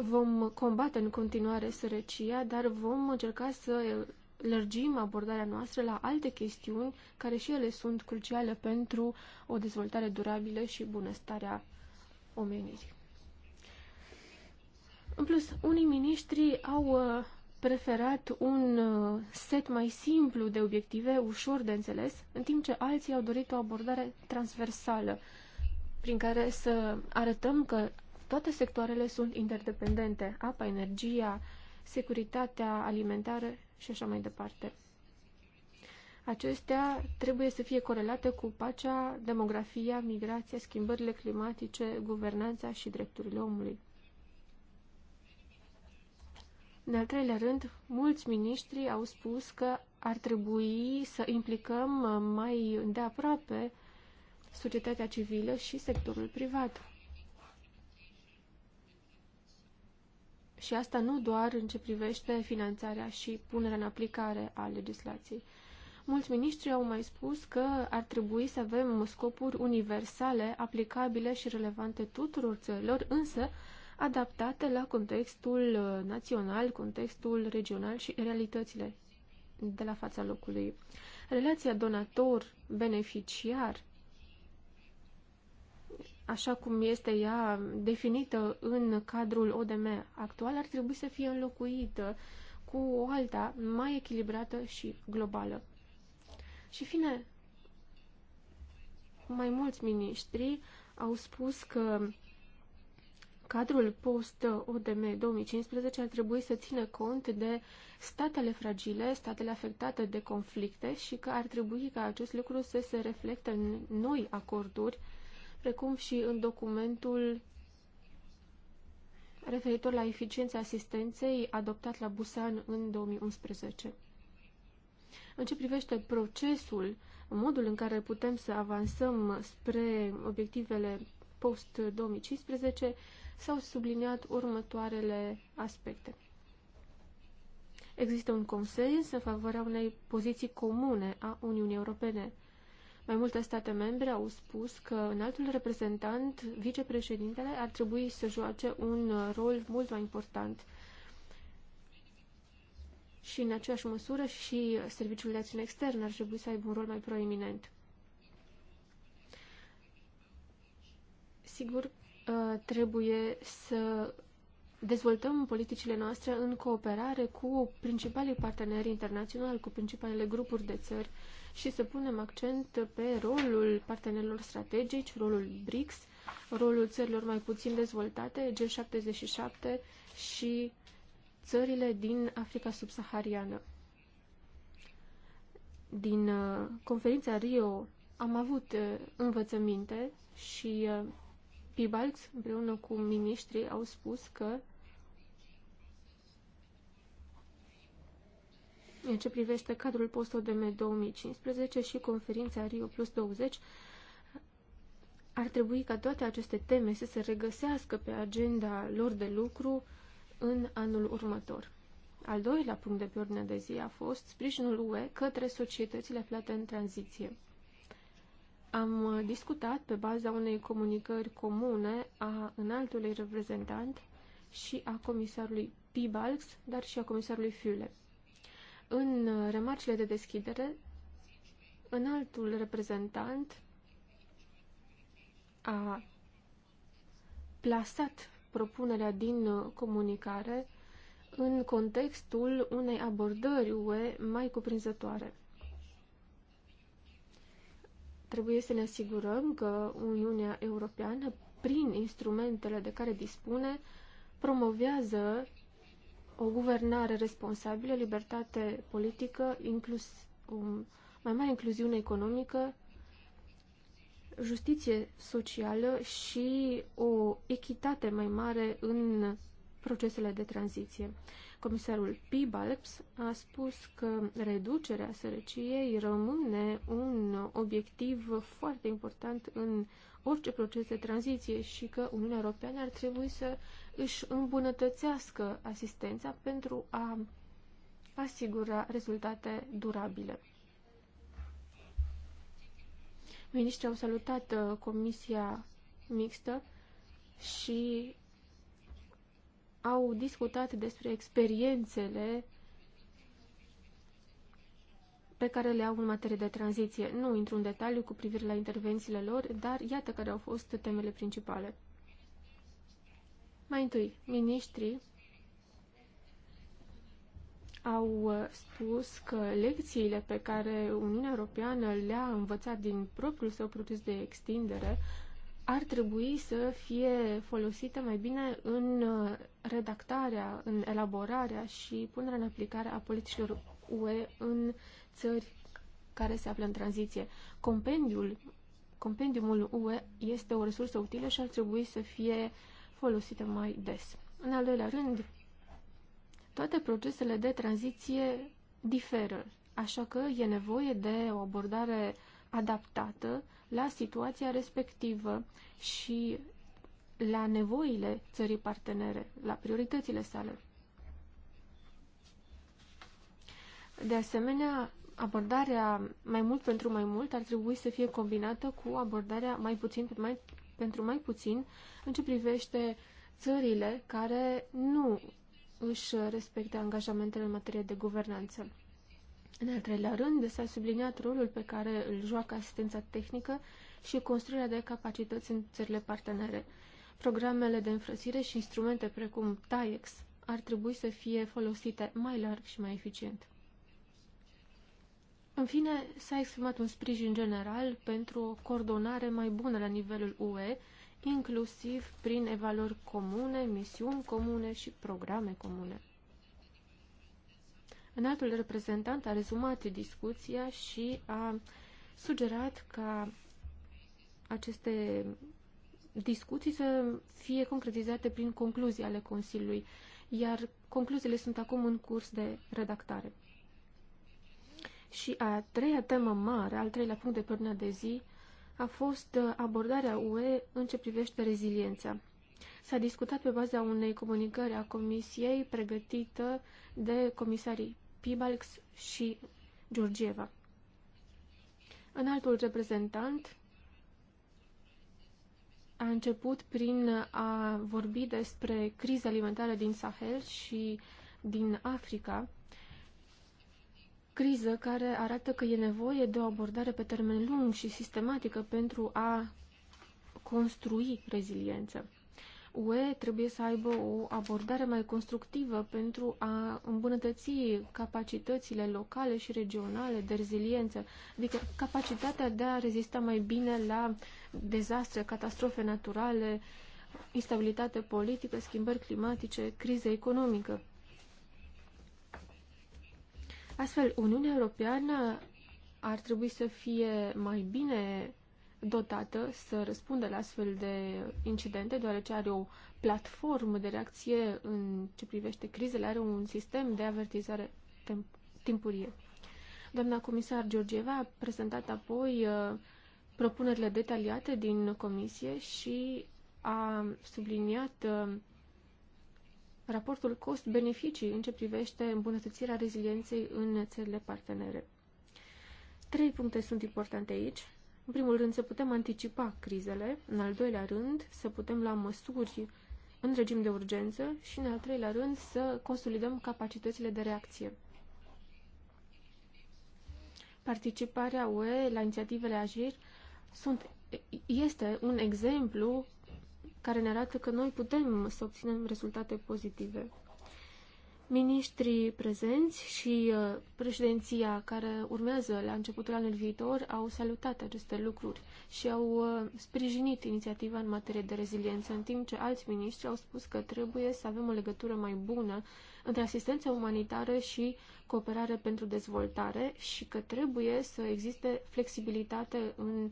Vom combate în continuare sărăcia, dar vom încerca să lărgim abordarea noastră la alte chestiuni care și ele sunt cruciale pentru o dezvoltare durabilă și bunăstarea omenirii. În plus, unii miniștri au uh, preferat un uh, set mai simplu de obiective, ușor de înțeles, în timp ce alții au dorit o abordare transversală, prin care să arătăm că toate sectoarele sunt interdependente, apa, energia, securitatea alimentară și așa mai departe. Acestea trebuie să fie corelate cu pacea, demografia, migrația, schimbările climatice, guvernanța și drepturile omului. În al treilea rând, mulți miniștri au spus că ar trebui să implicăm uh, mai îndeaproape societatea civilă și sectorul privat. Și asta nu doar în ce privește finanțarea și punerea în aplicare a legislației. Mulți miniștri au mai spus că ar trebui să avem scopuri universale, aplicabile și relevante tuturor țărilor, însă adaptate la contextul uh, național, contextul regional și realitățile de la fața locului. Relația donator-beneficiar, așa cum este ea definită în cadrul ODM actual, ar trebui să fie înlocuită cu o alta mai echilibrată și globală. Și fine, mai mulți miniștri au spus că cadrul post-ODM 2015 ar trebui să țină cont de statele fragile, statele afectate de conflicte și că ar trebui ca acest lucru să se reflecte în noi acorduri, precum și în documentul referitor la eficiența asistenței adoptat la Busan în 2011. În ce privește procesul, modul în care putem să avansăm spre obiectivele post-2015, s-au subliniat următoarele aspecte. Există un consens în favoarea unei poziții comune a Uniunii Europene. Mai multe state membre au spus că în altul reprezentant, vicepreședintele, ar trebui să joace un rol mult mai important și în aceeași măsură și Serviciul de Acțiune Externă ar trebui să aibă un rol mai proeminent. Sigur Uh, trebuie să dezvoltăm politicile noastre în cooperare cu principalii parteneri internaționali, cu principalele grupuri de țări și să punem accent pe rolul partenerilor strategici, rolul BRICS, rolul țărilor mai puțin dezvoltate, G77 și țările din Africa subsahariană. Din uh, conferința Rio am avut uh, învățăminte și Pibalți, împreună cu miniștrii, au spus că în ce privește cadrul post-ODM 2015 și conferința Rio Plus 20, ar trebui ca toate aceste teme să se regăsească pe agenda lor de lucru în anul următor. Al doilea punct de pe ordinea de zi a fost sprijinul UE către societățile aflate în tranziție. Am uh, discutat pe baza unei comunicări comune a înaltului reprezentant și a comisarului Pibalx, dar și a comisarului Fiule. În uh, remarcile de deschidere, înaltul reprezentant a plasat propunerea din uh, comunicare în contextul unei abordări UE mai cuprinzătoare. Trebuie să ne asigurăm că Uniunea Europeană, prin instrumentele de care dispune, promovează o guvernare responsabilă, libertate politică, inclus, um, mai mare incluziune economică, justiție socială și o echitate mai mare în procesele de tranziție. Comisarul Pibalps a spus că reducerea sărăciei rămâne un obiectiv foarte important în orice proces de tranziție și că Uniunea Europeană ar trebui să își îmbunătățească asistența pentru a asigura rezultate durabile. Ministrii au salutat uh, Comisia Mixtă și au discutat despre experiențele pe care le au în materie de tranziție. Nu intru în detaliu cu privire la intervențiile lor, dar iată care au fost temele principale. Mai întâi, ministrii au uh, spus că lecțiile pe care Uniunea Europeană le-a învățat din propriul său proces de extindere ar trebui să fie folosită mai bine în uh, redactarea, în elaborarea și punerea în aplicare a politicilor UE în țări care se află în tranziție. Compendiul, compendiumul UE este o resursă utilă și ar trebui să fie folosită mai des. În al doilea rând, toate procesele de tranziție diferă, așa că e nevoie de o abordare adaptată la situația respectivă și la nevoile țării partenere, la prioritățile sale. De asemenea, abordarea mai mult pentru mai mult ar trebui să fie combinată cu abordarea mai puțin pentru mai, pentru mai puțin în ce privește țările care nu își respectă angajamentele în materie de guvernanță. În al treilea rând, s-a subliniat rolul pe care îl joacă asistența tehnică și construirea de capacități în țările partenere. Programele de înfrățire și instrumente precum TAIEX ar trebui să fie folosite mai larg și mai eficient. În fine, s-a exprimat un sprijin general pentru o coordonare mai bună la nivelul UE, inclusiv prin evaluări comune, misiuni comune și programe comune. Înaltul reprezentant a rezumat discuția și a sugerat ca aceste discuții să fie concretizate prin concluzii ale Consiliului, iar concluziile sunt acum în curs de redactare. Și a treia temă mare, al treilea punct de până de zi, a fost abordarea UE în ce privește reziliența. S-a discutat pe baza unei comunicări a Comisiei pregătită de comisarii Pibalx și Georgieva. În altul reprezentant a început prin a vorbi despre criza alimentară din Sahel și din Africa, criză care arată că e nevoie de o abordare pe termen lung și sistematică pentru a construi reziliență. UE trebuie să aibă o abordare mai constructivă pentru a îmbunătăți capacitățile locale și regionale de reziliență, adică capacitatea de a rezista mai bine la dezastre, catastrofe naturale, instabilitate politică, schimbări climatice, criză economică. Astfel, Uniunea Europeană ar trebui să fie mai bine dotată să răspundă la astfel de incidente, deoarece are o platformă de reacție în ce privește crizele, are un sistem de avertizare timpurie. Doamna comisar Georgieva a prezentat apoi uh, propunerile detaliate din comisie și a subliniat uh, raportul cost-beneficii în ce privește îmbunătățirea rezilienței în țările partenere. Trei puncte sunt importante aici. În primul rând, să putem anticipa crizele, în al doilea rând, să putem lua măsuri în regim de urgență și, în al treilea rând, să consolidăm capacitățile de reacție. Participarea UE la inițiativele AGIR sunt, este un exemplu care ne arată că noi putem să obținem rezultate pozitive. Ministrii prezenți și uh, președinția care urmează la începutul anului viitor au salutat aceste lucruri și au uh, sprijinit inițiativa în materie de reziliență, în timp ce alți ministri au spus că trebuie să avem o legătură mai bună între asistența umanitară și cooperare pentru dezvoltare și că trebuie să existe flexibilitate în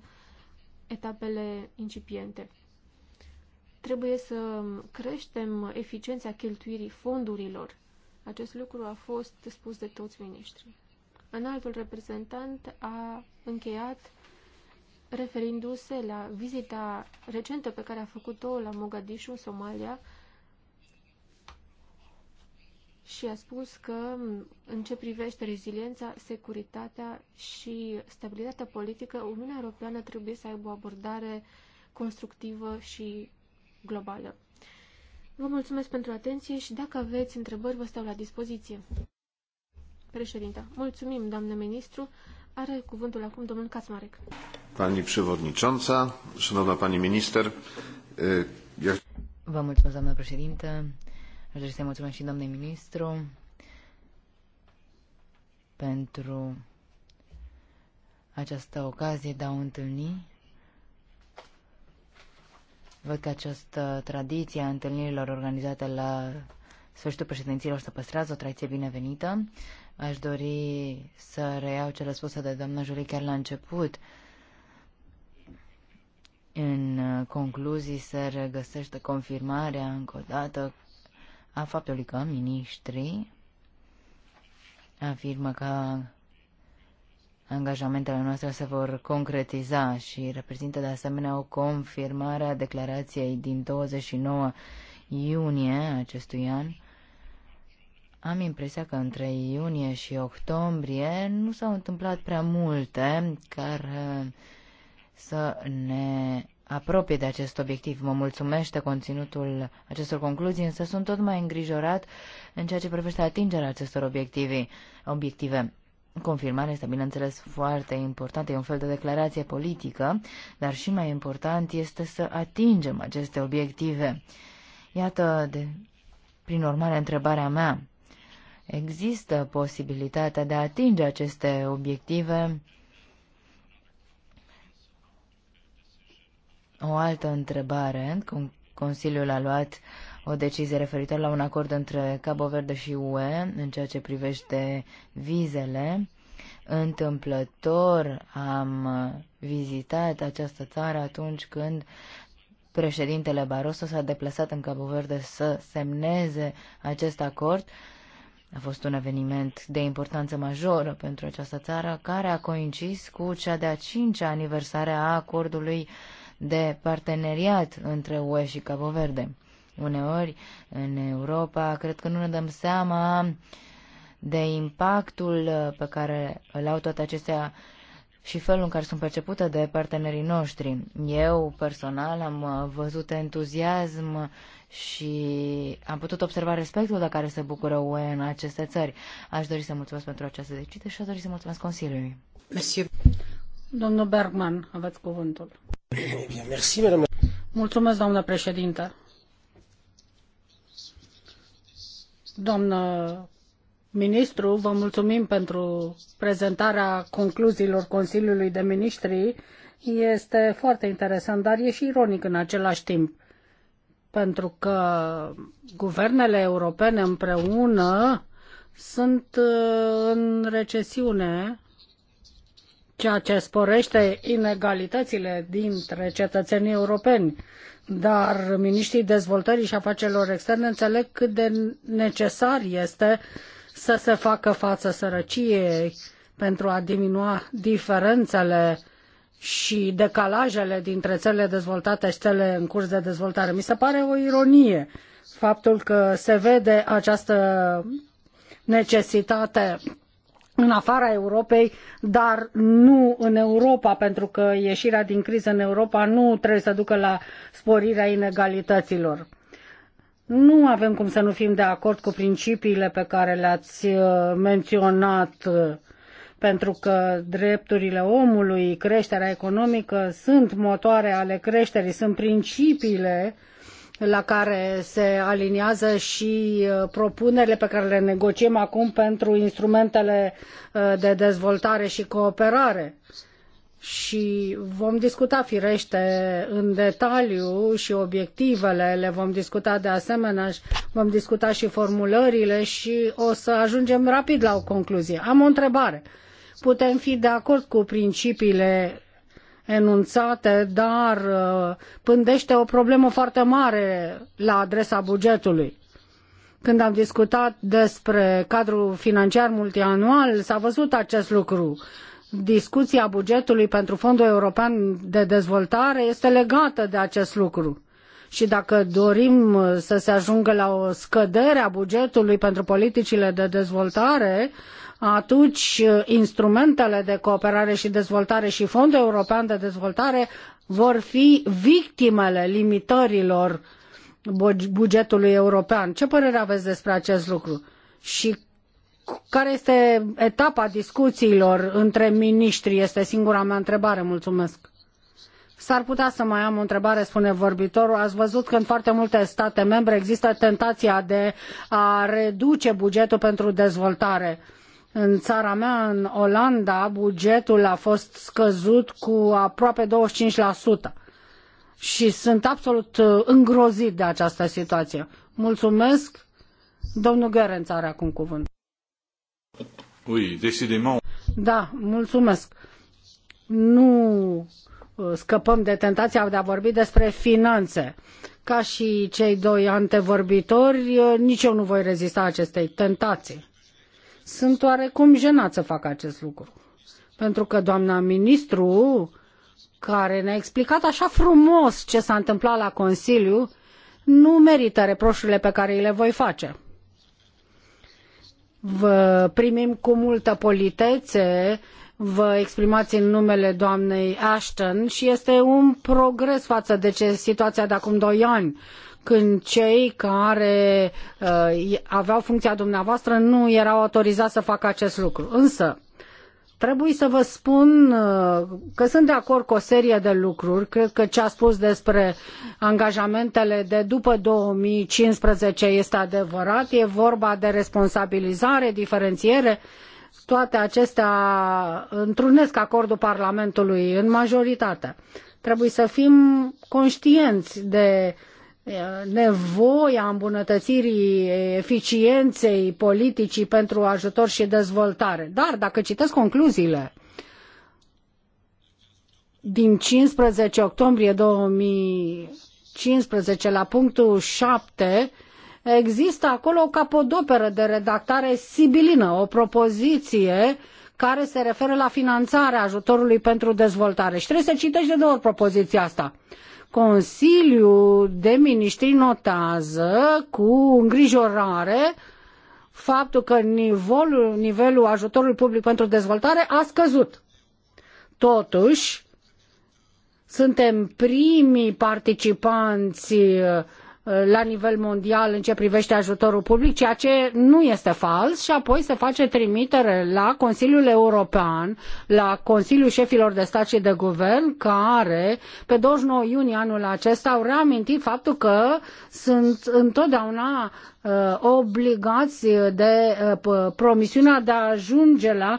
etapele incipiente trebuie să creștem eficiența cheltuirii fondurilor acest lucru a fost spus de toți miniștrii. Înaltul reprezentant a încheiat referindu-se la vizita recentă pe care a făcut-o la Mogadishu, Somalia, și a spus că în ce privește reziliența, securitatea și stabilitatea politică, Uniunea Europeană trebuie să aibă o abordare constructivă și globală. Vă mulțumesc pentru atenție și dacă aveți întrebări, vă stau la dispoziție. Președinte, mulțumim, doamnă ministru. Are cuvântul acum domnul Kacmarek. Pani przewodnicząca, szanowna pani minister. Ja... Vă mulțumesc, doamnă președinte. Aș dori să mulțumesc și doamnei ministru pentru această ocazie de a o întâlni Văd că această tradiție a întâlnirilor organizate la sfârșitul președinților să păstrează, o tradiție binevenită. Aș dori să reiau ce răspunsă de doamna Juri chiar la început. În concluzii se regăsește confirmarea încă o dată a faptului că miniștrii afirmă că angajamentele noastre se vor concretiza și reprezintă de asemenea o confirmare a declarației din 29 iunie acestui an. Am impresia că între iunie și octombrie nu s-au întâmplat prea multe care să ne apropie de acest obiectiv. Mă mulțumește conținutul acestor concluzii, însă sunt tot mai îngrijorat în ceea ce privește atingerea acestor obiective. obiective. Confirmarea este, bineînțeles, foarte importantă, e un fel de declarație politică, dar și mai important este să atingem aceste obiective. Iată, de, prin urmare, întrebarea mea. Există posibilitatea de a atinge aceste obiective? O altă întrebare. Consiliul a luat uh, o decizie referitoare la un acord între Cabo Verde și UE în ceea ce privește vizele. Întâmplător am vizitat această țară atunci când președintele Barroso s-a deplasat în Cabo Verde să semneze acest acord. A fost un eveniment de importanță majoră pentru această țară, care a coincis cu cea de-a cincea aniversare a acordului de parteneriat între UE și Cabo Verde uneori în Europa, cred că nu ne dăm seama de impactul uh, pe care îl au toate acestea și felul în care sunt percepute de partenerii noștri. Eu personal am uh, văzut entuziasm și am putut observa respectul de care se bucură UE în aceste țări. Aș dori să mulțumesc pentru această decizie și aș dori să mulțumesc Consiliului. Monsieur. Domnul Bergman, aveți cuvântul. Eh mulțumesc, doamnă președinte. Doamnă ministru, vă mulțumim pentru prezentarea concluziilor Consiliului de Ministri. Este foarte interesant, dar e și ironic în același timp, pentru că guvernele europene împreună sunt uh, în recesiune ceea ce sporește inegalitățile dintre cetățenii europeni. Dar miniștrii dezvoltării și afacerilor externe înțeleg cât de necesar este să se facă față sărăciei pentru a diminua diferențele și decalajele dintre țările dezvoltate și țările în curs de dezvoltare. Mi se pare o ironie faptul că se vede această necesitate în afara Europei, dar nu în Europa, pentru că ieșirea din criză în Europa nu trebuie să ducă la sporirea inegalităților. Nu avem cum să nu fim de acord cu principiile pe care le-ați uh, menționat, uh, pentru că drepturile omului, creșterea economică sunt motoare ale creșterii, sunt principiile uh, la care se aliniază și uh, propunerile pe care le negociem acum pentru instrumentele uh, de dezvoltare și cooperare. Și vom discuta firește în detaliu și obiectivele, le vom discuta de asemenea, vom discuta și formulările și o să ajungem rapid la o concluzie. Am o întrebare. Putem fi de acord cu principiile enunțate, dar uh, pândește o problemă foarte mare la adresa bugetului. Când am discutat despre cadrul financiar multianual, s-a văzut acest lucru. Discuția bugetului pentru Fondul European de Dezvoltare este legată de acest lucru și dacă dorim uh, să se ajungă la o scădere a bugetului pentru politicile de dezvoltare, atunci uh, instrumentele de cooperare și dezvoltare și Fondul European de Dezvoltare vor fi victimele limitărilor bugetului european. Ce părere aveți despre acest lucru? Și care este etapa discuțiilor între miniștri? Este singura mea întrebare. Mulțumesc. S-ar putea să mai am o întrebare, spune vorbitorul. Ați văzut că în foarte multe state membre există tentația de a reduce bugetul pentru dezvoltare. Uh, în țara mea, în Olanda, bugetul a fost scăzut cu aproape 25% și sunt absolut uh, îngrozit de această situație. Mulțumesc. Domnul Gerenț are acum cuvânt. Oui, decidement. Da, mulțumesc. Nu uh, scăpăm de tentația de a vorbi despre finanțe. Ca și cei doi antevorbitori, uh, nici eu nu voi rezista acestei tentații. Sunt oarecum jenat să fac acest lucru. Pentru că doamna ministru, care ne-a explicat așa frumos ce s-a întâmplat la Consiliu, nu merită reproșurile pe care îi le voi face. Vă primim cu multă politețe, vă exprimați în numele doamnei Ashton și este un progres față de ce situația de acum doi ani când cei care uh, aveau funcția dumneavoastră nu erau autorizați să facă acest lucru. Însă, Trebuie să vă spun uh, că sunt de acord cu o serie de lucruri. Cred că ce a spus despre angajamentele de după 2015 este adevărat. E vorba de responsabilizare, diferențiere. Toate acestea întrunesc acordul Parlamentului în majoritate. Trebuie să fim conștienți de nevoia îmbunătățirii eficienței politicii pentru ajutor și dezvoltare. Dar dacă citesc concluziile din 15 octombrie 2015 la punctul 7, există acolo o capodoperă de redactare sibilină, o propoziție care se referă la finanțarea ajutorului pentru dezvoltare. Și trebuie să citești de două ori propoziția asta. Consiliul de Ministri notează cu îngrijorare faptul că nivelul, nivelul ajutorului public pentru dezvoltare a scăzut. Totuși, suntem primii participanți la nivel mondial în ce privește ajutorul public, ceea ce nu este fals și apoi se face trimitere la Consiliul European, la Consiliul Șefilor de Stat și de Guvern, care pe 29 iunie anul acesta au reamintit faptul că sunt întotdeauna uh, obligați de uh, promisiunea de a ajunge la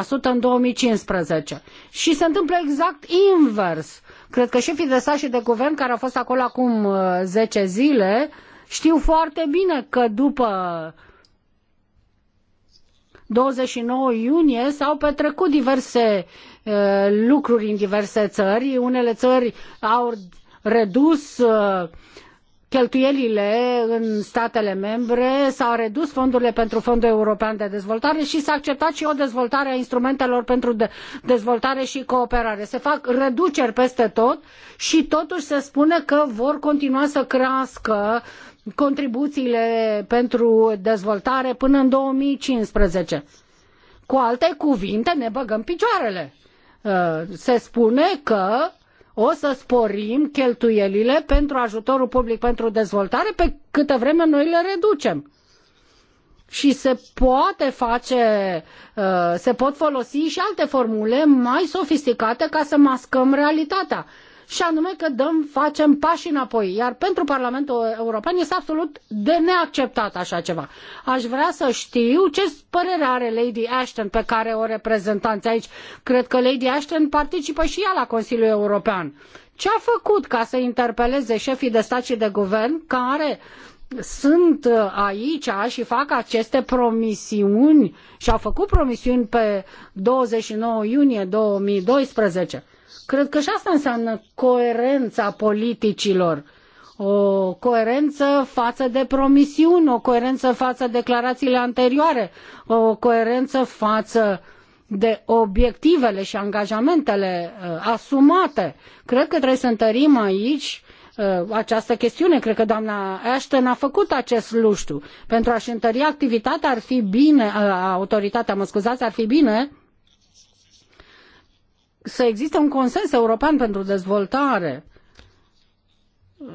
0,25% în 2015. Și se întâmplă exact invers Cred că șefii de stat și de guvern care au fost acolo acum uh, zece zile știu foarte bine că după 29 iunie s-au petrecut diverse uh, lucruri în diverse țări. Unele țări au redus uh, cheltuielile în statele membre, s-au redus fondurile pentru Fondul European de Dezvoltare și s-a acceptat și o dezvoltare a instrumentelor pentru dezvoltare și cooperare. Se fac reduceri peste tot și totuși se spune că vor continua să crească contribuțiile pentru dezvoltare până în 2015. Cu alte cuvinte, ne băgăm picioarele. Uh, se spune că o să sporim cheltuielile pentru ajutorul public pentru dezvoltare pe câtă vreme noi le reducem. Și se poate face, uh, se pot folosi și alte formule mai sofisticate ca să mascăm realitatea și anume că dăm, facem pași înapoi. Iar pentru Parlamentul European este absolut de neacceptat așa ceva. Aș vrea să știu ce părere are Lady Ashton pe care o reprezentanți aici. Cred că Lady Ashton participă și ea la Consiliul European. Ce a făcut ca să interpeleze șefii de stat și de guvern care sunt aici și fac aceste promisiuni și au făcut promisiuni pe 29 iunie 2012? Cred că și asta înseamnă coerența politicilor o coerență față de promisiuni, o coerență față de declarațiile anterioare, o coerență față de obiectivele și angajamentele uh, asumate. Cred că trebuie să întărim aici uh, această chestiune. Cred că doamna Ashton a făcut acest lucru. Pentru a-și întări activitatea ar fi bine, uh, autoritatea, mă scuzați, ar fi bine să existe un consens european pentru dezvoltare. Uh,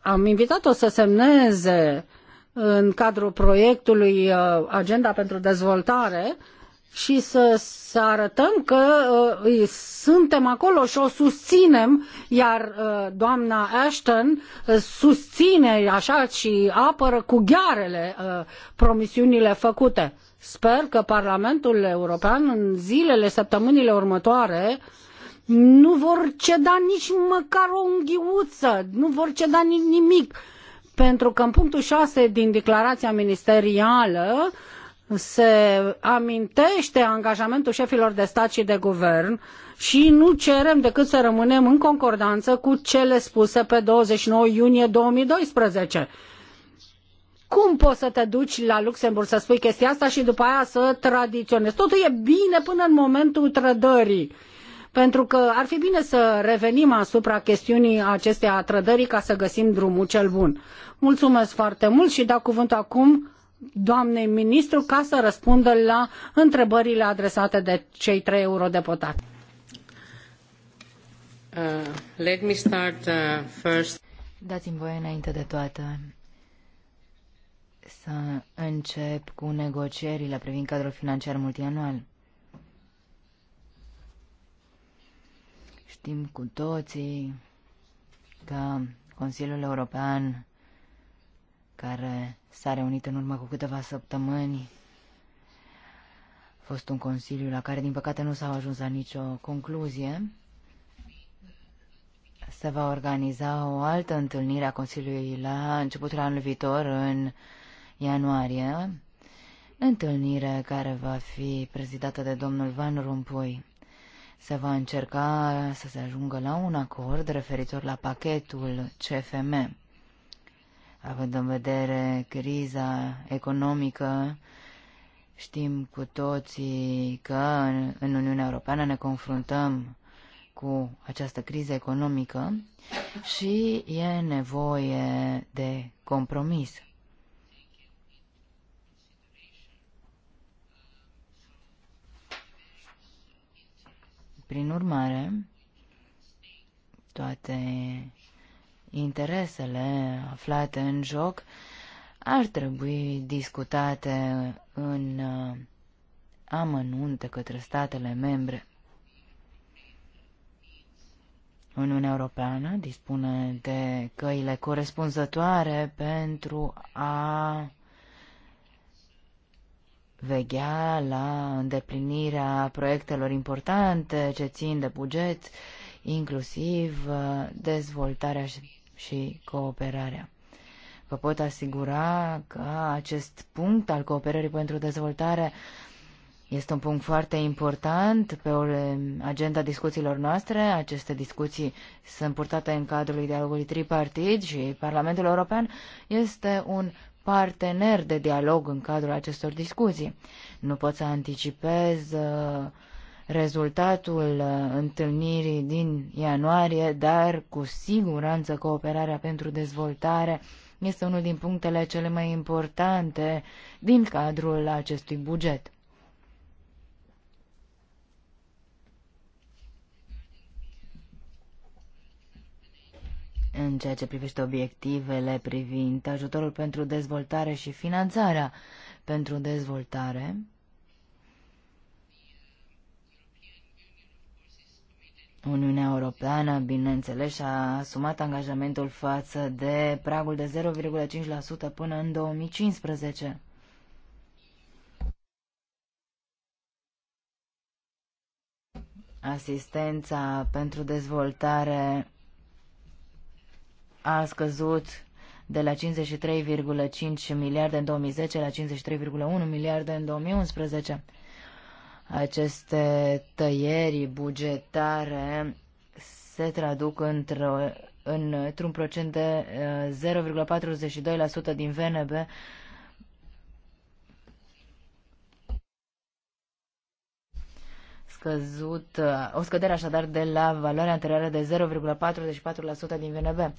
am invitat-o să semneze în cadrul proiectului uh, Agenda pentru Dezvoltare și să, să arătăm că uh, suntem acolo și o susținem, iar uh, doamna Ashton uh, susține așa și apără cu ghearele uh, promisiunile făcute. Sper că Parlamentul European în zilele, săptămânile următoare nu vor ceda nici măcar o unghiuță, nu vor ceda nimic, pentru că în punctul 6 din declarația ministerială se amintește angajamentul șefilor de stat și de guvern și nu cerem decât să rămânem în concordanță cu cele spuse pe 29 iunie 2012 cum poți să te duci la Luxemburg să spui chestia asta și după aia să tradiționezi? Totul e bine până în momentul trădării. Pentru că ar fi bine să revenim asupra chestiunii acesteia a trădării ca să găsim drumul cel bun. Mulțumesc foarte mult și dau cuvântul acum doamnei ministru ca să răspundă la întrebările adresate de cei trei eurodeputați. Uh, let me start, uh, first. Dați-mi voie înainte de toate să încep cu negocierile privind cadrul financiar multianual. Știm cu toții că Consiliul European, care s-a reunit în urmă cu câteva săptămâni, a fost un consiliu la care, din păcate, nu s-a ajuns la nicio concluzie. Se va organiza o altă întâlnire a Consiliului la începutul anului viitor în ianuarie, întâlnire care va fi prezidată de domnul Van Rompuy. Se va încerca să se ajungă la un acord referitor la pachetul CFM, având în vedere criza economică Știm cu toții că în, în Uniunea Europeană ne confruntăm cu această criză economică și e nevoie de compromis. Prin urmare, toate interesele aflate în joc ar trebui discutate în uh, amănunte către statele membre. Uniunea Europeană dispune de căile corespunzătoare pentru a veghea la îndeplinirea proiectelor importante ce țin de buget, inclusiv uh, dezvoltarea și cooperarea. Vă pot asigura că acest punct al cooperării pentru dezvoltare este un punct foarte important pe agenda discuțiilor noastre. Aceste discuții sunt purtate în cadrul dialogului tripartit și Parlamentul European este un partener de dialog în cadrul acestor discuții. Nu pot să anticipez uh, rezultatul uh, întâlnirii din ianuarie, dar cu siguranță cooperarea pentru dezvoltare este unul din punctele cele mai importante din cadrul acestui buget. în ceea ce privește obiectivele privind ajutorul pentru dezvoltare și finanțarea pentru dezvoltare. Uniunea Europeană, bineînțeles, a asumat angajamentul față de pragul de 0,5% până în 2015. Asistența pentru dezvoltare a scăzut de la 53,5 miliarde în 2010 la 53,1 miliarde în 2011. Aceste tăieri bugetare se traduc într-o, într-un procent de 0,42% uh, din VNB scăzut, uh, o scădere așadar de la valoarea anterioară de 0,44% din VNB.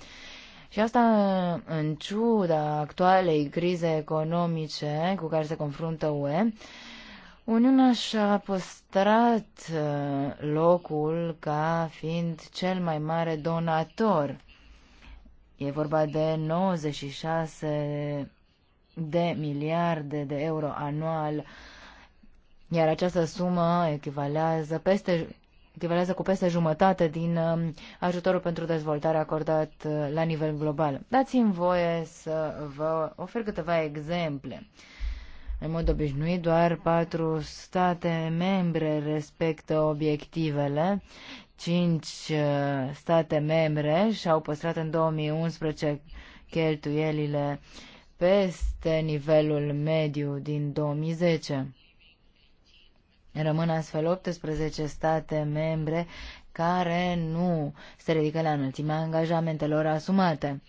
Și asta în ciuda actualei crize economice cu care se confruntă UE, Uniunea și-a păstrat uh, locul ca fiind cel mai mare donator. E vorba de 96 de miliarde de euro anual, iar această sumă echivalează peste echivalează cu peste jumătate din um, ajutorul pentru dezvoltare acordat uh, la nivel global. Dați-mi voie să vă ofer câteva exemple. În mod obișnuit, doar patru state membre respectă obiectivele. Cinci uh, state membre și-au păstrat în 2011 cheltuielile peste nivelul mediu din 2010. Rămân astfel 18 state membre care nu se ridică la înălțimea angajamentelor asumate.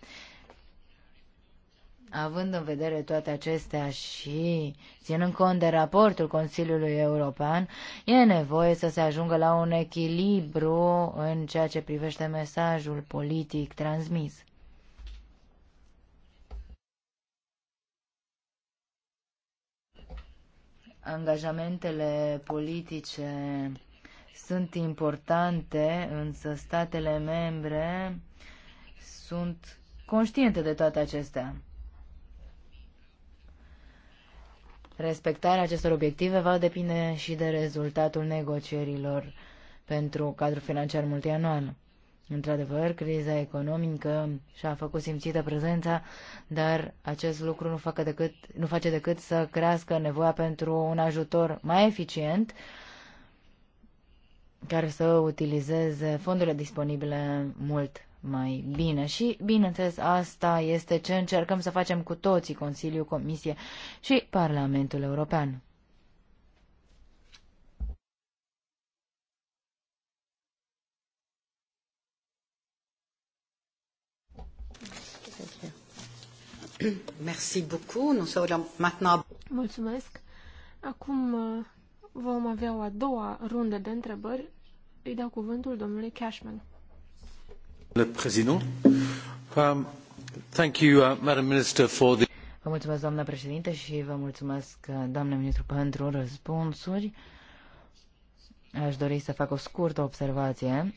Având în vedere toate acestea și ținând cont de raportul Consiliului European, e nevoie să se ajungă la un echilibru în ceea ce privește mesajul politic transmis. Angajamentele politice sunt importante, însă statele membre sunt conștiente de toate acestea. Respectarea acestor obiective va depinde și de rezultatul negocierilor pentru cadrul financiar multianual. Într-adevăr, criza economică și-a făcut simțită prezența, dar acest lucru nu, facă decât, nu face decât să crească nevoia pentru un ajutor mai eficient care să utilizeze fondurile disponibile mult mai bine. Și, bineînțeles, asta este ce încercăm să facem cu toții, Consiliul, Comisie și Parlamentul European. Merci beaucoup. Nous maintenant... Mulțumesc. Acum uh, vom avea o a doua rundă de întrebări. Îi dau cuvântul domnului Cashman. Um, thank you, uh, Madam Minister, for the... Vă mulțumesc, doamnă președinte, și vă mulțumesc, uh, doamnă ministru, pentru răspunsuri. Aș dori să fac o scurtă observație.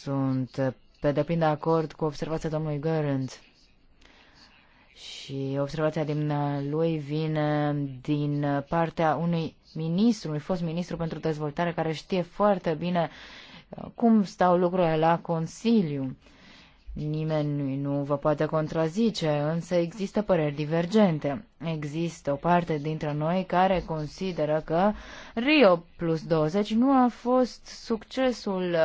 Sunt uh, pe deplin de acord cu observația domnului Gărând și observația din uh, lui vine din uh, partea unui ministru, unui fost ministru pentru dezvoltare, care știe foarte bine uh, cum stau lucrurile la Consiliu. Nimeni nu vă poate contrazice, însă există păreri divergente. Există o parte dintre noi care consideră că Rio plus 20 nu a fost succesul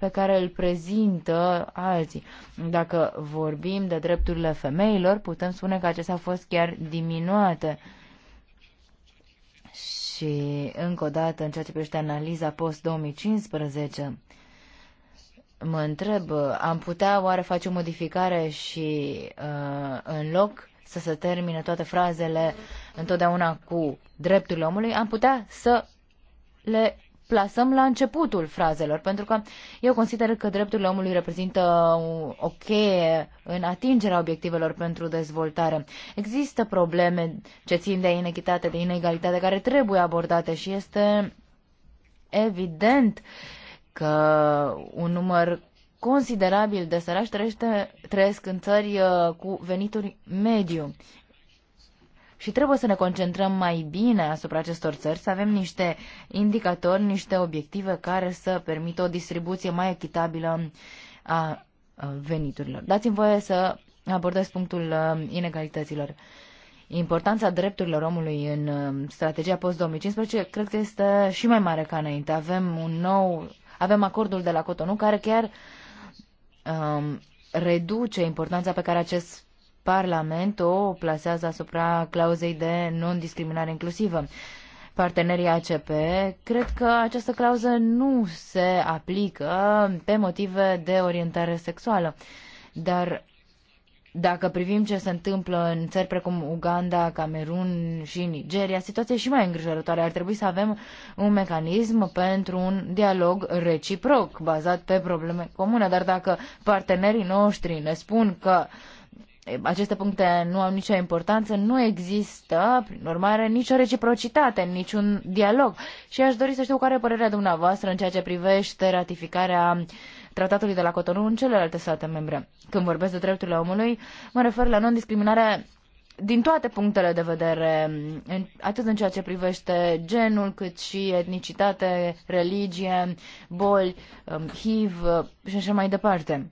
pe care îl prezintă alții. Dacă vorbim de drepturile femeilor, putem spune că acestea au fost chiar diminuate. Și încă o dată, în ceea ce privește analiza post-2015, mă întreb, am putea oare face o modificare și uh, în loc să se termine toate frazele întotdeauna cu drepturile omului, am putea să le plasăm la începutul frazelor, pentru că eu consider că drepturile omului reprezintă o cheie în atingerea obiectivelor pentru dezvoltare. Există probleme ce țin de inechitate, de inegalitate, care trebuie abordate și este evident că un număr considerabil de sărași trăiesc în țări uh, cu venituri mediu și trebuie să ne concentrăm mai bine asupra acestor țări, să avem niște indicatori, niște obiective care să permită o distribuție mai echitabilă a veniturilor. Dați-mi voie să abordez punctul inegalităților. Importanța drepturilor omului în strategia post-2015 cred că este și mai mare ca înainte. Avem un nou, avem acordul de la Cotonou care chiar um, reduce importanța pe care acest Parlament o plasează asupra clauzei de non-discriminare inclusivă. Partenerii ACP cred că această clauză nu se aplică pe motive de orientare sexuală. Dar dacă privim ce se întâmplă în țări precum Uganda, Camerun și Nigeria, situația e și mai îngrijorătoare. Ar trebui să avem un mecanism pentru un dialog reciproc, bazat pe probleme comune. Dar dacă partenerii noștri ne spun că uh, aceste puncte nu au nicio importanță, nu există, prin urmare, nicio reciprocitate, niciun dialog. Și aș dori să știu care e părerea dumneavoastră în ceea ce privește ratificarea tratatului de la Cotonou în celelalte state membre. Când vorbesc de drepturile omului, mă refer la non discriminarea din toate punctele de vedere, atât în ceea ce privește genul, cât și etnicitate, religie, boli, um, HIV uh, și așa mai departe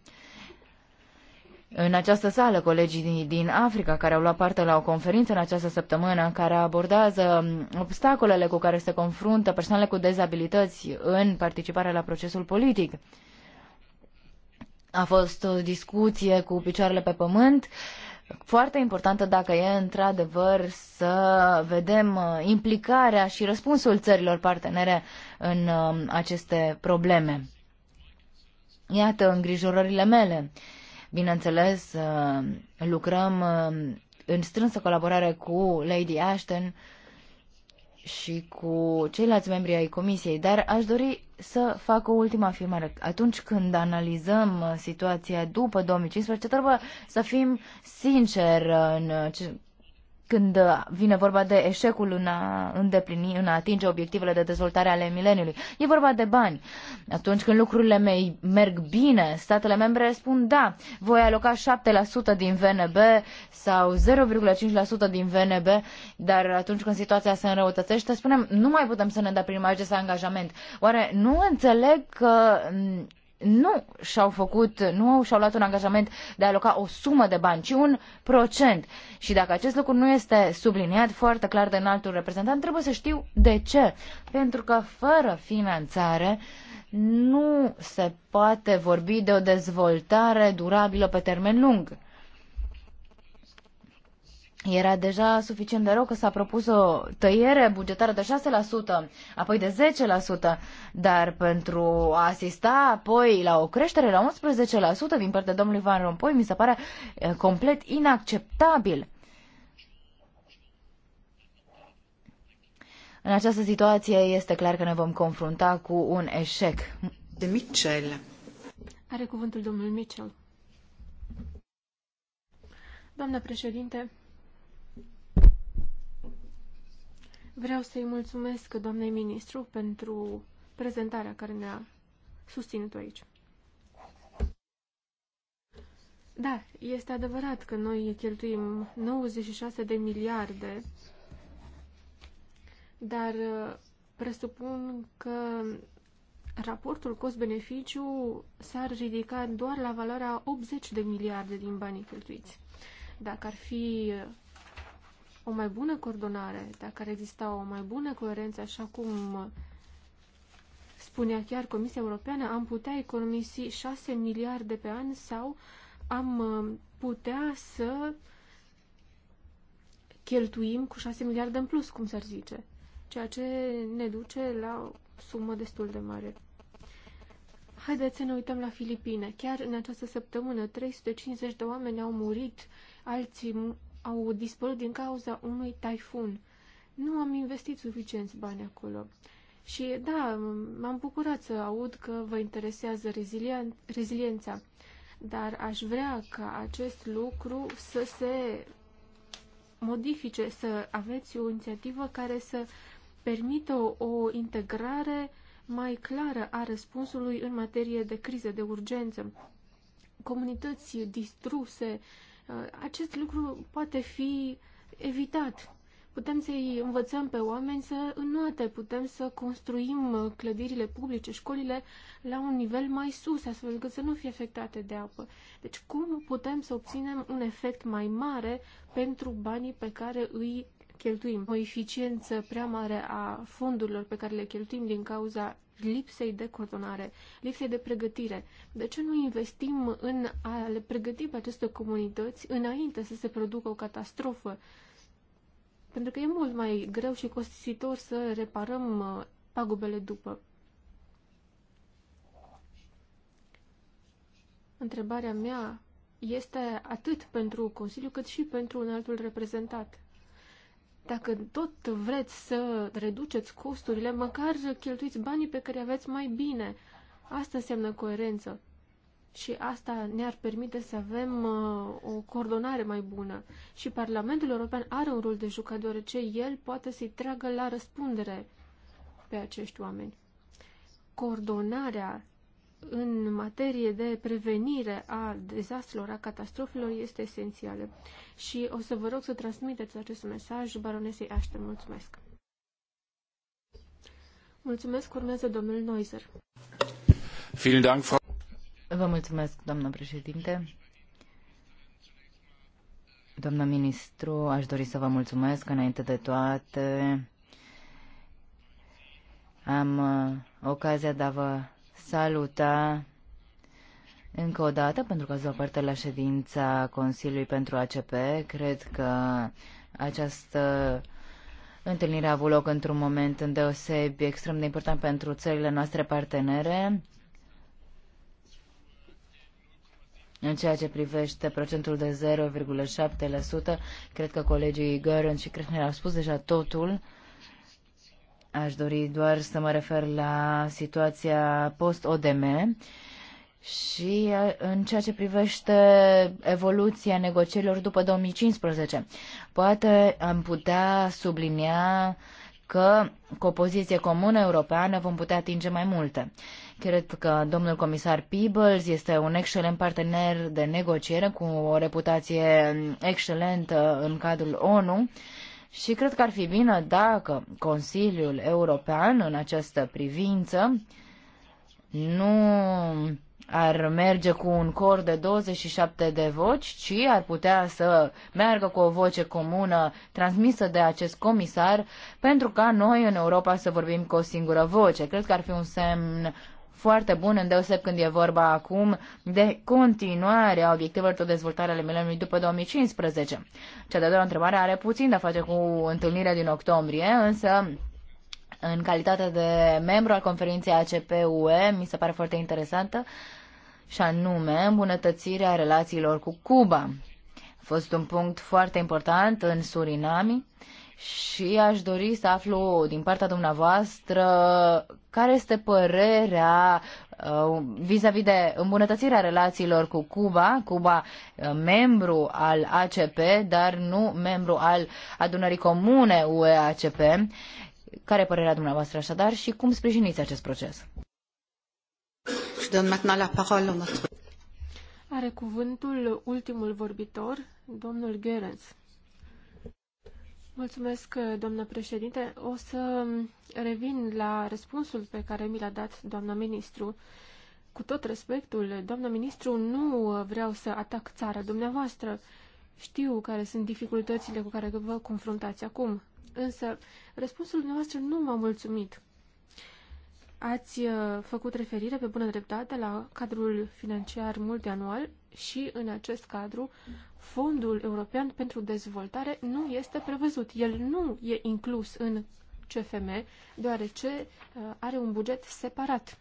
în această sală colegii din, Africa care au luat parte la o conferință în această săptămână care abordează um, obstacolele cu care se confruntă persoanele cu dezabilități în participarea la procesul politic. A fost o discuție cu picioarele pe pământ, foarte importantă dacă e într-adevăr să vedem uh, implicarea și răspunsul țărilor partenere în um, aceste probleme. Iată îngrijorările mele. Bineînțeles, uh, lucrăm uh, în strânsă colaborare cu Lady Ashton și cu ceilalți membri ai comisiei, dar aș dori să fac o ultimă afirmare. Atunci când analizăm uh, situația după 2015, trebuie să fim sinceri în când vine vorba de eșecul în a îndeplini, în a atinge obiectivele de dezvoltare ale mileniului. E vorba de bani. Atunci când lucrurile mei merg bine, statele membre spun da, voi aloca 7% din VNB sau 0,5% din VNB, dar atunci când situația se înrăutățește, spunem nu mai putem să ne îndeplinim acest angajament. Oare nu înțeleg că nu și-au făcut, nu și-au luat un angajament de a aloca o sumă de bani, ci un procent. Și dacă acest lucru nu este subliniat foarte clar de înaltul reprezentant, trebuie să știu de ce. Pentru că fără finanțare nu se poate vorbi de o dezvoltare durabilă pe termen lung. Era deja suficient de rău că s-a propus o tăiere bugetară de 6%, apoi de 10%, dar pentru a asista apoi la o creștere la 11% din partea domnului Van Rompuy, mi se pare eh, complet inacceptabil. În această situație este clar că ne vom confrunta cu un eșec. De Mitchell. Are cuvântul domnul Mitchell. Doamnă președinte, Vreau să-i mulțumesc doamnei ministru pentru prezentarea care ne-a susținut aici. Da, este adevărat că noi cheltuim 96 de miliarde, dar uh, presupun că raportul cost-beneficiu s-ar ridica doar la valoarea 80 de miliarde din banii cheltuiți. Dacă ar fi uh, o mai bună coordonare, dacă ar exista o mai bună coerență, așa cum spunea chiar Comisia Europeană, am putea economisi 6 miliarde pe an sau am uh, putea să cheltuim cu 6 miliarde în plus, cum s-ar zice, ceea ce ne duce la o sumă destul de mare. Haideți să ne uităm la Filipine. Chiar în această săptămână, 350 de oameni au murit, alții au dispărut din cauza unui taifun. Nu am investit suficienți bani acolo. Și da, m-am bucurat să aud că vă interesează rezilien- reziliența, dar aș vrea ca acest lucru să se modifice, să aveți o inițiativă care să permită o integrare mai clară a răspunsului în materie de criză, de urgență. Comunități distruse, uh, Uh, acest lucru poate fi evitat. Putem să-i învățăm pe oameni să înnoate, putem să construim clădirile publice, școlile la un nivel mai sus, astfel încât să nu fie afectate de apă. Deci cum putem să obținem un efect mai mare pentru banii pe care îi cheltuim? O eficiență prea mare a fondurilor pe care le cheltuim din cauza lipsei de coordonare, lipsei de pregătire. De ce nu investim în a le pregăti pe aceste comunități înainte să se producă o catastrofă? Pentru că e mult mai greu și costisitor să reparăm uh, pagubele după. Întrebarea mea este atât pentru Consiliu cât și pentru un altul reprezentat. Dacă tot vreți să reduceți costurile, măcar cheltuiți banii pe care aveți mai bine. Asta înseamnă coerență. Și asta ne-ar permite să avem uh, o coordonare mai bună. Și Parlamentul European are un rol de jucat, deoarece el poate să-i tragă la răspundere pe acești oameni. Coordonarea în materie de prevenire a dezastrelor, a catastrofelor, este esențială. Și o să vă rog să transmiteți acest mesaj baronesei Aștept Mulțumesc! Mulțumesc, urmează domnul Noiser. Vă mulțumesc, doamnă președinte. Doamnă ministru, aș dori să vă mulțumesc înainte de toate. Am uh, ocazia de a vă saluta încă o dată, pentru că ați parte la ședința Consiliului pentru ACP. Cred că această întâlnire a avut loc într-un moment îndeosebi extrem de important pentru țările noastre partenere. În ceea ce privește procentul de 0,7%, cred că colegii Gărân și Crehner au spus deja totul. Aș dori doar să mă refer la situația post-ODM și în ceea ce privește evoluția negocierilor după 2015. Poate am putea sublinia că cu o poziție comună europeană vom putea atinge mai multe. Cred că domnul comisar Peebles este un excelent partener de negociere cu o reputație excelentă în cadrul ONU și cred că ar fi bine dacă Consiliul European în această privință nu ar merge cu un cor de 27 de voci, ci ar putea să meargă cu o voce comună transmisă de acest comisar pentru ca noi în Europa să vorbim cu o singură voce. Cred că ar fi un semn foarte bun, îndeoseb când e vorba acum de continuarea obiectivelor de dezvoltare ale mileniului după 2015. Cea de-a doua întrebare are puțin de a face cu întâlnirea din octombrie, însă în calitate de membru al conferinței ACP-UE, mi se pare foarte interesantă, și anume îmbunătățirea relațiilor cu Cuba. A fost un punct foarte important în Surinami și aș dori să aflu din partea dumneavoastră care este părerea uh, vis-a-vis uh, -vis de îmbunătățirea relațiilor cu Cuba, Cuba uh, membru al ACP, dar nu membru al adunării comune UE-ACP. Care e părerea dumneavoastră așadar și cum sprijiniți acest proces? Are cuvântul ultimul vorbitor, domnul Gerens. Mulțumesc, uh, doamnă președinte. O să um, revin la răspunsul pe care mi l-a dat doamna ministru. Cu tot respectul, doamnă ministru, nu uh, vreau să atac țara dumneavoastră. Știu care sunt dificultățile cu care vă confruntați acum, însă răspunsul dumneavoastră nu m-a mulțumit. Ați uh, făcut referire pe bună dreptate la cadrul financiar multianual și în acest cadru Fondul European pentru Dezvoltare nu este prevăzut. El nu e inclus în CFM, deoarece uh, are un buget separat.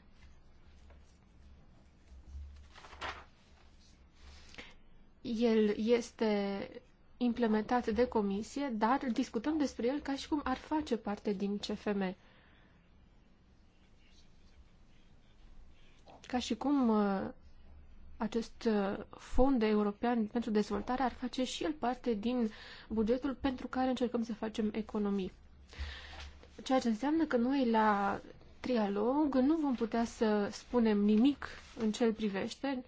El este implementat de comisie, dar discutăm despre el ca și cum ar face parte din CFM. Ca și cum uh, acest uh, fond european pentru dezvoltare ar face și el parte din bugetul pentru care încercăm să facem economii. Ceea ce înseamnă că noi la trialog nu vom putea să spunem nimic în ce privește.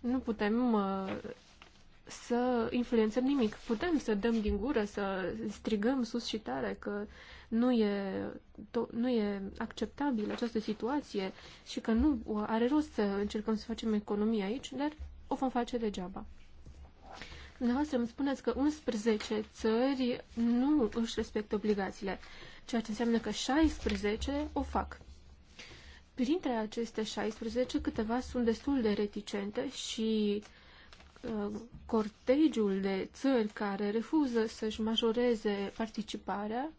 Nu putem uh, să influențăm nimic. Putem să dăm din gură, să strigăm sus și tare că nu e, to- nu e acceptabil această situație și că nu are rost să încercăm să facem economie aici, dar o vom face degeaba. Dumneavoastră îmi spuneți că 11 țări nu își respectă obligațiile, ceea ce înseamnă că 16 o fac. Printre aceste 16, câteva sunt destul de reticente și uh, Uh, cortegiul de țări care refuză să-și majoreze participarea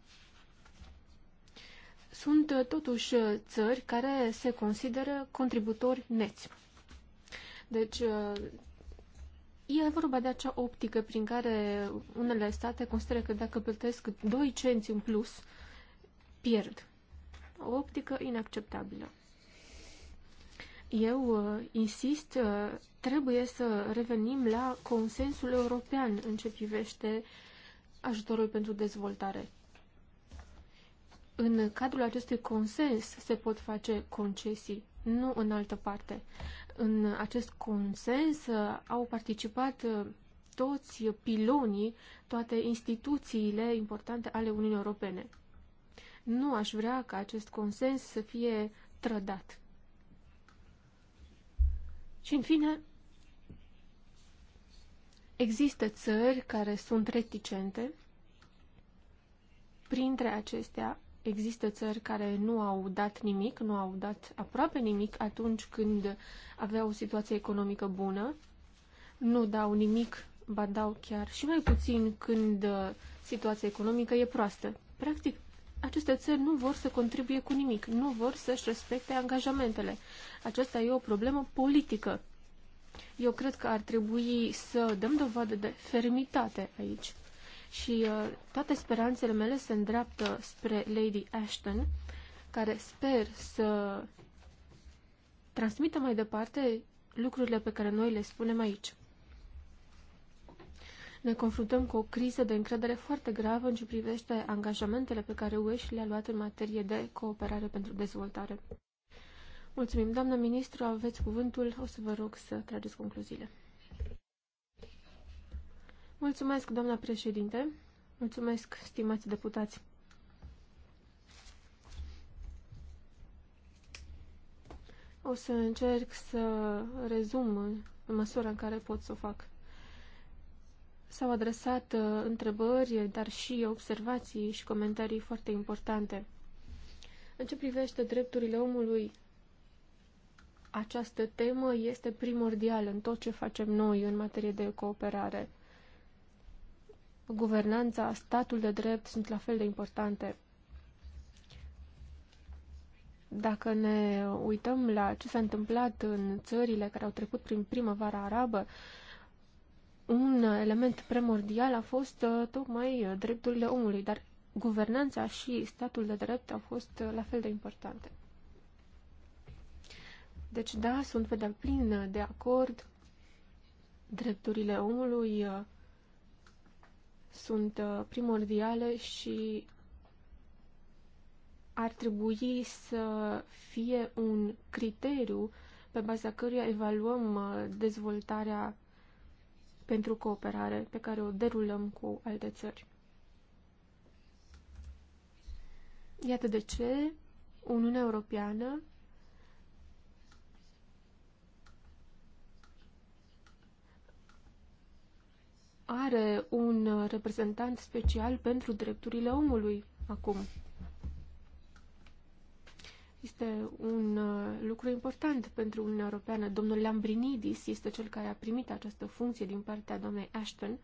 sunt uh, totuși uh, țări care se consideră contributori neți. Deci, e vorba de acea optică prin care unele state consideră că dacă plătesc 2 cenți în plus, pierd. O optică inacceptabilă. Eu uh, insist, uh, trebuie să revenim la consensul european în ce privește ajutorul pentru dezvoltare. În cadrul acestui consens se pot face concesii, nu în altă parte. În acest consens uh, au participat toți pilonii, toate instituțiile importante ale Uniunii Europene. Nu aș vrea ca acest consens să fie trădat. Și, în fine, există țări care sunt reticente. Printre acestea există țări care nu au dat nimic, nu au dat aproape nimic atunci când aveau o situație economică bună. Nu dau nimic, ba dau chiar și mai puțin când uh, situația economică e proastă. Practic, aceste țări nu vor să contribuie cu nimic, nu vor să-și respecte angajamentele. Aceasta e o problemă politică. Eu cred că ar trebui să dăm dovadă de fermitate aici. Și uh, toate speranțele mele se îndreaptă spre Lady Ashton, care sper să transmită mai departe lucrurile pe care noi le spunem aici. Ne confruntăm cu o criză de încredere foarte gravă în ce privește angajamentele pe care UE și le-a luat în materie de cooperare pentru dezvoltare. Mulțumim, doamnă ministru, aveți cuvântul, o să vă rog să trageți concluziile. Mulțumesc, doamna președinte, mulțumesc, stimați deputați. O să încerc să rezum în măsura în care pot să o fac. S-au adresat uh, întrebări, dar și observații și comentarii foarte importante. În ce privește drepturile omului, această temă este primordială în tot ce facem noi în materie de cooperare. Guvernanța, statul de drept sunt la fel de importante. Dacă ne uităm la ce s-a întâmplat în țările care au trecut prin primăvara arabă, un element primordial a fost uh, tocmai uh, drepturile omului, dar guvernanța și statul de drept au fost uh, la fel de importante. Deci, da, sunt pe deplin de acord. Drepturile omului sunt primordiale și ar trebui să fie un criteriu pe baza căruia evaluăm dezvoltarea pentru cooperare pe care o derulăm cu alte țări. Iată de ce Uniunea Europeană are un reprezentant special pentru drepturile omului acum. Este un uh, lucru important pentru Uniunea Europeană. Domnul Lambrinidis este cel care a primit această funcție din partea doamnei Ashton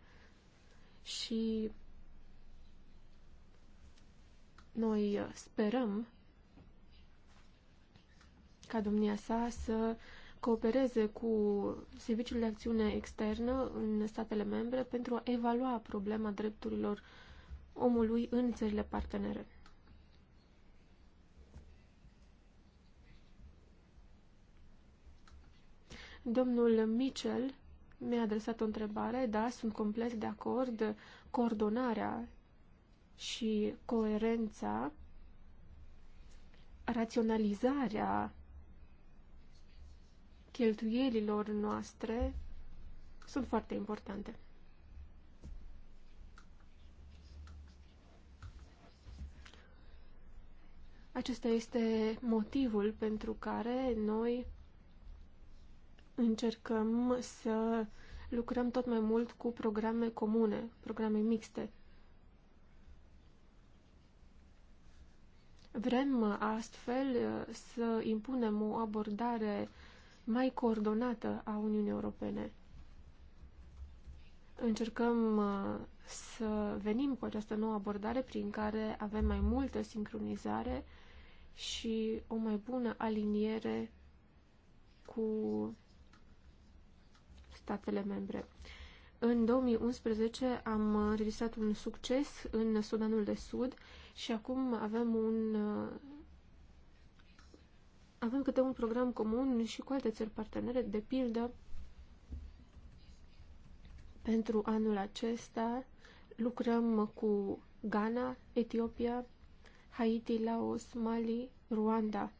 și noi sperăm ca domnia sa să coopereze cu Serviciul de Acțiune Externă în statele membre pentru a evalua problema drepturilor omului în țările partenere. Domnul Mitchell mi-a adresat o întrebare. Da, sunt complet de acord. Coordonarea și coerența, raționalizarea cheltuielilor noastre sunt foarte importante. Acesta este motivul pentru care noi încercăm să lucrăm tot mai mult cu programe comune, programe mixte. Vrem astfel uh, să impunem o abordare mai coordonată a Uniunii Europene. Încercăm uh, să venim cu această nouă abordare prin care avem mai multă sincronizare și o mai bună aliniere cu statele membre. În 2011 am înregistrat un succes în Sudanul de Sud și acum avem un uh, avem câte un program comun și cu alte țări partenere, de pildă pentru anul acesta lucrăm cu Ghana, Etiopia, Haiti, Laos, Mali, Rwanda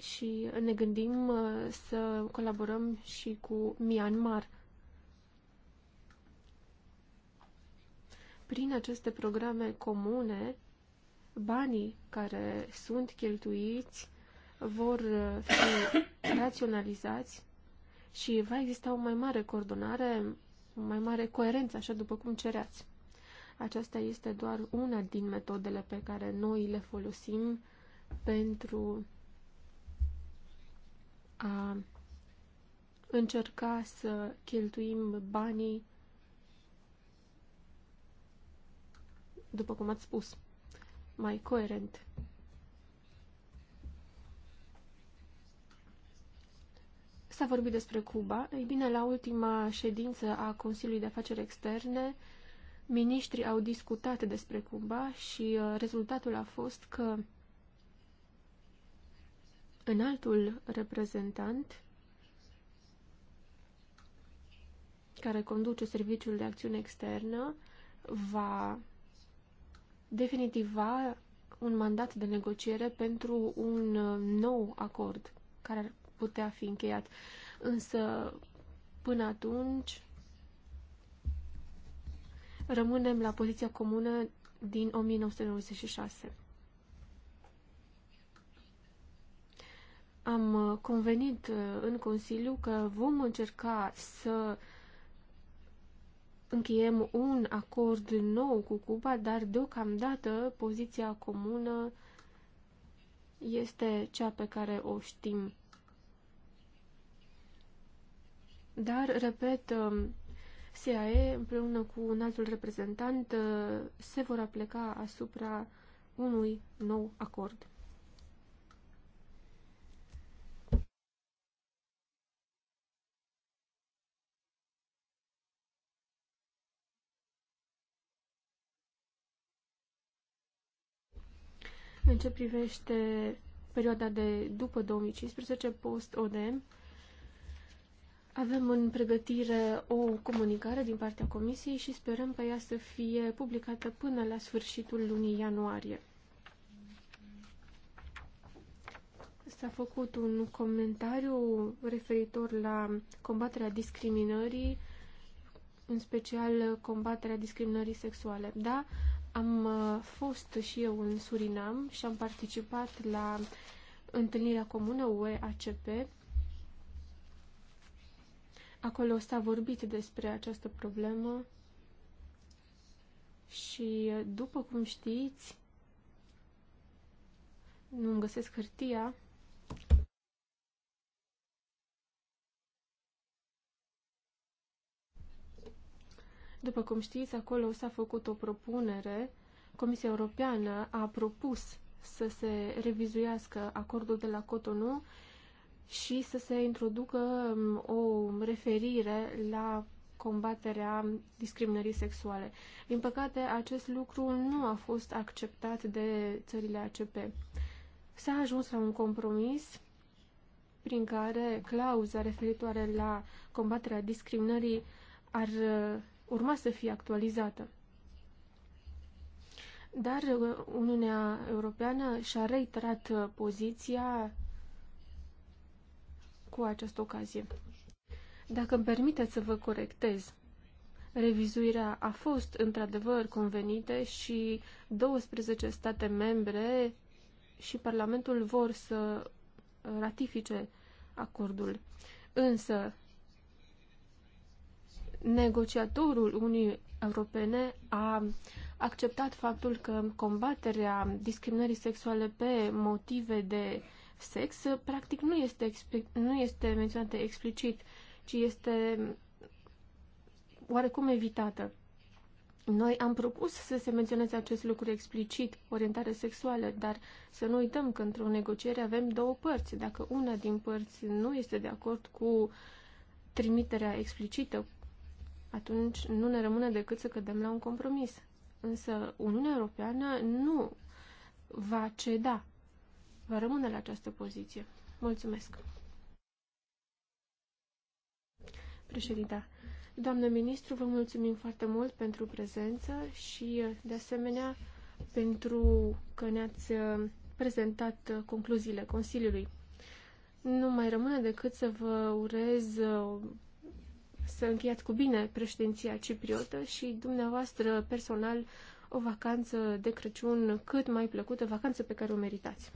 și ne gândim uh, să colaborăm și cu Myanmar. Prin aceste programe comune, banii care sunt cheltuiți vor uh, fi raționalizați și va exista o mai mare coordonare, o mai mare coerență, așa după cum cereați. Aceasta este doar una din metodele pe care noi le folosim pentru a încerca să cheltuim banii după cum ați spus, mai coerent. S-a vorbit despre Cuba. Ei bine, la ultima ședință a Consiliului de Afaceri Externe, miniștrii au discutat despre Cuba și uh, rezultatul a fost că Înaltul reprezentant care conduce Serviciul de Acțiune Externă va definitiva un mandat de negociere pentru un uh, nou acord care ar putea fi încheiat. Însă, până atunci, rămânem la poziția comună din 1996. am uh, convenit uh, în Consiliu că vom încerca să încheiem un acord nou cu Cuba, dar deocamdată poziția comună este cea pe care o știm. Dar, repet, um, CAE împreună cu un altul reprezentant uh, se vor apleca asupra unui nou acord. În ce privește perioada de după 2015, post-ODM, avem în pregătire o comunicare din partea Comisiei și sperăm ca ea să fie publicată până la sfârșitul lunii ianuarie. S-a făcut un comentariu referitor la combaterea discriminării, în special combaterea discriminării sexuale. Da, uh, am uh, fost și eu în Surinam și am participat la întâlnirea comună UE-ACP. Acolo s-a vorbit despre această problemă și, după cum știți, nu-mi găsesc hârtia, După cum știți, acolo s-a făcut o propunere. Comisia Europeană a propus să se revizuiască acordul de la Cotonou și să se introducă um, o referire la combaterea discriminării sexuale. Din păcate, acest lucru nu a fost acceptat de țările ACP. S-a ajuns la un compromis prin care clauza referitoare la combaterea discriminării ar uh, urma să fie actualizată. Dar uh, Uniunea Europeană și-a reiterat uh, poziția cu această ocazie. Dacă îmi permiteți să vă corectez, revizuirea a fost într-adevăr convenită și 12 state membre și Parlamentul vor să ratifice acordul. Însă, negociatorul Unii Europene a acceptat faptul că combaterea discriminării sexuale pe motive de sex practic nu este, nu este menționată explicit, ci este oarecum evitată. Noi am propus să se menționeze acest lucru explicit, orientare sexuală, dar să nu uităm că într-o negociere avem două părți. Dacă una din părți nu este de acord cu trimiterea explicită atunci nu ne rămâne decât să cădem la un compromis. Însă Uniunea Europeană nu va ceda, va rămâne la această poziție. Mulțumesc. Președinta, doamnă ministru, vă mulțumim foarte mult pentru prezență și, de asemenea, pentru că ne-ați uh, prezentat uh, concluziile Consiliului. Nu mai rămâne decât să vă urez uh, să încheiați cu bine președinția cipriotă și dumneavoastră personal o vacanță de Crăciun cât mai plăcută, vacanță pe care o meritați.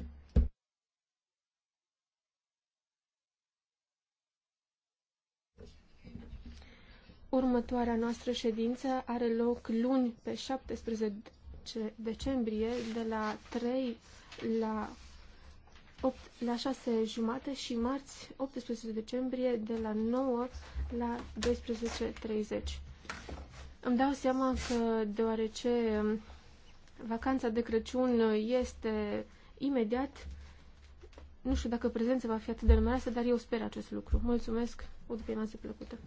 Următoarea noastră ședință are loc luni pe 17 decembrie de la 3 la 8, la 6 jumate și marți, 18 decembrie, de la 9 la 12.30. Îmi dau seama că deoarece um, vacanța de Crăciun uh, este imediat, nu știu dacă prezența va fi atât de numeroasă, dar eu sper acest lucru. Mulțumesc, o după plăcută!